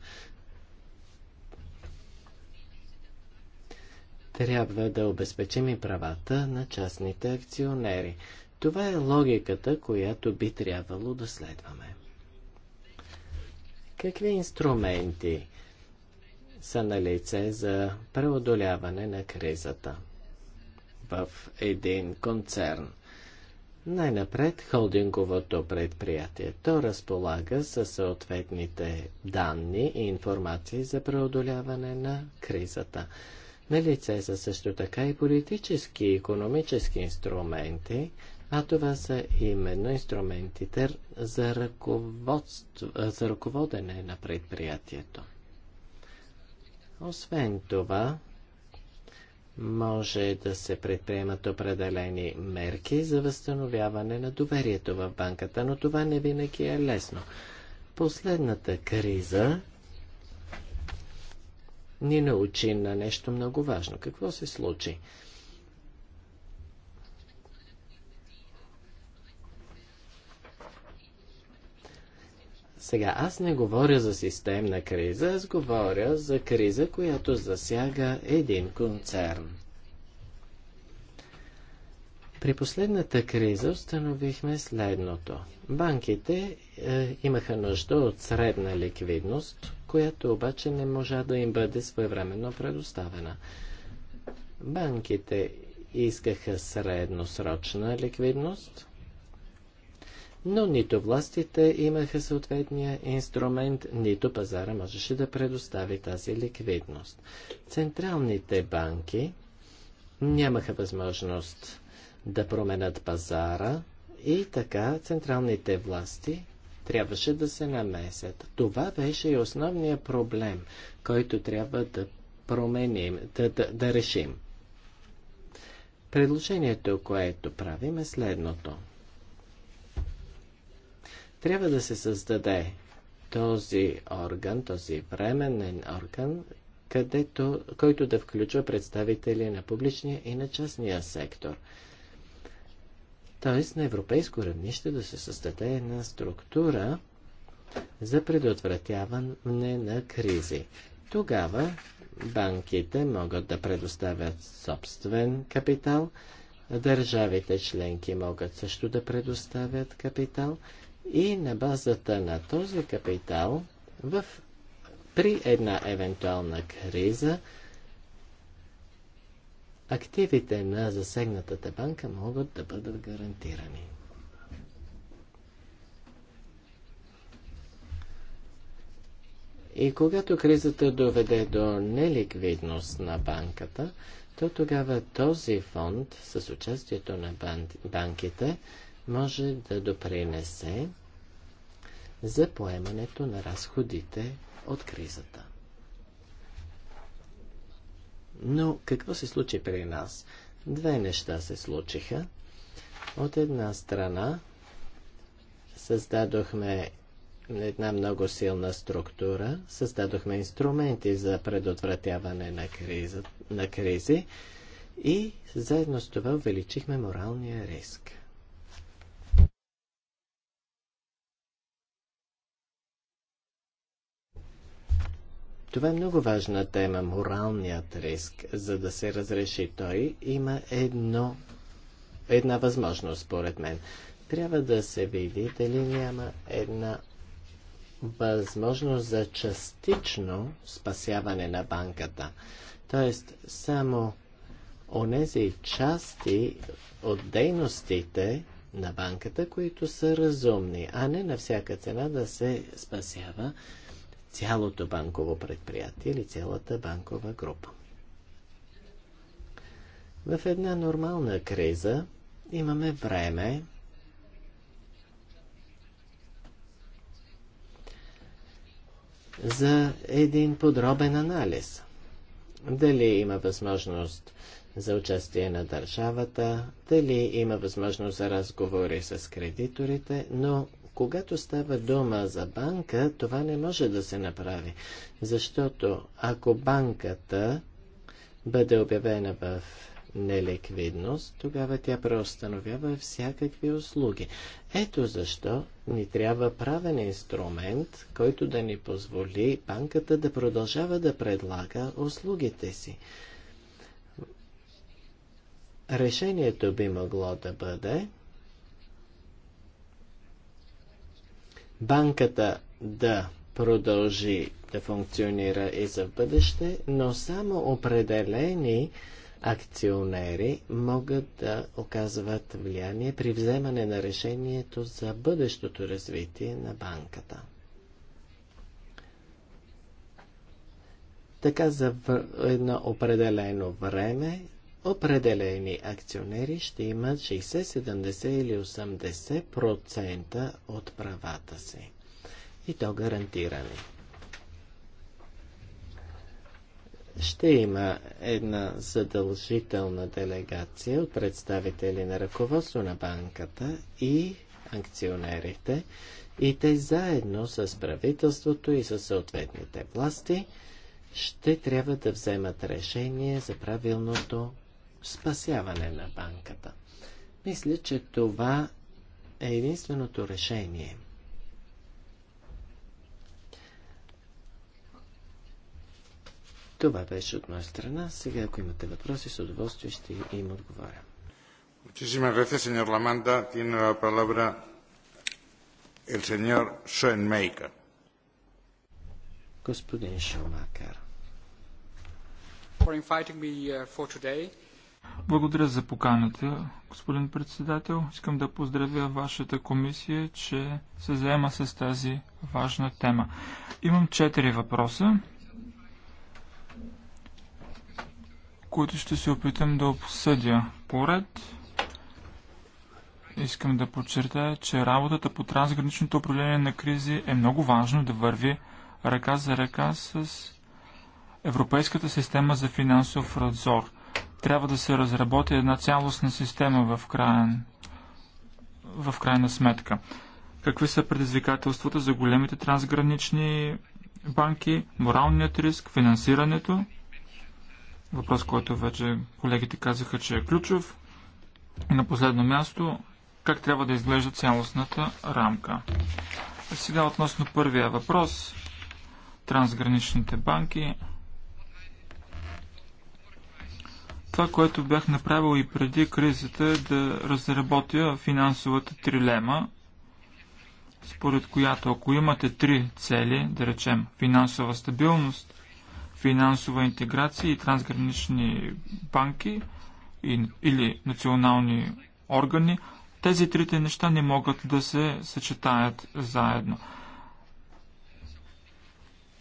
Трябва да обезпечим и правата на частните акционери. Това е логиката, която би трябвало да следваме. Какви инструменти са на лице за преодоляване на кризата? в един концерн. Най-напред холдинговото предприятие. То разполага със съответните данни и информации за преодоляване на кризата. На лице са също така и политически и економически инструменти, а това са именно инструментите за, ръководство, за ръководене на предприятието. Освен това, може да се предприемат определени мерки за възстановяване на доверието в банката, но това не винаги е лесно. Последната криза ни научи на нещо много важно. Какво се случи? Сега, аз не говоря за системна криза, аз говоря за криза, която засяга един концерн. При последната криза установихме следното. Банките е, имаха нужда от средна ликвидност, която обаче не можа да им бъде своевременно предоставена. Банките искаха средносрочна ликвидност – но нито властите имаха съответния инструмент, нито пазара можеше да предостави тази ликвидност. Централните банки нямаха възможност да променят пазара и така централните власти трябваше да се намесят. Това беше и основният проблем, който трябва да променим, да, да, да решим. Предложението, което правим е следното – трябва да се създаде този орган, този временен орган, където, който да включва представители на публичния и на частния сектор. Тоест на европейско равнище да се създаде една структура за предотвратяване на кризи. Тогава банките могат да предоставят собствен капитал, държавите членки могат също да предоставят капитал, и на базата на този капитал в, при една евентуална криза активите на засегнатата банка могат да бъдат гарантирани. И когато кризата доведе до неликвидност на банката, то тогава този фонд с участието на банките може да допринесе за поемането на разходите от кризата. Но какво се случи при нас? Две неща се случиха. От една страна създадохме една много силна структура, създадохме инструменти за предотвратяване на, криза, на кризи и заедно с това увеличихме моралния риск. Това е много важна тема, моралният риск. За да се разреши той, има едно, една възможност, според мен. Трябва да се види дали няма една възможност за частично спасяване на банката. Тоест, само онези части от дейностите на банката, които са разумни, а не на всяка цена да се спасява цялото банково предприятие или цялата банкова група. В една нормална криза имаме време за един подробен анализ. Дали има възможност за участие на държавата, дали има възможност за разговори с кредиторите, но когато става дума за банка, това не може да се направи, защото ако банката бъде обявена в неликвидност, тогава тя преустановява всякакви услуги. Ето защо ни трябва правен инструмент, който да ни позволи банката да продължава да предлага услугите си. Решението би могло да бъде банката да продължи да функционира и за в бъдеще, но само определени акционери могат да оказват влияние при вземане на решението за бъдещото развитие на банката. Така за едно определено време определени акционери ще имат 60, 70 или 80% от правата си. И то гарантирани. Ще има една задължителна делегация от представители на ръководство на банката и акционерите, и те заедно с правителството и с съответните власти ще трябва да вземат решение за правилното спасяване на банката. Мисля, че това е единственото решение. Това беше от моя страна. Сега, ако имате въпроси, с удоволствие ще им отговоря. Muchísimas gracias, señor Lamanda. Tiene la palabra el señor Schoenmaker. Господин Шумакер. For inviting me uh, for today. Благодаря за поканата, господин председател. Искам да поздравя вашата комисия, че се заема с тази важна тема. Имам четири въпроса, които ще се опитам да обсъдя поред. Искам да подчертая, че работата по трансграничното управление на кризи е много важно да върви ръка за ръка с Европейската система за финансов надзор. Трябва да се разработи една цялостна система в, краен, в крайна сметка. Какви са предизвикателствата за големите трансгранични банки, моралният риск, финансирането? Въпрос, който вече колегите казаха, че е ключов. И на последно място, как трябва да изглежда цялостната рамка. Сега относно първия въпрос. Трансграничните банки. Това, което бях направил и преди кризата е да разработя финансовата трилема, според която ако имате три цели, да речем финансова стабилност, финансова интеграция и трансгранични банки и, или национални органи, тези трите неща не могат да се съчетаят заедно.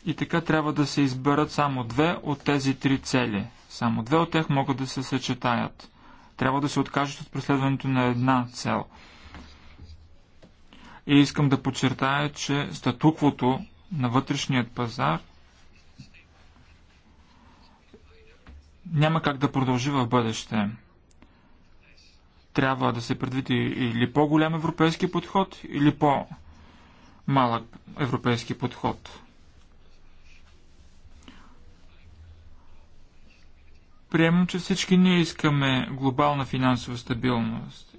И така трябва да се изберат само две от тези три цели. Само две от тях могат да се съчетаят. Трябва да се откажат от преследването на една цел. И искам да подчертая, че статуквото на вътрешният пазар няма как да продължи в бъдеще. Трябва да се предвиди или по-голям европейски подход, или по-малък европейски подход. Приемам, че всички ние искаме глобална финансова стабилност.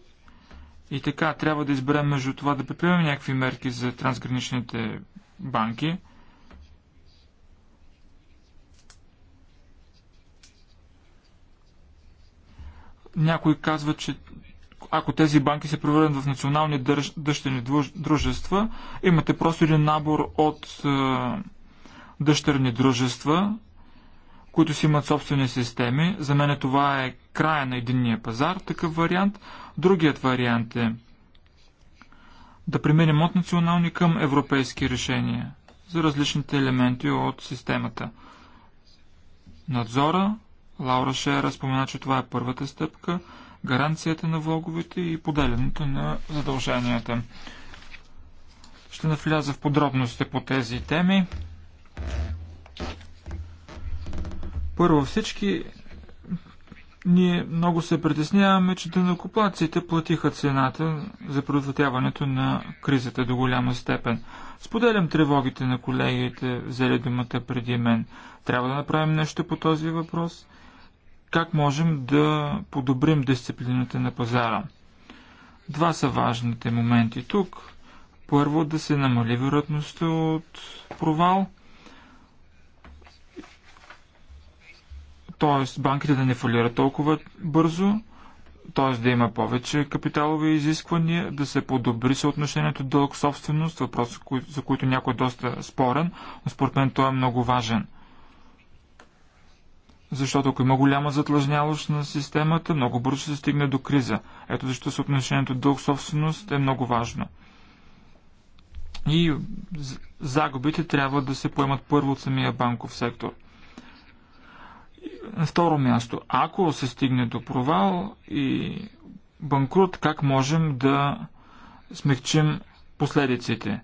И така, трябва да изберем между това да предприемем някакви мерки за трансграничните банки. Някой казва, че ако тези банки се превърнат в национални дъщерни дружества, имате просто един набор от е, дъщерни дружества, които си имат собствени системи. За мен това е края на единния пазар, такъв вариант. Другият вариант е да преминем от национални към европейски решения за различните елементи от системата. Надзора, Лаура Шера спомена, че това е първата стъпка, гаранцията на влоговете и поделянето на задълженията. Ще навляза в подробности по тези теми. Първо, всички ние много се притесняваме, че денокоплаците платиха цената за предотвратяването на кризата до голяма степен. Споделям тревогите на колегите, взели думата преди мен. Трябва да направим нещо по този въпрос. Как можем да подобрим дисциплината на пазара? Два са важните моменти тук. Първо, да се намали вероятността от провал – т.е. банките да не фалират толкова бързо, т.е. да има повече капиталови изисквания, да се подобри съотношението дълг-собственост, въпрос, за който някой е доста спорен, но според мен той е много важен. Защото ако има голяма затлъжнялост на системата, много бързо ще се стигне до криза. Ето защо съотношението дълг-собственост е много важно. И загубите трябва да се поемат първо от самия банков сектор. На второ място, ако се стигне до провал и банкрут, как можем да смягчим последиците?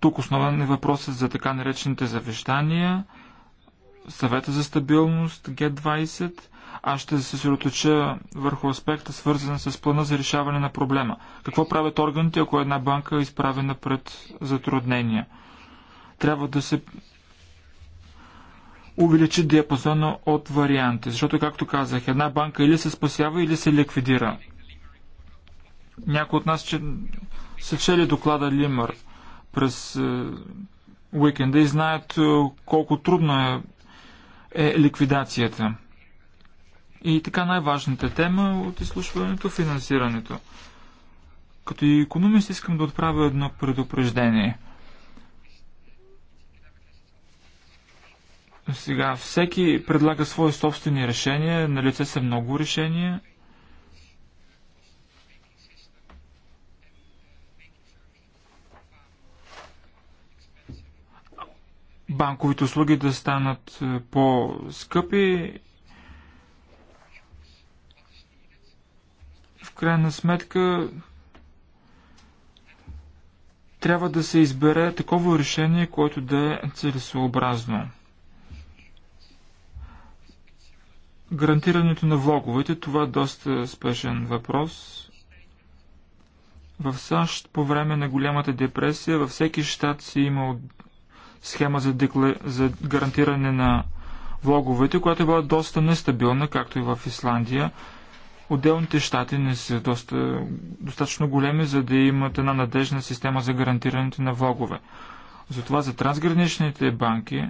Тук основен е въпросът за така наречените завещания, съвета за стабилност, Г20. Аз ще се съсредоточа върху аспекта, свързан с плана за решаване на проблема. Какво правят органите, ако една банка е изправена пред затруднения? Трябва да се увеличи диапазона от варианти. Защото, както казах, една банка или се спасява, или се ликвидира. Някои от нас че... са чели доклада Лимър през е, уикенда и знаят е, колко трудно е, е ликвидацията. И така най-важната тема от изслушването – финансирането. Като и економист искам да отправя едно предупреждение – Сега, всеки предлага свои собствени решения, на лице са много решения. Банковите услуги да станат е, по-скъпи. В крайна сметка трябва да се избере такова решение, което да е целесообразно. Гарантирането на влоговете, това е доста спешен въпрос. В САЩ по време на голямата депресия във всеки щат си е имал схема за, декле... за гарантиране на влоговете, която е била доста нестабилна, както и в Исландия. Отделните щати не са доста... достатъчно големи, за да имат една надежна система за гарантирането на влогове. Затова за трансграничните банки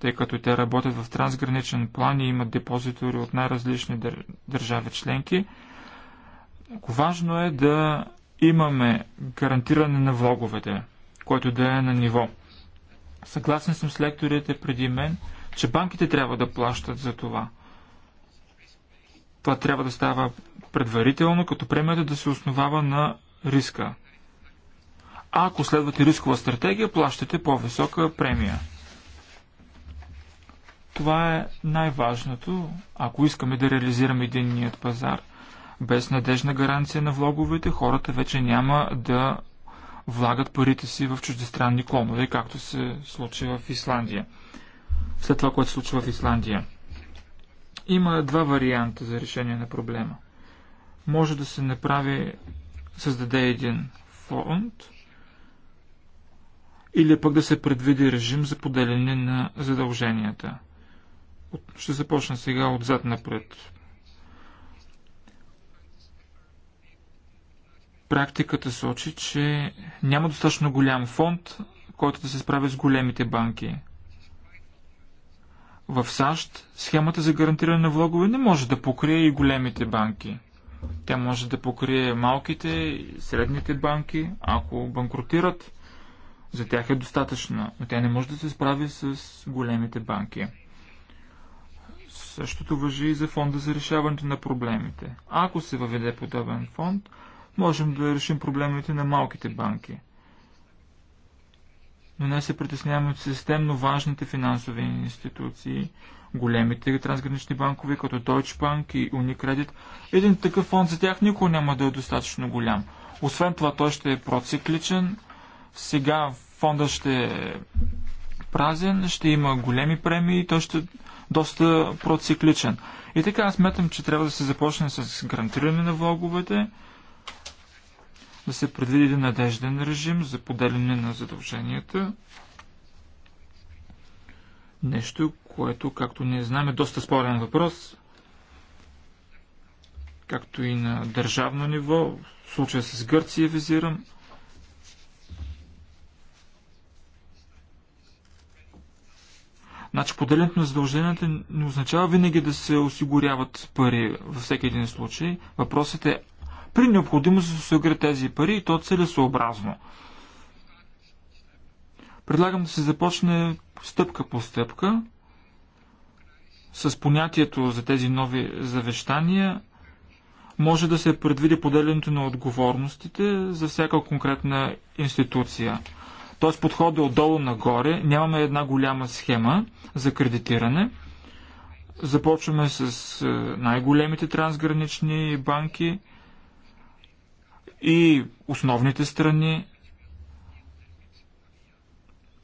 тъй като те работят в трансграничен план и имат депозитори от най-различни държави членки. Важно е да имаме гарантиране на влоговете, което да е на ниво. Съгласен съм с лекторите преди мен, че банките трябва да плащат за това. Това трябва да става предварително, като премията да се основава на риска. А ако следвате рискова стратегия, плащате по-висока премия. Това е най-важното, ако искаме да реализираме единният пазар. Без надежна гаранция на влоговете, хората вече няма да влагат парите си в чуждестранни клонове, както се случи в Исландия. След това, което се случва в Исландия. Има два варианта за решение на проблема. Може да се направи, създаде един фонд, или пък да се предвиди режим за поделяне на задълженията. Ще започна сега отзад напред. Практиката сочи, че няма достатъчно голям фонд, който да се справи с големите банки. В САЩ схемата за гарантиране на влогове не може да покрие и големите банки. Тя може да покрие малките и средните банки, ако банкротират. За тях е достатъчна, но тя не може да се справи с големите банки. Същото въжи и за фонда за решаването на проблемите. Ако се въведе подобен фонд, можем да решим проблемите на малките банки. Но не се притесняваме от системно важните финансови институции, големите трансгранични банкови, като Deutsche Bank и Unicredit. Един такъв фонд за тях никога няма да е достатъчно голям. Освен това, той ще е процикличен. Сега фонда ще е празен, ще има големи премии и той ще доста процикличен. И така аз сметам, че трябва да се започне с гарантиране на влоговете, да се предвиди един надежден режим за поделяне на задълженията. Нещо, което, както ние знаем, е доста спорен въпрос, както и на държавно ниво, в случая с Гърция визирам – Значи поделянето на задълженията не означава винаги да се осигуряват пари във всеки един случай. Въпросът е при необходимост да се осигурят тези пари и то целесообразно. Предлагам да се започне стъпка по стъпка с понятието за тези нови завещания може да се предвиди поделянето на отговорностите за всяка конкретна институция. Тоест подходът е отдолу нагоре. Нямаме една голяма схема за кредитиране. Започваме с е, най-големите трансгранични банки и основните страни,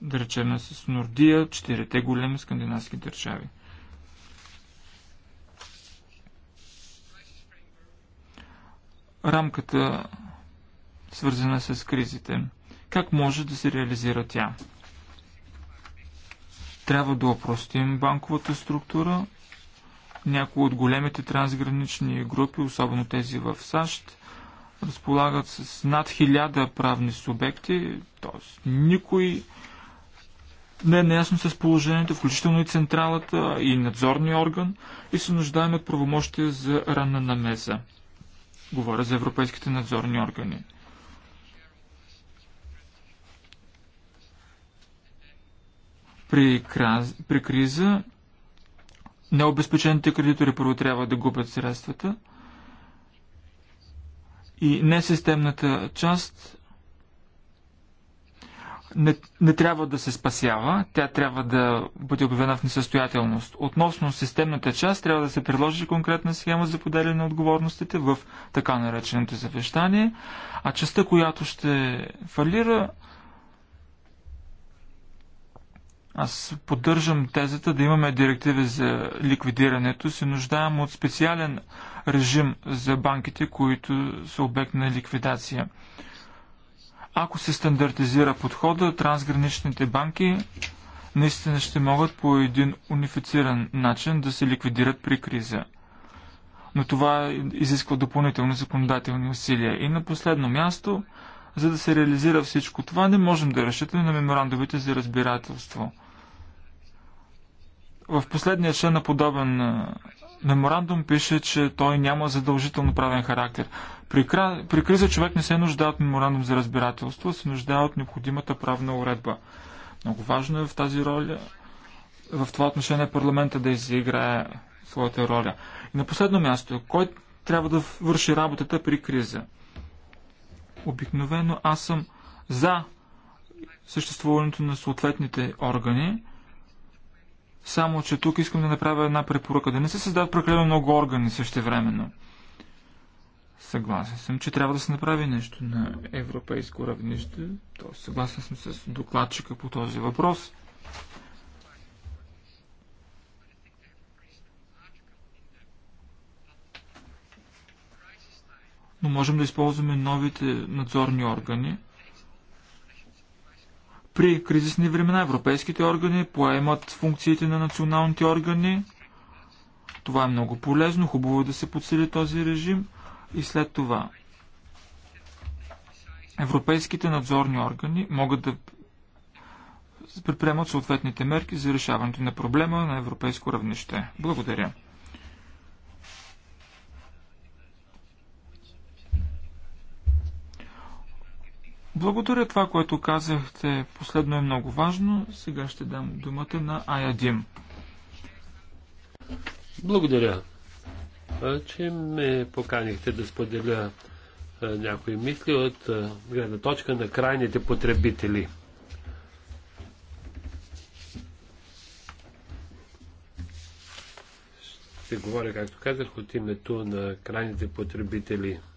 да речем с Нордия, четирите големи скандинавски държави. Рамката, свързана с кризите. Как може да се реализира тя? Трябва да опростим банковата структура. Някои от големите трансгранични групи, особено тези в САЩ, разполагат с над хиляда правни субекти, т.е. никой не е неясно с положението, включително и централата, и надзорния орган, и се нуждаем от правомощия за ранна намеса. Говоря за европейските надзорни органи. При, краз... при криза необезпечените кредитори първо трябва да губят средствата и несистемната част не, не трябва да се спасява, тя трябва да бъде обявена в несъстоятелност. Относно системната част, трябва да се предложи конкретна схема за поделяне на отговорностите в така нареченото завещание, а частта, която ще фалира, аз поддържам тезата да имаме директиви за ликвидирането. Се нуждаем от специален режим за банките, които са обект на ликвидация. Ако се стандартизира подхода, трансграничните банки наистина ще могат по един унифициран начин да се ликвидират при криза. Но това изисква допълнителни законодателни усилия. И на последно място, за да се реализира всичко това, не можем да разчитаме на меморандовите за разбирателство – в последния член на подобен меморандум пише, че той няма задължително правен характер. При, кра... При криза човек не се нуждае от меморандум за разбирателство, се нуждае от необходимата правна уредба. Много важно е в тази роля, в това отношение парламента да изиграе своята роля. И на последно място, кой трябва да върши работата при криза? Обикновено аз съм за съществуването на съответните органи, само, че тук искам да направя една препоръка. Да не се създават прекалено много органи същевременно. Съгласен съм, че трябва да се направи нещо на европейско равнище. То съгласен съм с докладчика по този въпрос. Но можем да използваме новите надзорни органи, при кризисни времена европейските органи поемат функциите на националните органи. Това е много полезно, хубаво е да се подсили този режим и след това. Европейските надзорни органи могат да предприемат съответните мерки за решаването на проблема на европейско равнище. Благодаря. Благодаря това, което казахте. Последно е много важно. Сега ще дам думата на Ая Дим. Благодаря, че ме поканихте да споделя някои мисли от гледна точка на крайните потребители. Ще говоря, както казах, от името на крайните потребители –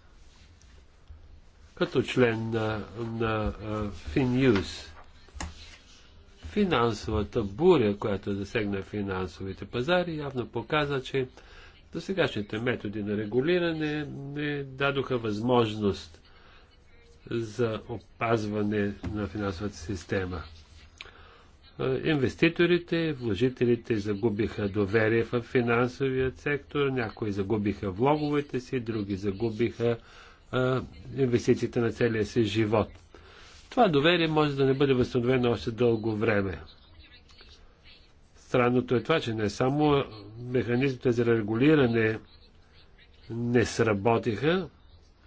като член на, на FinUse. Финансовата буря, която засегна финансовите пазари, явно показа, че до сегашните методи на регулиране не дадоха възможност за опазване на финансовата система. Инвеститорите, вложителите загубиха доверие в финансовия сектор, някои загубиха влоговете си, други загубиха Инвестицията на целия си живот. Това доверие може да не бъде възстановено още дълго време. Странното е това, че не само механизмите за регулиране не сработиха,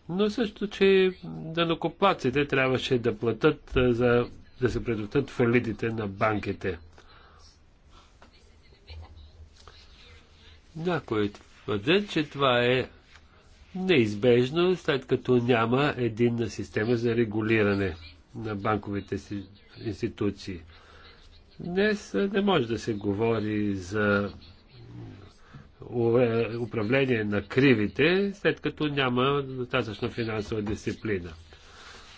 но също, че данокоплаците трябваше да платят за да се предотвратят фалидите на банките. Някой твърде, че това е неизбежно, след като няма единна система за регулиране на банковите си институции. Днес не може да се говори за е, управление на кривите, след като няма достатъчно финансова дисциплина.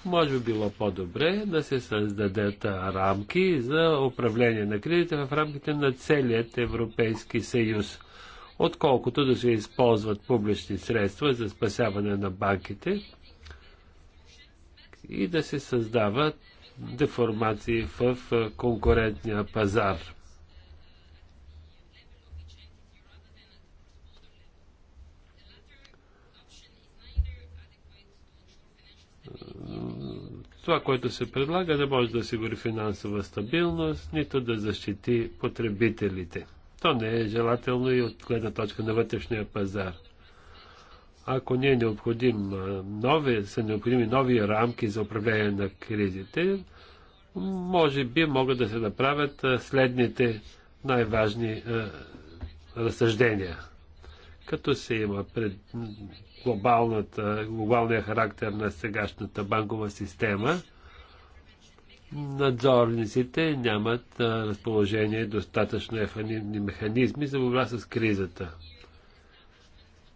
Може би било по-добре да се създадат рамки за управление на кривите в рамките на целият Европейски съюз – отколкото да се използват публични средства за спасяване на банките и да се създават деформации в конкурентния пазар. Това, което се предлага, не може да осигури финансова стабилност, нито да защити потребителите. Защо не е желателно и от гледна точка на вътрешния пазар? Ако не е необходим нови, са необходими нови рамки за управление на кризите, може би могат да се направят следните най-важни разсъждения. Като се има пред глобалния характер на сегашната банкова система – надзорниците нямат на разположение достатъчно ефанивни механизми за борба с кризата.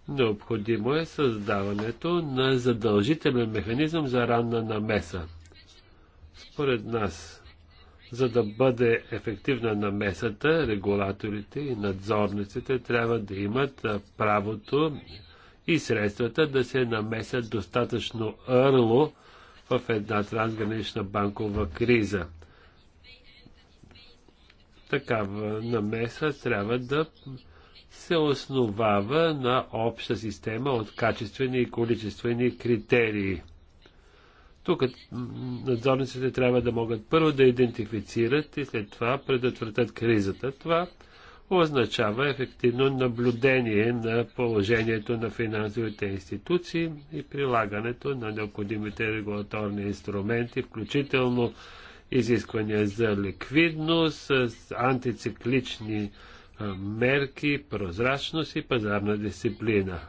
Необходимо е създаването на задължителен механизъм за ранна намеса. Според нас, за да бъде ефективна намесата, регулаторите и надзорниците трябва да имат правото и средствата да се намесят достатъчно ърло, в една трансгранична банкова криза. Такава намеса трябва да се основава на обща система от качествени и количествени критерии. Тук надзорниците трябва да могат първо да идентифицират и след това предотвратят кризата. Това означава ефективно наблюдение на положението на финансовите институции и прилагането на необходимите регулаторни инструменти, включително изисквания за ликвидност, антициклични мерки, прозрачност и пазарна дисциплина.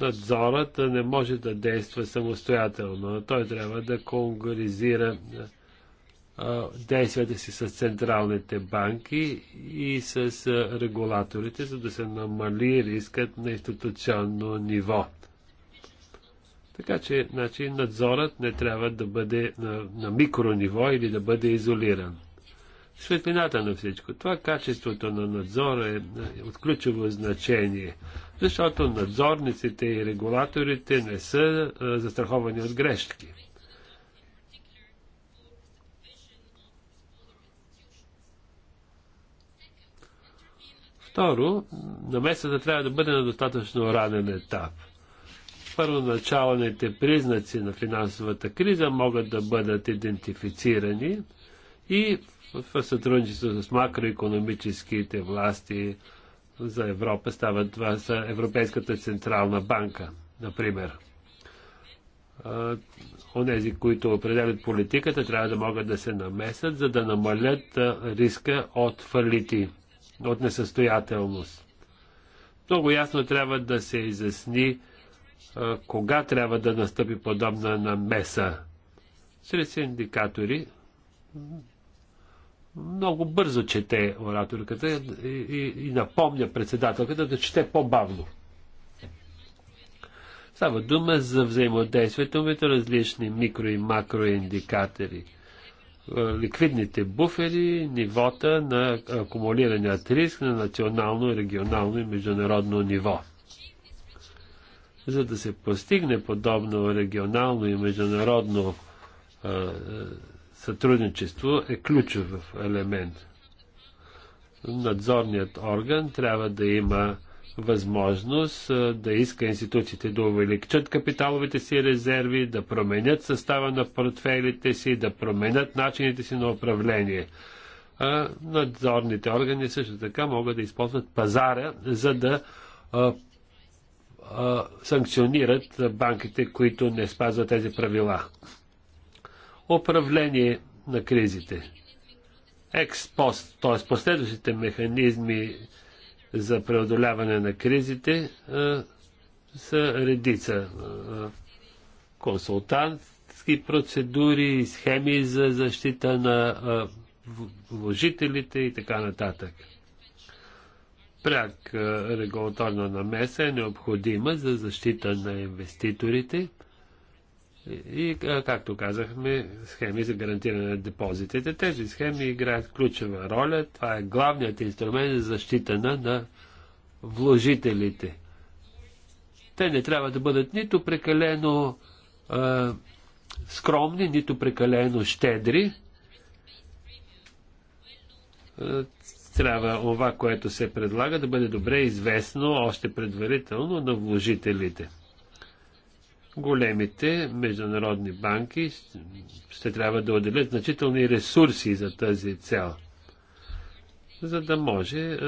Надзорът не може да действа самостоятелно, той трябва да конгоризира действията си с централните банки и с регулаторите, за да се намали рискът на институционно ниво. Така че значи, надзорът не трябва да бъде на, на микрониво или да бъде изолиран. Светлината на всичко. Това качеството на надзора е, е от ключово значение, защото надзорниците и регулаторите не са а, застраховани от грешки. Второ, намесата трябва да бъде на достатъчно ранен етап. Първоначалните признаци на финансовата криза могат да бъдат идентифицирани и в сътрудничество с макроекономическите власти за Европа става това с Европейската централна банка, например. Онези, които определят политиката, трябва да могат да се намесят, за да намалят риска от фалити от несъстоятелност. Много ясно трябва да се изясни кога трябва да настъпи подобна намеса. Сред индикатори много бързо чете ораторката и, и, и напомня председателката да чете по-бавно. Става дума за взаимодействието между различни микро и макроиндикатори – е, ликвидните буфери, нивота на акумулираният риск на национално, регионално и международно ниво. За да се постигне подобно регионално и международно е, е, сътрудничество е ключов елемент. Надзорният орган трябва да има възможност да иска институциите да увеличат капиталовите си резерви, да променят състава на портфелите си, да променят начините си на управление. А надзорните органи също така могат да използват пазара, за да а, а, санкционират банките, които не спазват тези правила. Управление на кризите. Експост, т.е. последващите механизми за преодоляване на кризите са редица консултантски процедури схеми за защита на вложителите и така нататък. Пряк регулаторна намеса е необходима за защита на инвеститорите и, както казахме, схеми за гарантиране на депозитите. Тези схеми играят ключова роля. Това е главният инструмент за защита на, на вложителите. Те не трябва да бъдат нито прекалено а, скромни, нито прекалено щедри. трябва това, което се предлага, да бъде добре известно още предварително на вложителите големите международни банки ще трябва да отделят значителни ресурси за тази цел, за да може е,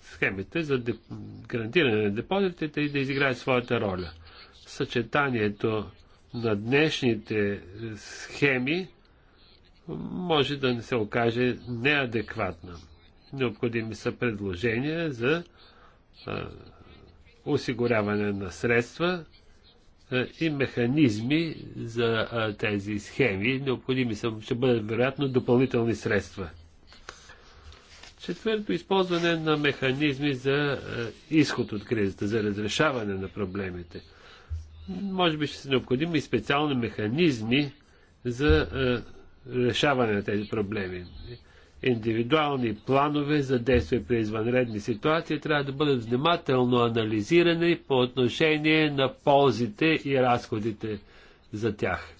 схемите за гарантиране на депозитите и да изиграят своята роля. Съчетанието на днешните е, схеми може да не се окаже неадекватна. Необходими са предложения за е, осигуряване на средства е, и механизми за е, тези схеми. Необходими са, ще бъдат вероятно допълнителни средства. Четвърто, използване на механизми за е, изход от кризата, за разрешаване на проблемите. Може би ще са необходими и специални механизми за решаване на тези проблеми индивидуални планове за действие при извънредни ситуации трябва да бъдат внимателно анализирани по отношение на ползите и разходите за тях.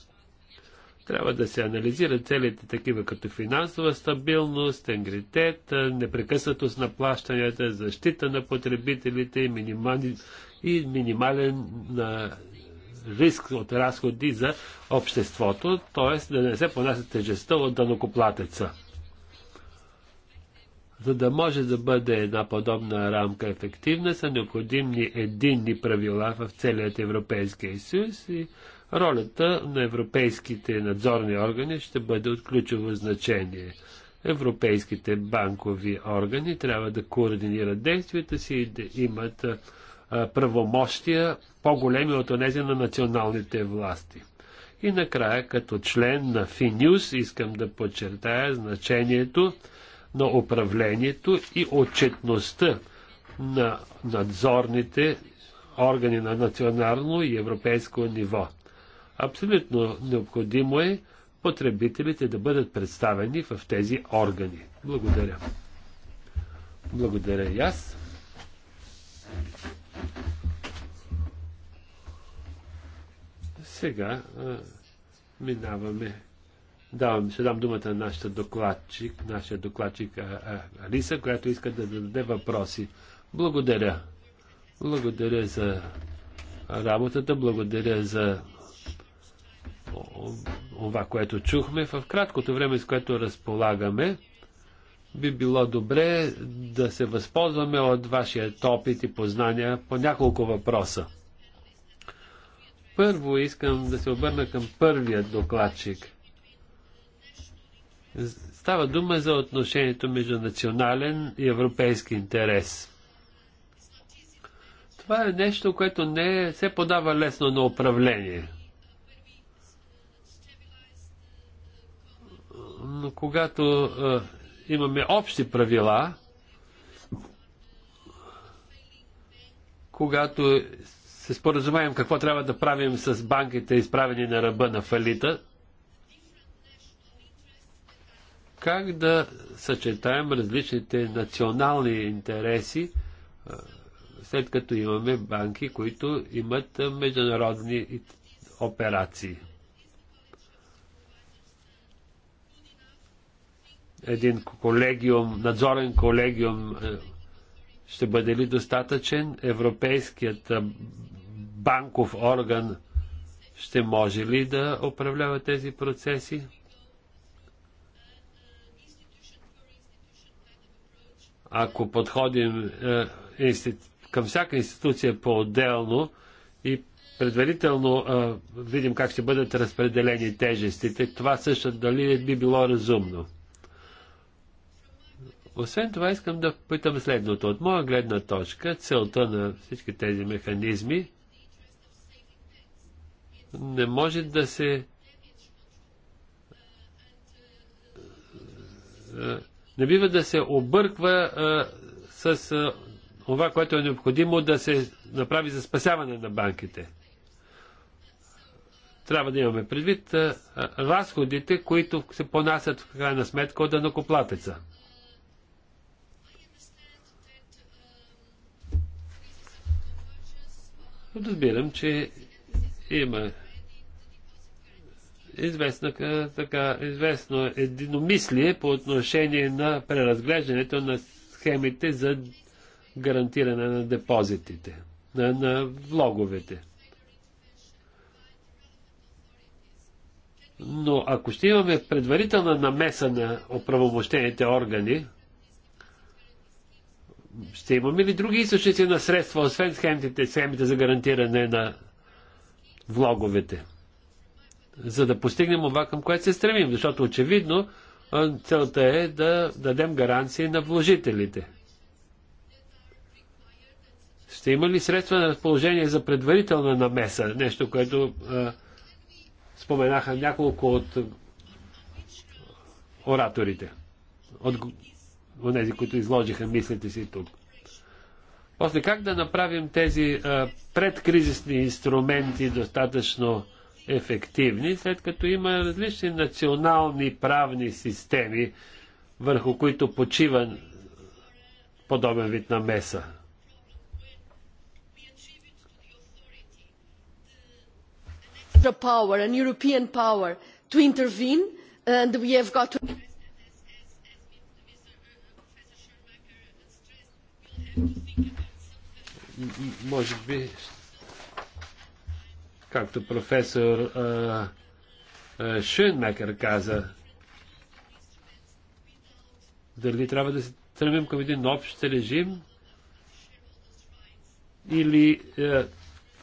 Трябва да се анализират целите такива като финансова стабилност, тенгритет, непрекъснатост на плащанията, защита на потребителите и, минимали, и минимален на риск от разходи за обществото, т.е. да не се понася тежестта от данокоплатеца. За да може да бъде една подобна рамка ефективна, са необходими единни правила в целият Европейския съюз и ролята на европейските надзорни органи ще бъде от ключово значение. Европейските банкови органи трябва да координират действията си и да имат правомощия по-големи от онези на националните власти. И накрая, като член на ФИНЮС, искам да подчертая значението на управлението и отчетността на надзорните органи на национално и европейско ниво. Абсолютно необходимо е потребителите да бъдат представени в тези органи. Благодаря. Благодаря и аз. Сега а, минаваме давам, ще дам думата на нашата докладчик, нашия докладчик Алиса, която иска да зададе въпроси. Благодаря. Благодаря за работата, благодаря за това, което чухме. В краткото време, с което разполагаме, би било добре да се възползваме от вашия опит и познания по няколко въпроса. Първо искам да се обърна към първият докладчик. Става дума за отношението между национален и европейски интерес. Това е нещо, което не е- се подава лесно на управление. Но когато е, имаме общи правила, когато се споразумеем какво трябва да правим с банките, изправени на ръба на фалита, как да съчетаем различните национални интереси, след като имаме банки, които имат международни операции. Един колегиум, надзорен колегиум ще бъде ли достатъчен? Европейският банков орган ще може ли да управлява тези процеси? ако подходим е, към всяка институция по-отделно и предварително е, видим как ще бъдат разпределени тежестите, това също дали би било разумно. Освен това искам да питам следното. От моя гледна точка, целта на всички тези механизми не може да се е, не бива да се обърква а, с а, това, което е необходимо да се направи за спасяване на банките. Трябва да имаме предвид а, разходите, които се понасят в крайна сметка от данокоплатеца. Разбирам, че има известно, така, известно единомислие по отношение на преразглеждането на схемите за гарантиране на депозитите, на, на влоговете. Но ако ще имаме предварителна намеса на оправомощените органи, ще имаме ли други източници на средства, освен схемите, схемите за гарантиране на влоговете? за да постигнем това, към което се стремим, защото очевидно целта е да дадем гаранции на вложителите. Ще има ли средства на разположение за предварителна намеса? Нещо, което а, споменаха няколко от ораторите, от, от тези, които изложиха мислите си тук. После как да направим тези а, предкризисни инструменти достатъчно ефективни, след като има различни национални правни системи, върху които почива подобен вид на меса. power and European power to intervene and we have got to може би както професор Шенмекер каза, дали трябва да се тръгнем към един общ режим или е,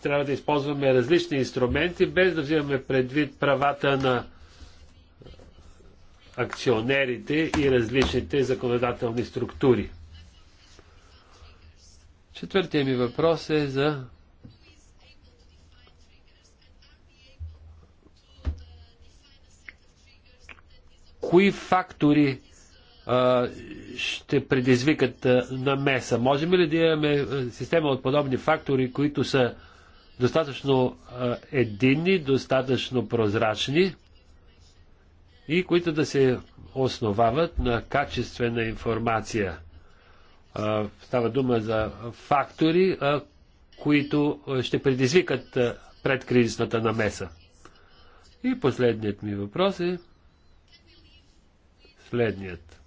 трябва да използваме различни инструменти, без да взимаме предвид правата на акционерите и различните законодателни структури. Четвъртия ми въпрос е за кои фактори а, ще предизвикат а, намеса? Можем ли да имаме система от подобни фактори, които са достатъчно а, единни, достатъчно прозрачни и които да се основават на качествена информация? А, става дума за фактори, а, които ще предизвикат предкризисната намеса. И последният ми въпрос е следният.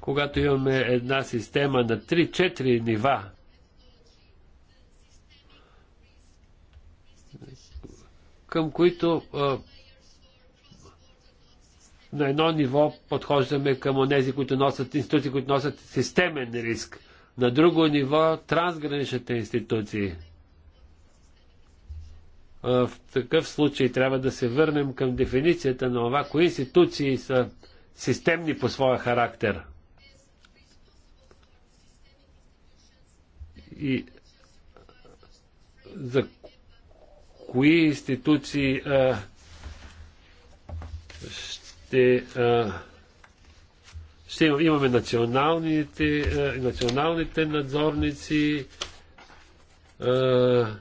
Когато имаме една система на 3-4 нива, към които а, на едно ниво подхождаме към онези, които носят институции, които носят системен риск. На друго ниво трансграничните институции – в такъв случай трябва да се върнем към дефиницията на това, кои институции са системни по своя характер. И за кои институции а, ще, а, ще имаме националните, а, националните надзорници, а,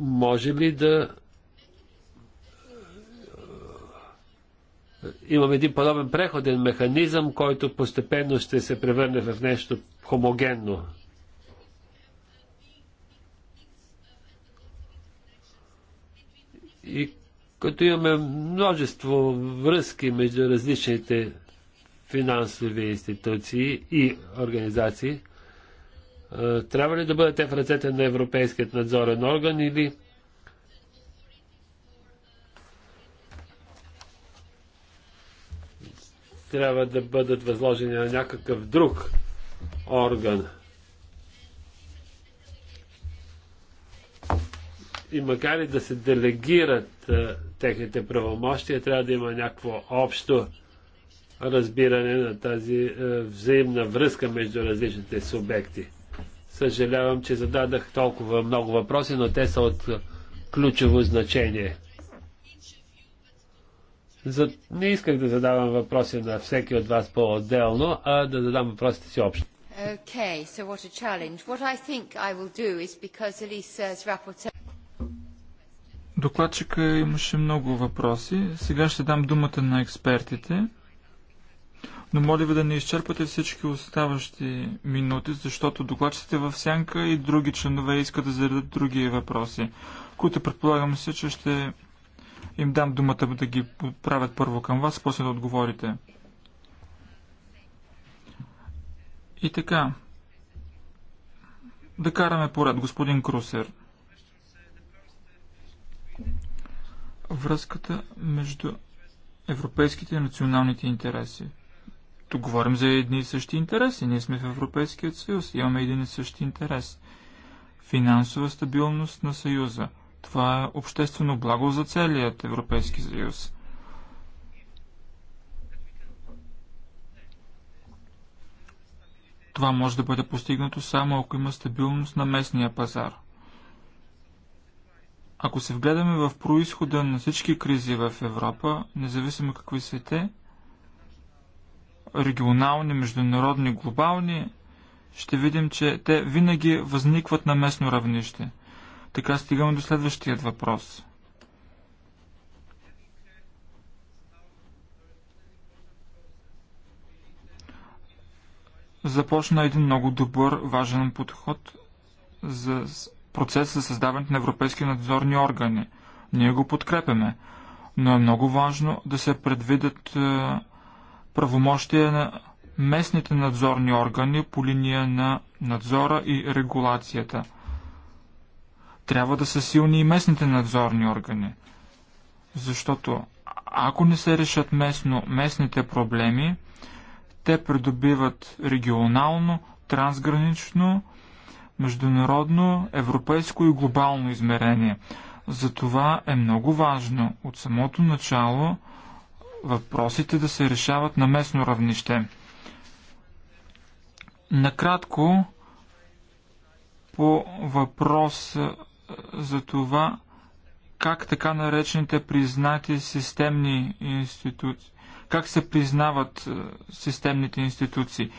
може ли да е, имам един подобен преходен механизъм, който постепенно ще се превърне в нещо хомогенно. И като имаме множество връзки между различните финансови институции и организации, е, трябва ли да бъдете в ръцете на Европейският надзорен орган или трябва да бъдат възложени на някакъв друг орган? И макар и да се делегират е, техните правомощия, трябва да има някакво общо разбиране на тази е, взаимна връзка между различните субекти. Съжалявам, че зададах толкова много въпроси, но те са от ключово значение. За... Не исках да задавам въпроси на всеки от вас по-отделно, а да задам въпросите си общо. Okay, so what a challenge. What I think I will do is because Elisa's rapporteur. Докладчика имаше много въпроси. Сега ще дам думата на експертите но моля ви да не изчерпате всички оставащи минути, защото докладчите в сянка и други членове искат да зададат други въпроси, които предполагам се, че ще им дам думата да ги правят първо към вас, после да отговорите. И така, да караме поред, господин Крусер. Връзката между европейските и националните интереси. Тук говорим за едни и същи интереси. Ние сме в Европейският съюз. Имаме един и същи интерес. Финансова стабилност на съюза. Това е обществено благо за целият Европейски съюз. Това може да бъде постигнато само ако има стабилност на местния пазар. Ако се вгледаме в происхода на всички кризи в Европа, независимо какви са те, регионални, международни, глобални, ще видим, че те винаги възникват на местно равнище. Така стигаме до следващия въпрос. Започна един много добър, важен подход за процес за създаването на европейски надзорни органи. Ние го подкрепяме, но е много важно да се предвидят е, правомощия на местните надзорни органи по линия на надзора и регулацията. Трябва да са силни и местните надзорни органи, защото ако не се решат местно местните проблеми, те придобиват регионално, трансгранично, международно, европейско и глобално измерение. Затова е много важно от самото начало – въпросите да се решават на местно равнище. Накратко, по въпрос за това, как така наречените признати системни институции, как се признават системните институции.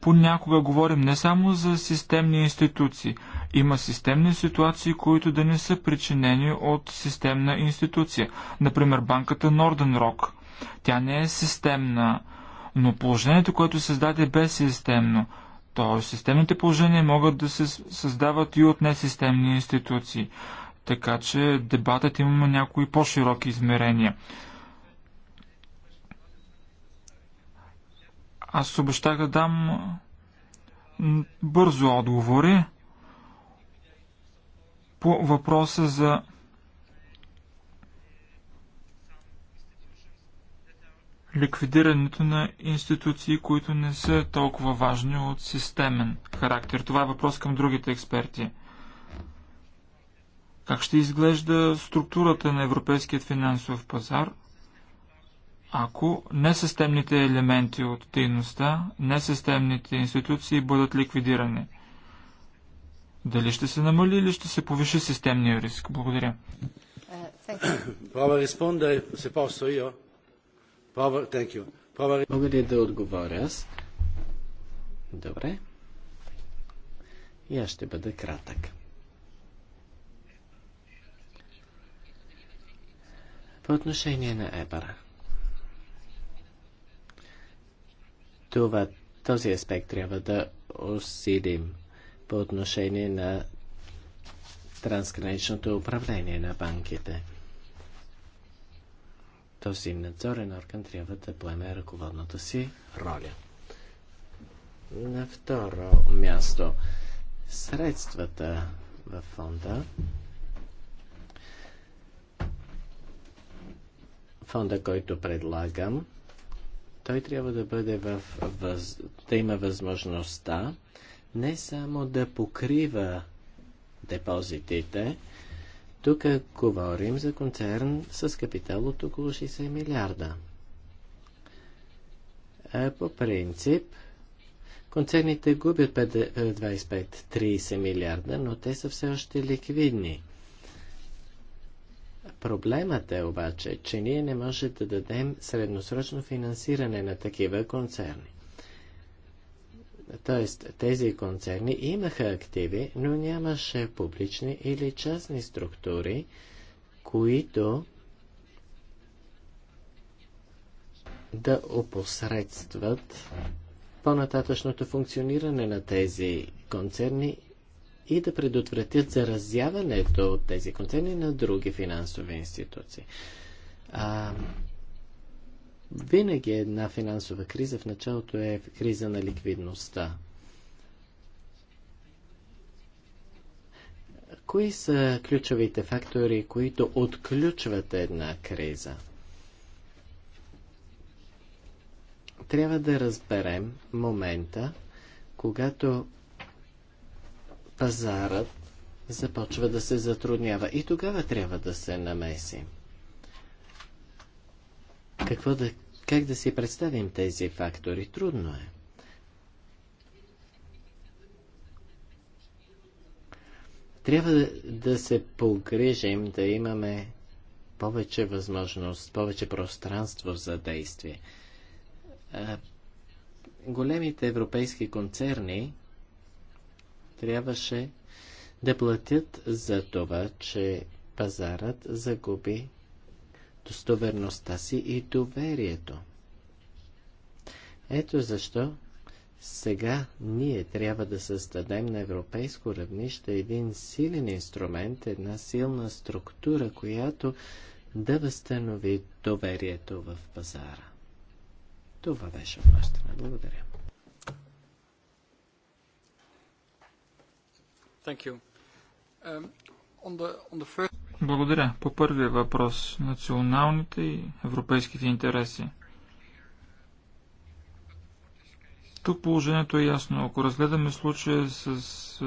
Понякога говорим не само за системни институции. Има системни ситуации, които да не са причинени от системна институция. Например, банката Northern Rock – тя не е системна, но положението, което създаде, бе системно. То системните положения могат да се създават и от несистемни институции. Така че дебатът има някои по-широки измерения. Аз обещах да дам бързо отговори по въпроса за ликвидирането на институции, които не са толкова важни от системен характер. Това е въпрос към другите експерти. Как ще изглежда структурата на европейският финансов пазар, ако несистемните елементи от дейността, несистемните институции бъдат ликвидирани? Дали ще се намали или ще се повиши системния риск? Благодаря. Prova Мога ли да отговоря аз? Добре. И аз ще бъда кратък. По отношение на Ебара. Това, този аспект трябва да усилим по отношение на трансграничното управление на банките – този надзорен орган трябва да поеме ръководната си роля. На второ място, средствата в фонда. Фонда, който предлагам, той трябва да бъде в, въз, да има възможността не само да покрива депозитите, тук говорим за концерн с капитал от около 60 милиарда. А по принцип, концерните губят 25-30 е, милиарда, но те са все още ликвидни. Проблемът е обаче, че ние не можем да дадем средносрочно финансиране на такива концерни. Тоест, тези концерни имаха активи, но нямаше публични или частни структури, които да опосредстват по-нататъчното функциониране на тези концерни и да предотвратят заразяването от тези концерни на други финансови институции. А, винаги една финансова криза в началото е криза на ликвидността. Кои са ключовите фактори, които отключват една криза? Трябва да разберем момента, когато пазарът започва да се затруднява и тогава трябва да се намесим. Какво да, как да си представим тези фактори? Трудно е. Трябва да се погрижим да имаме повече възможност, повече пространство за действие. Големите европейски концерни трябваше да платят за това, че пазарът загуби достоверността си и доверието. Ето защо сега ние трябва да създадем на европейско равнище един силен инструмент, една силна структура, която да възстанови доверието в пазара. Това беше от Благодаря. Thank you. Um, on the, on the first... Благодаря. По първия въпрос – националните и европейските интереси. Тук положението е ясно. Ако разгледаме случая с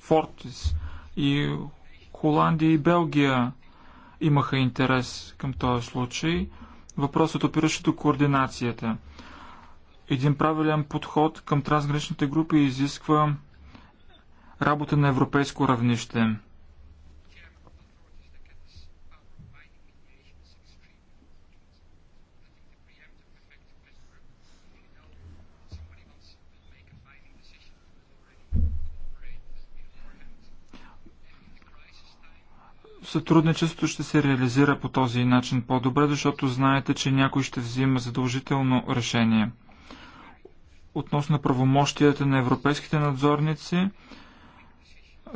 Фортис и Холандия и Белгия имаха интерес към този случай, въпросът опираше до координацията. Един правилен подход към трансграничните групи изисква работа на европейско равнище – Сътрудничеството ще се реализира по този начин по-добре, защото знаете, че някой ще взима задължително решение. Относно правомощията на европейските надзорници,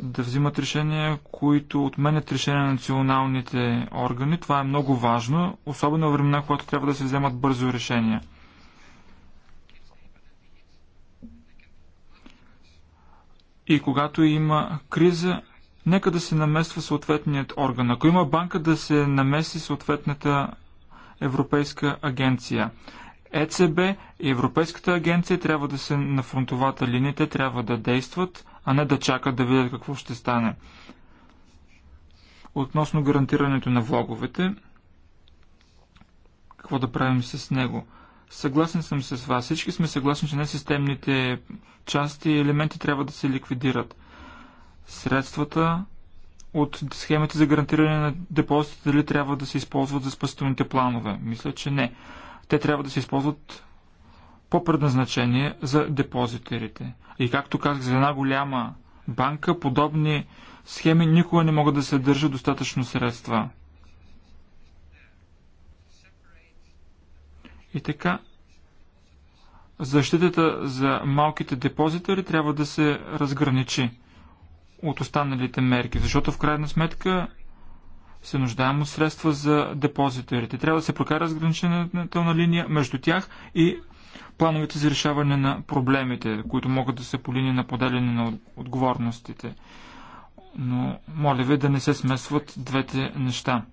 да взимат решения, които отменят решения на националните органи. Това е много важно, особено в времена, когато трябва да се вземат бързо решения. И когато има криза, нека да се намества съответният орган. Ако има банка, да се намеси съответната Европейска агенция. ЕЦБ и Европейската агенция трябва да се на фронтовата линия, те трябва да действат, а не да чакат да видят какво ще стане. Относно гарантирането на влоговете, какво да правим с него? Съгласен съм с вас. Всички сме съгласни, че несистемните части и елементи трябва да се ликвидират средствата от схемите за гарантиране на депозитите дали трябва да се използват за спасителните планове. Мисля, че не. Те трябва да се използват по предназначение за депозитерите. И както казах, за една голяма банка подобни схеми никога не могат да се държат достатъчно средства. И така, защитата за малките депозитари трябва да се разграничи от останалите мерки, защото в крайна сметка се нуждаем от средства за депозиторите. Трябва да се прокара сграничената линия между тях и плановете за решаване на проблемите, които могат да са по линия на поделяне на отговорностите. Но моля ви да не се смесват двете неща.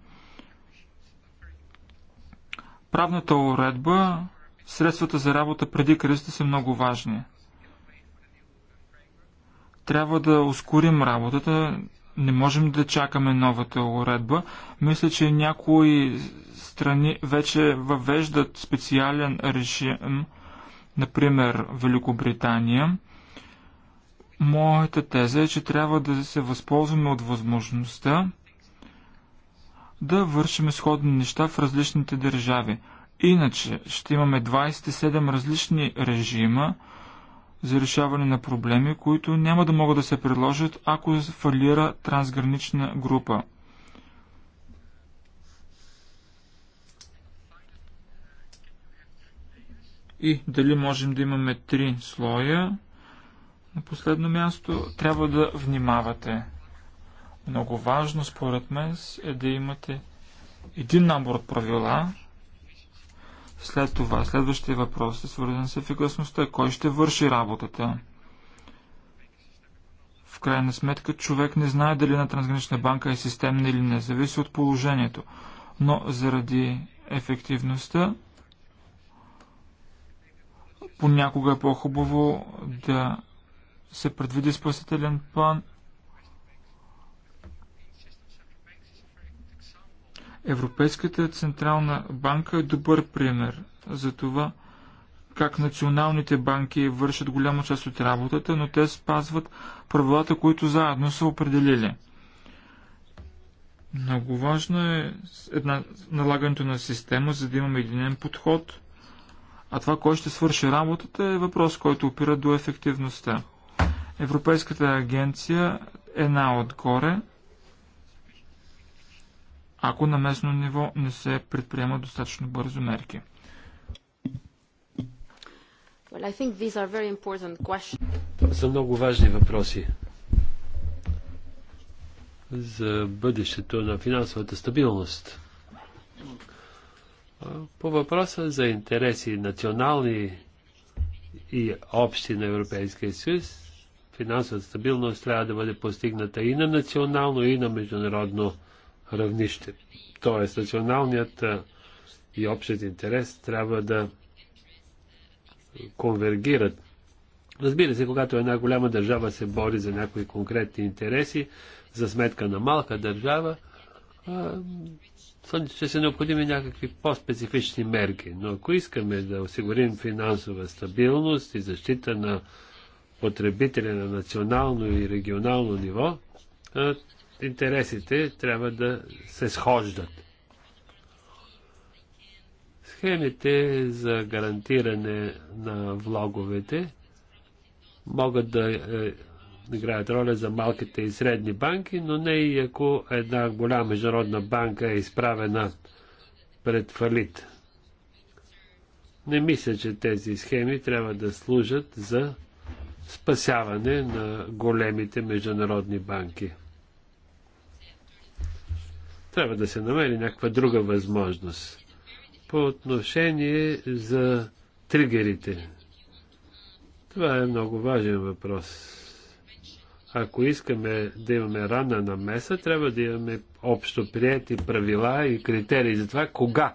Правната уредба, средствата за работа преди кризата са много важни. Трябва да ускорим работата, не можем да чакаме новата уредба. Мисля, че някои страни вече въвеждат специален режим, например Великобритания. Моята теза е, че трябва да се възползваме от възможността да вършим сходни неща в различните държави. Иначе ще имаме 27 различни режима, за решаване на проблеми, които няма да могат да се предложат, ако фалира трансгранична група. И дали можем да имаме три слоя? На последно място трябва да внимавате. Много важно, според мен, е да имате един набор от правила, след това, следващия въпрос е свързан с ефикасността. Кой ще върши работата? В крайна сметка човек не знае дали на трансгранична банка е системна или не, зависи от положението. Но заради ефективността, понякога е по-хубаво да се предвиди спасителен план Европейската централна банка е добър пример за това как националните банки вършат голяма част от работата, но те спазват правилата, които заедно са определили. Много важно е една, налагането на система, за да имаме единен подход, а това кой ще свърши работата е въпрос, който опира до ефективността. Европейската агенция е една отгоре, ако на местно ниво не се предприемат достатъчно бързо мерки. Well, Това са много важни въпроси за бъдещето на финансовата стабилност. По въпроса за интереси национални и общи на Европейския съюз, финансовата стабилност трябва да бъде постигната и на национално, и на международно равнище. Тоест, националният и общият интерес трябва да конвергират. Разбира се, когато една голяма държава се бори за някои конкретни интереси, за сметка на малка държава, ще са необходими някакви по-специфични мерки. Но ако искаме да осигурим финансова стабилност и защита на потребителя на национално и регионално ниво, интересите трябва да се схождат. Схемите за гарантиране на влоговете могат да е, играят роля за малките и средни банки, но не и ако една голяма международна банка е изправена пред фалит. Не мисля, че тези схеми трябва да служат за спасяване на големите международни банки. Трябва да се намери някаква друга възможност. По отношение за тригерите. Това е много важен въпрос. Ако искаме да имаме рана намеса, трябва да имаме общо прияти правила и критерии за това кога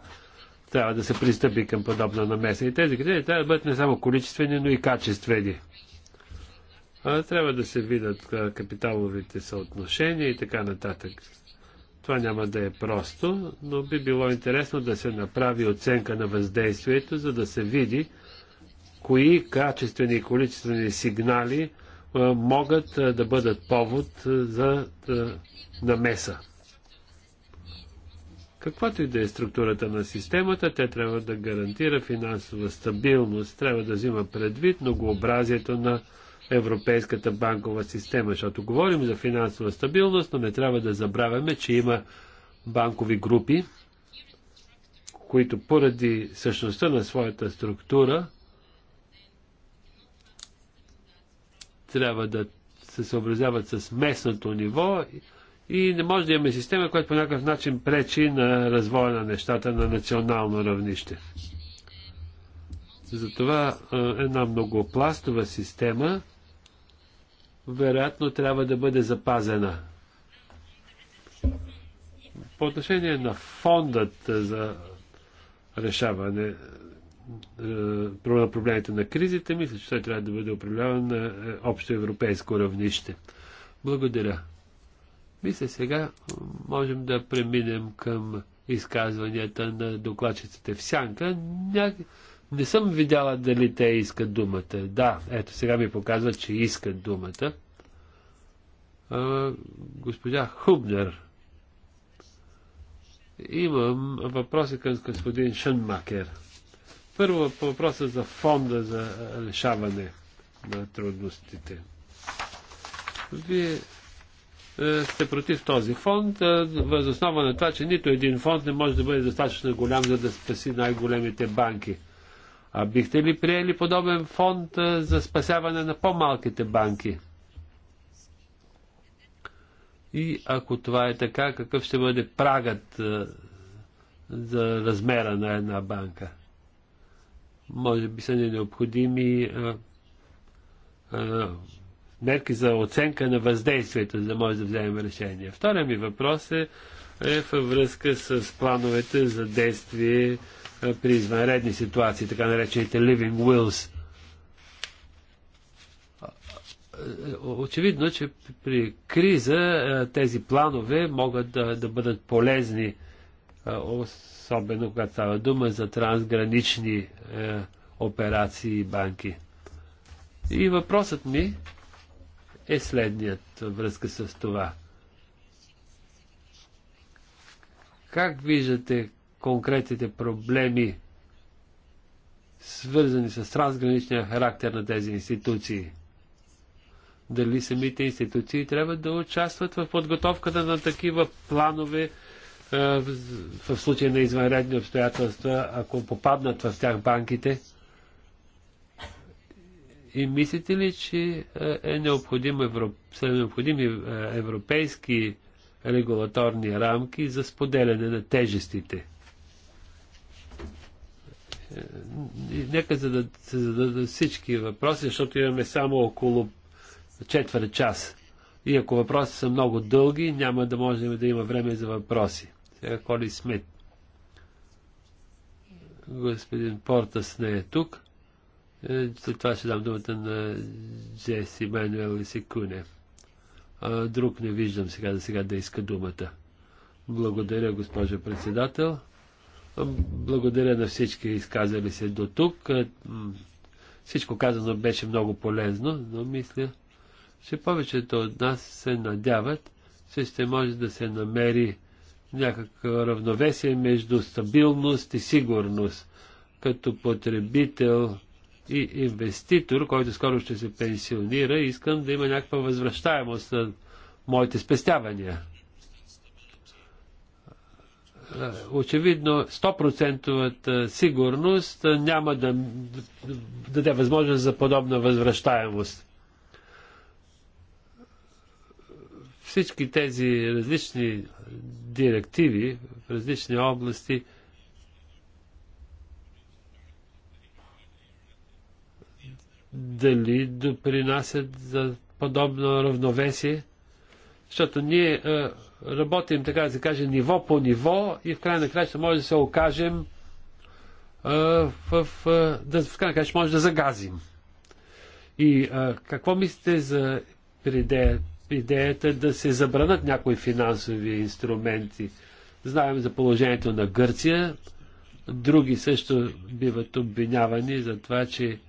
трябва да се пристъпи към подобна намеса. И тези критерии трябва да бъдат не само количествени, но и качествени. А, трябва да се видят капиталовите съотношения и така нататък. Това няма да е просто, но би било интересно да се направи оценка на въздействието, за да се види кои качествени и количествени сигнали е, могат е, да бъдат повод е, за намеса. Каквато и да е структурата на системата, те трябва да гарантира финансова стабилност, трябва да взима предвид многообразието на Европейската банкова система, защото говорим за финансова стабилност, но не трябва да забравяме, че има банкови групи, които поради същността на своята структура трябва да се съобразяват с местното ниво и не може да имаме система, която по някакъв начин пречи на развоя на нещата на национално равнище. Затова е, една многопластова система – вероятно трябва да бъде запазена. По отношение на фондът за решаване на проблемите на кризите, мисля, че той трябва да бъде управляван на е, общо европейско равнище. Благодаря. Мисля, сега можем да преминем към изказванията на докладчиците в сянка. Ня... Не съм видяла дали те искат думата. Да, ето сега ми показва, че искат думата. А, госпожа Хубнер. Имам въпроси към господин Шънмакер. Първо по въпроса за фонда за решаване на трудностите. Вие е, сте против този фонд, е, възоснова на това, че нито един фонд не може да бъде достатъчно голям, за да спаси най-големите банки. А бихте ли приели подобен фонд за спасяване на по-малките банки? И ако това е така, какъв ще бъде прагът за размера на една банка? Може би са ни необходими мерки за оценка на въздействието, за да може да вземем решение. Втория ми въпрос е, е във връзка с плановете за действие е, при извънредни ситуации, така наречените living wills. Е, е, очевидно, че при криза тези планове могат да, да бъдат полезни, особено когато става дума за трансгранични операции и банки. И въпросът ми е следният връзка с това. Как виждате конкретните проблеми, свързани с трансграничния характер на тези институции. Дали самите институции трябва да участват в подготовката на такива планове е, в случай на извънредни обстоятелства, ако попаднат в тях банките? И мислите ли, че е, е необходим европ... са необходими е, европейски регулаторни рамки за споделяне на тежестите? Е, е, нека за да се зададат всички въпроси, защото имаме само около четвърт час. И ако въпроси са много дълги, няма да можем да има време за въпроси. Сега Коли Смит. Господин Портас не е тук. Е, след това ще дам думата на Джеси Мануел и Секуне. Друг не виждам сега, за сега да иска думата. Благодаря, госпожо председател. Благодаря на всички изказали се до тук. Е, всичко казано беше много полезно, но мисля, че повечето от нас се надяват, че ще може да се намери някакво равновесие между стабилност и сигурност. Като потребител и инвеститор, който скоро ще се пенсионира, искам да има някаква възвръщаемост на моите спестявания. Е, очевидно 100% сигурност няма да даде възможност за подобна възвръщаемост. Всички тези различни директиви в различни области дали допринасят за подобно равновесие – защото ние е, работим, така да се каже, ниво по ниво и в край на края ще може да се окажем е, в, в, е, да, в край на край ще може да загазим. И какво мислите за идея, идеята да се забранат някои финансови инструменти? Знаем за положението на Гърция. Други също биват обвинявани за това, че е,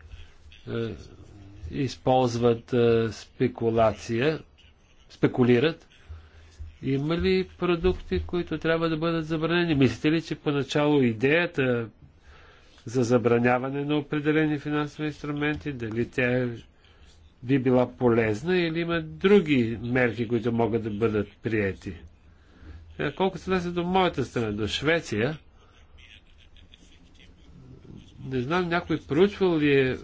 използват е, спекулация спекулират. Има ли продукти, които трябва да бъдат забранени? Мислите ли, че поначало идеята за забраняване на определени финансови инструменти, дали тя би била полезна или има други мерки, които могат да бъдат приети? Е, колко се нася до моята страна, до Швеция, не знам някой проучвал ли е,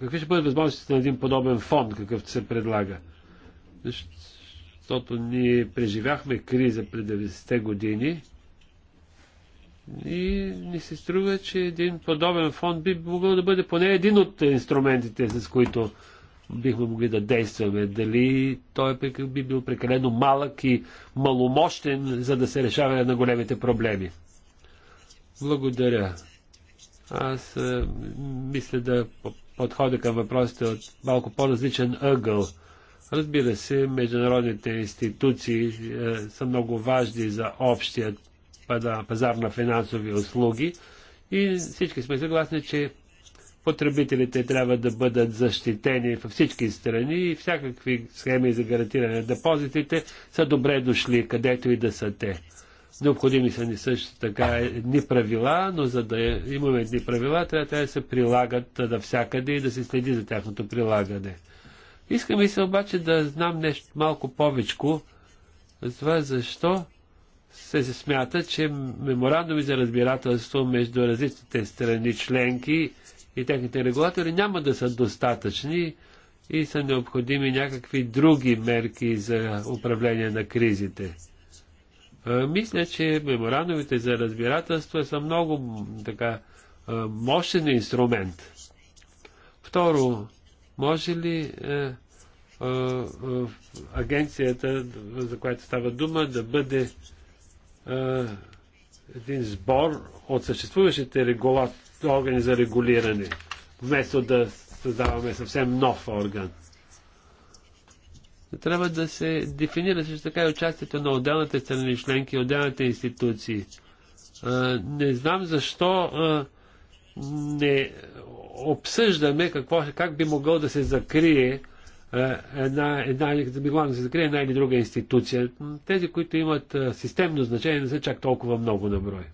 какви ще бъдат възможностите на един подобен фонд, какъвто се предлага защото ние преживяхме криза пред 90-те години и ни се струва, че един подобен фонд би могъл да бъде поне един от инструментите, с които бихме могли да действаме. Дали той е би бил прекалено малък и маломощен, за да се решава на големите проблеми. Благодаря. Аз е, мисля да подходя към въпросите от малко по-различен ъгъл. Разбира се, международните институции е, са много важни за общия пазар на финансови услуги и всички сме съгласни, че потребителите трябва да бъдат защитени във всички страни и всякакви схеми за гарантиране на депозитите са добре дошли, където и да са те. Необходими са ни също така едни правила, но за да имаме едни правила, трябва да се прилагат навсякъде и да се следи за тяхното прилагане. Искам и се обаче да знам нещо малко повечко за това защо се смята, че меморандуми за разбирателство между различните страни членки и техните регулатори няма да са достатъчни и са необходими някакви други мерки за управление на кризите. Мисля, че меморандумите за разбирателство са много така мощен инструмент. Второ, може ли е, е, е, агенцията, за която става дума, да бъде един сбор от съществуващите регула... органи за регулиране, вместо да създаваме съвсем нов орган. Трябва да се дефинира също така и участието на отделните страни членки, отделните институции. Не знам защо не обсъждаме какво, как би могъл да се закрие е, една, една, да би да се закрие една или друга институция. Тези, които имат е, системно значение, не са чак толкова много на брой.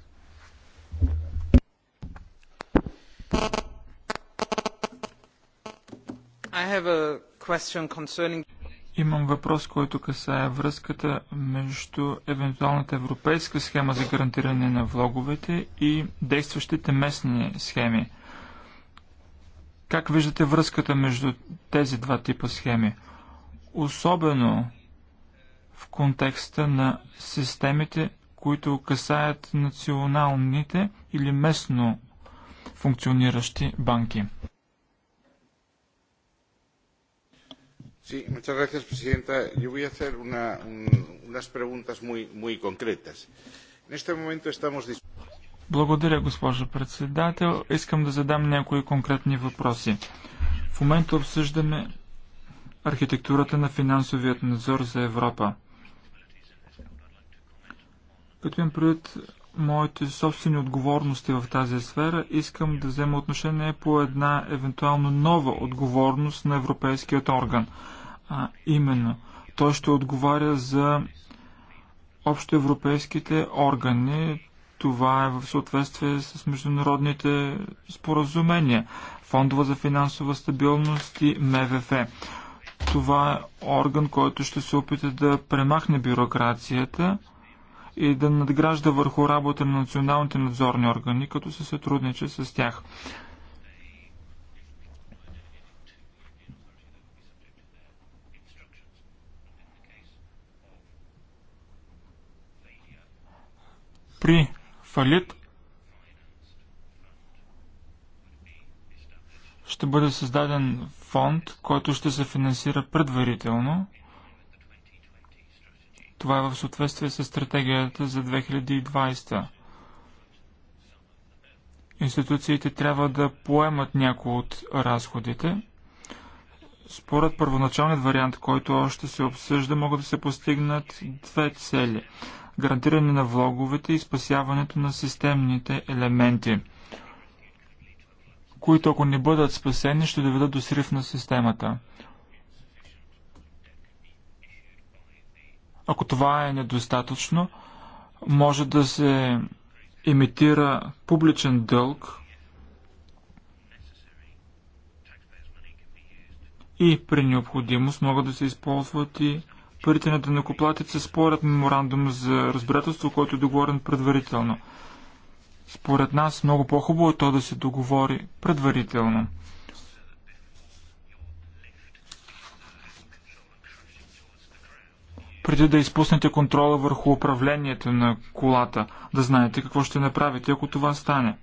Concerning... Имам въпрос, който касае връзката между евентуалната европейска схема за гарантиране на влоговете и действащите местни схеми. Как виждате връзката между тези два типа схеми? Особено в контекста на системите, които касаят националните или местно функциониращи банки. Sí, muchas gracias, Presidenta. Yo voy a hacer una, un, unas preguntas muy, muy concretas. En este momento estamos благодаря, госпожо председател. Искам да задам някои конкретни въпроси. В момента обсъждаме архитектурата на финансовият надзор за Европа. Като им пред моите собствени отговорности в тази сфера, искам да взема отношение по една евентуално нова отговорност на Европейският орган. А именно, той ще отговаря за общоевропейските органи, това е в съответствие с международните споразумения, Фондова за финансова стабилност и МВФ. Това е орган, който ще се опита да премахне бюрокрацията и да надгражда върху работа на националните надзорни органи, като се сътрудничи с тях. При фалит, ще бъде създаден фонд, който ще се финансира предварително. Това е в съответствие с стратегията за 2020. Институциите трябва да поемат някои от разходите. Според първоначалният вариант, който още се обсъжда, могат да се постигнат две цели гарантиране на влоговете и спасяването на системните елементи, които ако не бъдат спасени, ще доведат до срив на системата. Ако това е недостатъчно, може да се имитира публичен дълг и при необходимост могат да се използват и парите на данокоплатеца според меморандум за разбирателство, който е договорен предварително. Според нас много по-хубаво е то да се договори предварително. преди да изпуснете контрола върху управлението на колата, да знаете какво ще направите, ако това стане.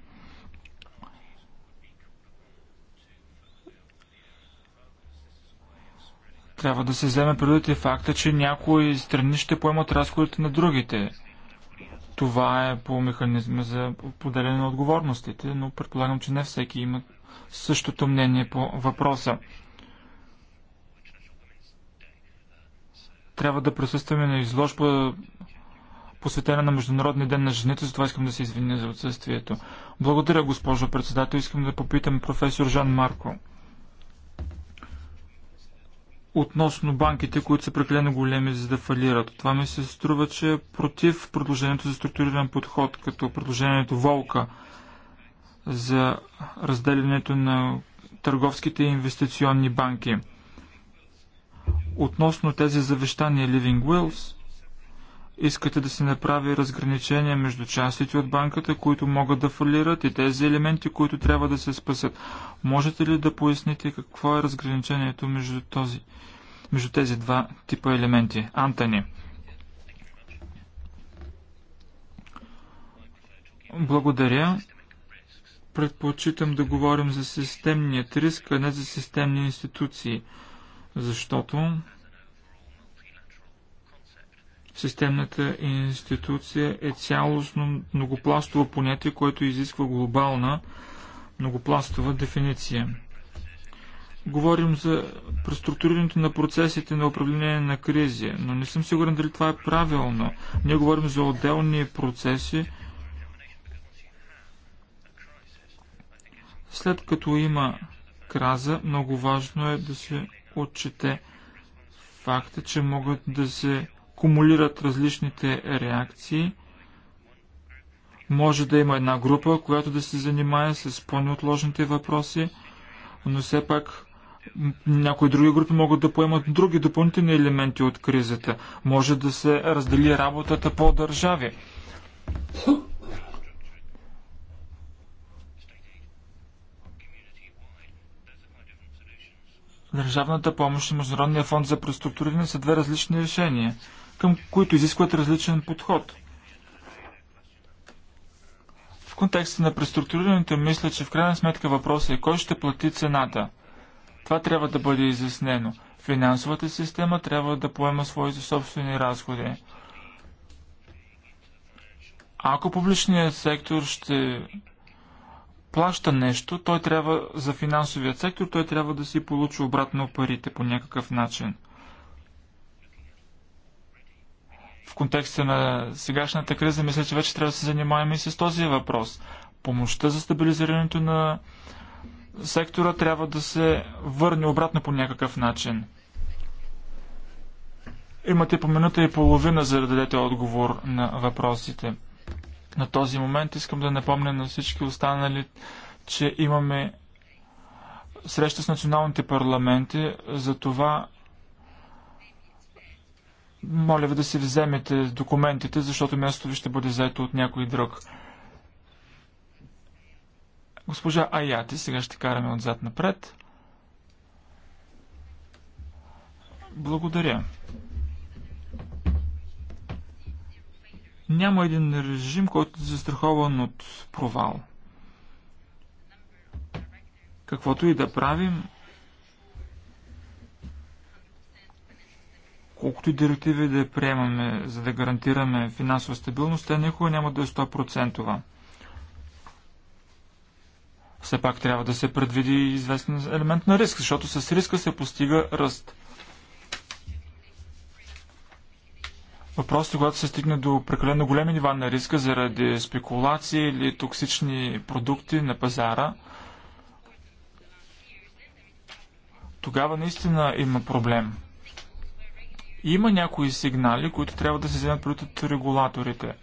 Трябва да се вземе предвид и факта, че някои страни ще поемат разходите на другите. Това е по механизма за поделяне на отговорностите, но предполагам, че не всеки има същото мнение по въпроса. Трябва да присъстваме на изложба посветена на Международния ден на жените, затова искам да се извиня за отсъствието. Благодаря, госпожо председател. Искам да попитам професор Жан Марко относно банките, които са прекалено големи за да фалират. Това ми се струва, че е против предложението за структуриран подход, като предложението Волка за разделянето на търговските и инвестиционни банки. Относно тези завещания Living Wills, Искате да се направи разграничение между частите от банката, които могат да фалират и тези елементи, които трябва да се спасят. Можете ли да поясните какво е разграничението между, този, между тези два типа елементи? Антони. Благодаря. Предпочитам да говорим за системният риск, а не за системни институции, защото Системната институция е цялостно многопластово понятие, което изисква глобална многопластова дефиниция. Говорим за преструктурирането на процесите на управление на кризи, но не съм сигурен дали това е правилно. Ние говорим за отделни процеси. След като има краза, много важно е да се отчете факта, че могат да се кумулират различните реакции. Може да има една група, която да се занимае с по-неотложните въпроси, но все пак някои други групи могат да поемат други допълнителни елементи от кризата. Може да се раздели работата по държави. Държавната помощ и Международния фонд за преструктуриране са две различни решения – към които изискват различен подход. В контекста на преструктурирането мисля, че в крайна сметка въпросът е кой ще плати цената. Това трябва да бъде изяснено. Финансовата система трябва да поема своите собствени разходи. Ако публичният сектор ще плаща нещо, той трябва за финансовия сектор, той трябва да си получи обратно парите по някакъв начин. В контекста на сегашната криза, мисля, че вече трябва да се занимаваме и с този въпрос. Помощта за стабилизирането на сектора трябва да се върне обратно по някакъв начин. Имате по минута и половина, за да дадете отговор на въпросите. На този момент искам да напомня на всички останали, че имаме среща с националните парламенти за това моля ви да си вземете документите, защото мястото ви ще бъде заето от някой друг. Госпожа Аяти, сега ще караме отзад напред. Благодаря. Няма един режим, който е застрахован от провал. Каквото и да правим, колкото и директиви да приемаме, за да гарантираме финансова стабилност, тя никога няма да е 100%. Все пак трябва да се предвиди известен елемент на риск, защото с риска се постига ръст. Въпросът е, когато се стигне до прекалено големи нива на риска заради спекулации или токсични продукти на пазара, тогава наистина има проблем. Има някои сигнали, които трябва да се вземат пред от регулаторите.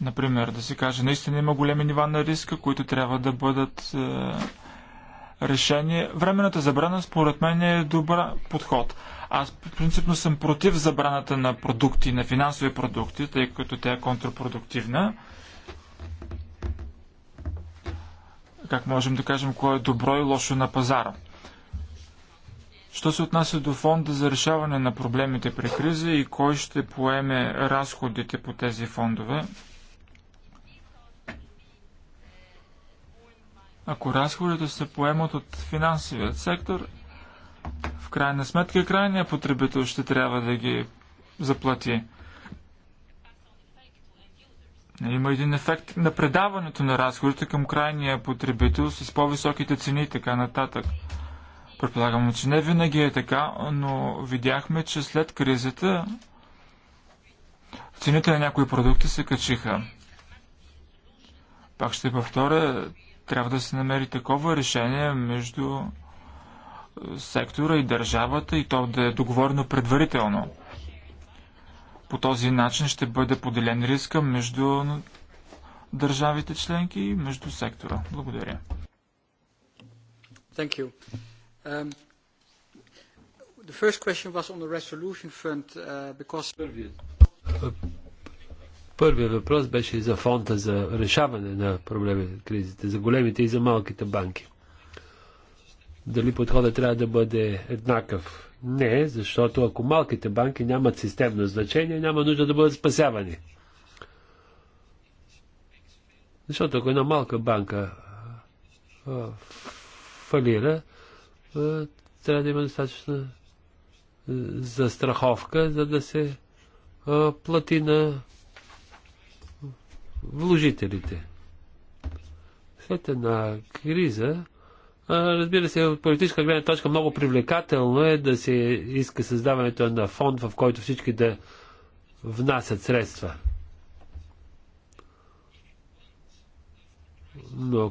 Например, да се каже, наистина има големи нива на риска, които трябва да бъдат е, решени. Временната забрана, според мен, е добра подход. Аз принципно съм против забраната на продукти, на финансови продукти, тъй като тя е контрпродуктивна. Как можем да кажем кое е добро и лошо на пазара? Що се отнася до фонда за решаване на проблемите при криза и кой ще поеме разходите по тези фондове? Ако разходите се поемат от финансовият сектор, в крайна сметка крайният потребител ще трябва да ги заплати. Има един ефект на предаването на разходите към крайния потребител с по-високите цени и така нататък. Предполагам, че не винаги е така, но видяхме, че след кризата цените на някои продукти се качиха. Пак ще повторя, трябва да се намери такова решение между е, сектора и държавата и то да е договорено предварително. По този начин ще бъде поделен риска между държавите членки и между сектора. Благодаря. Thank you the ehm, first question was on the resolution fund eh, because Първият въпрос беше за фонда за решаване на проблемите на кризите, за големите и за малките банки. Дали подходът трябва да бъде еднакъв? Не, защото ако малките банки нямат системно значение, няма нужда да бъдат спасявани. Защото ако една малка банка фалира, е, трябва да има достатъчна е, застраховка, за да се е, плати на вложителите. След една криза, разбира се, от политическа гледна точка много привлекателно е да се иска създаването на фонд, в който всички да внасят средства. Но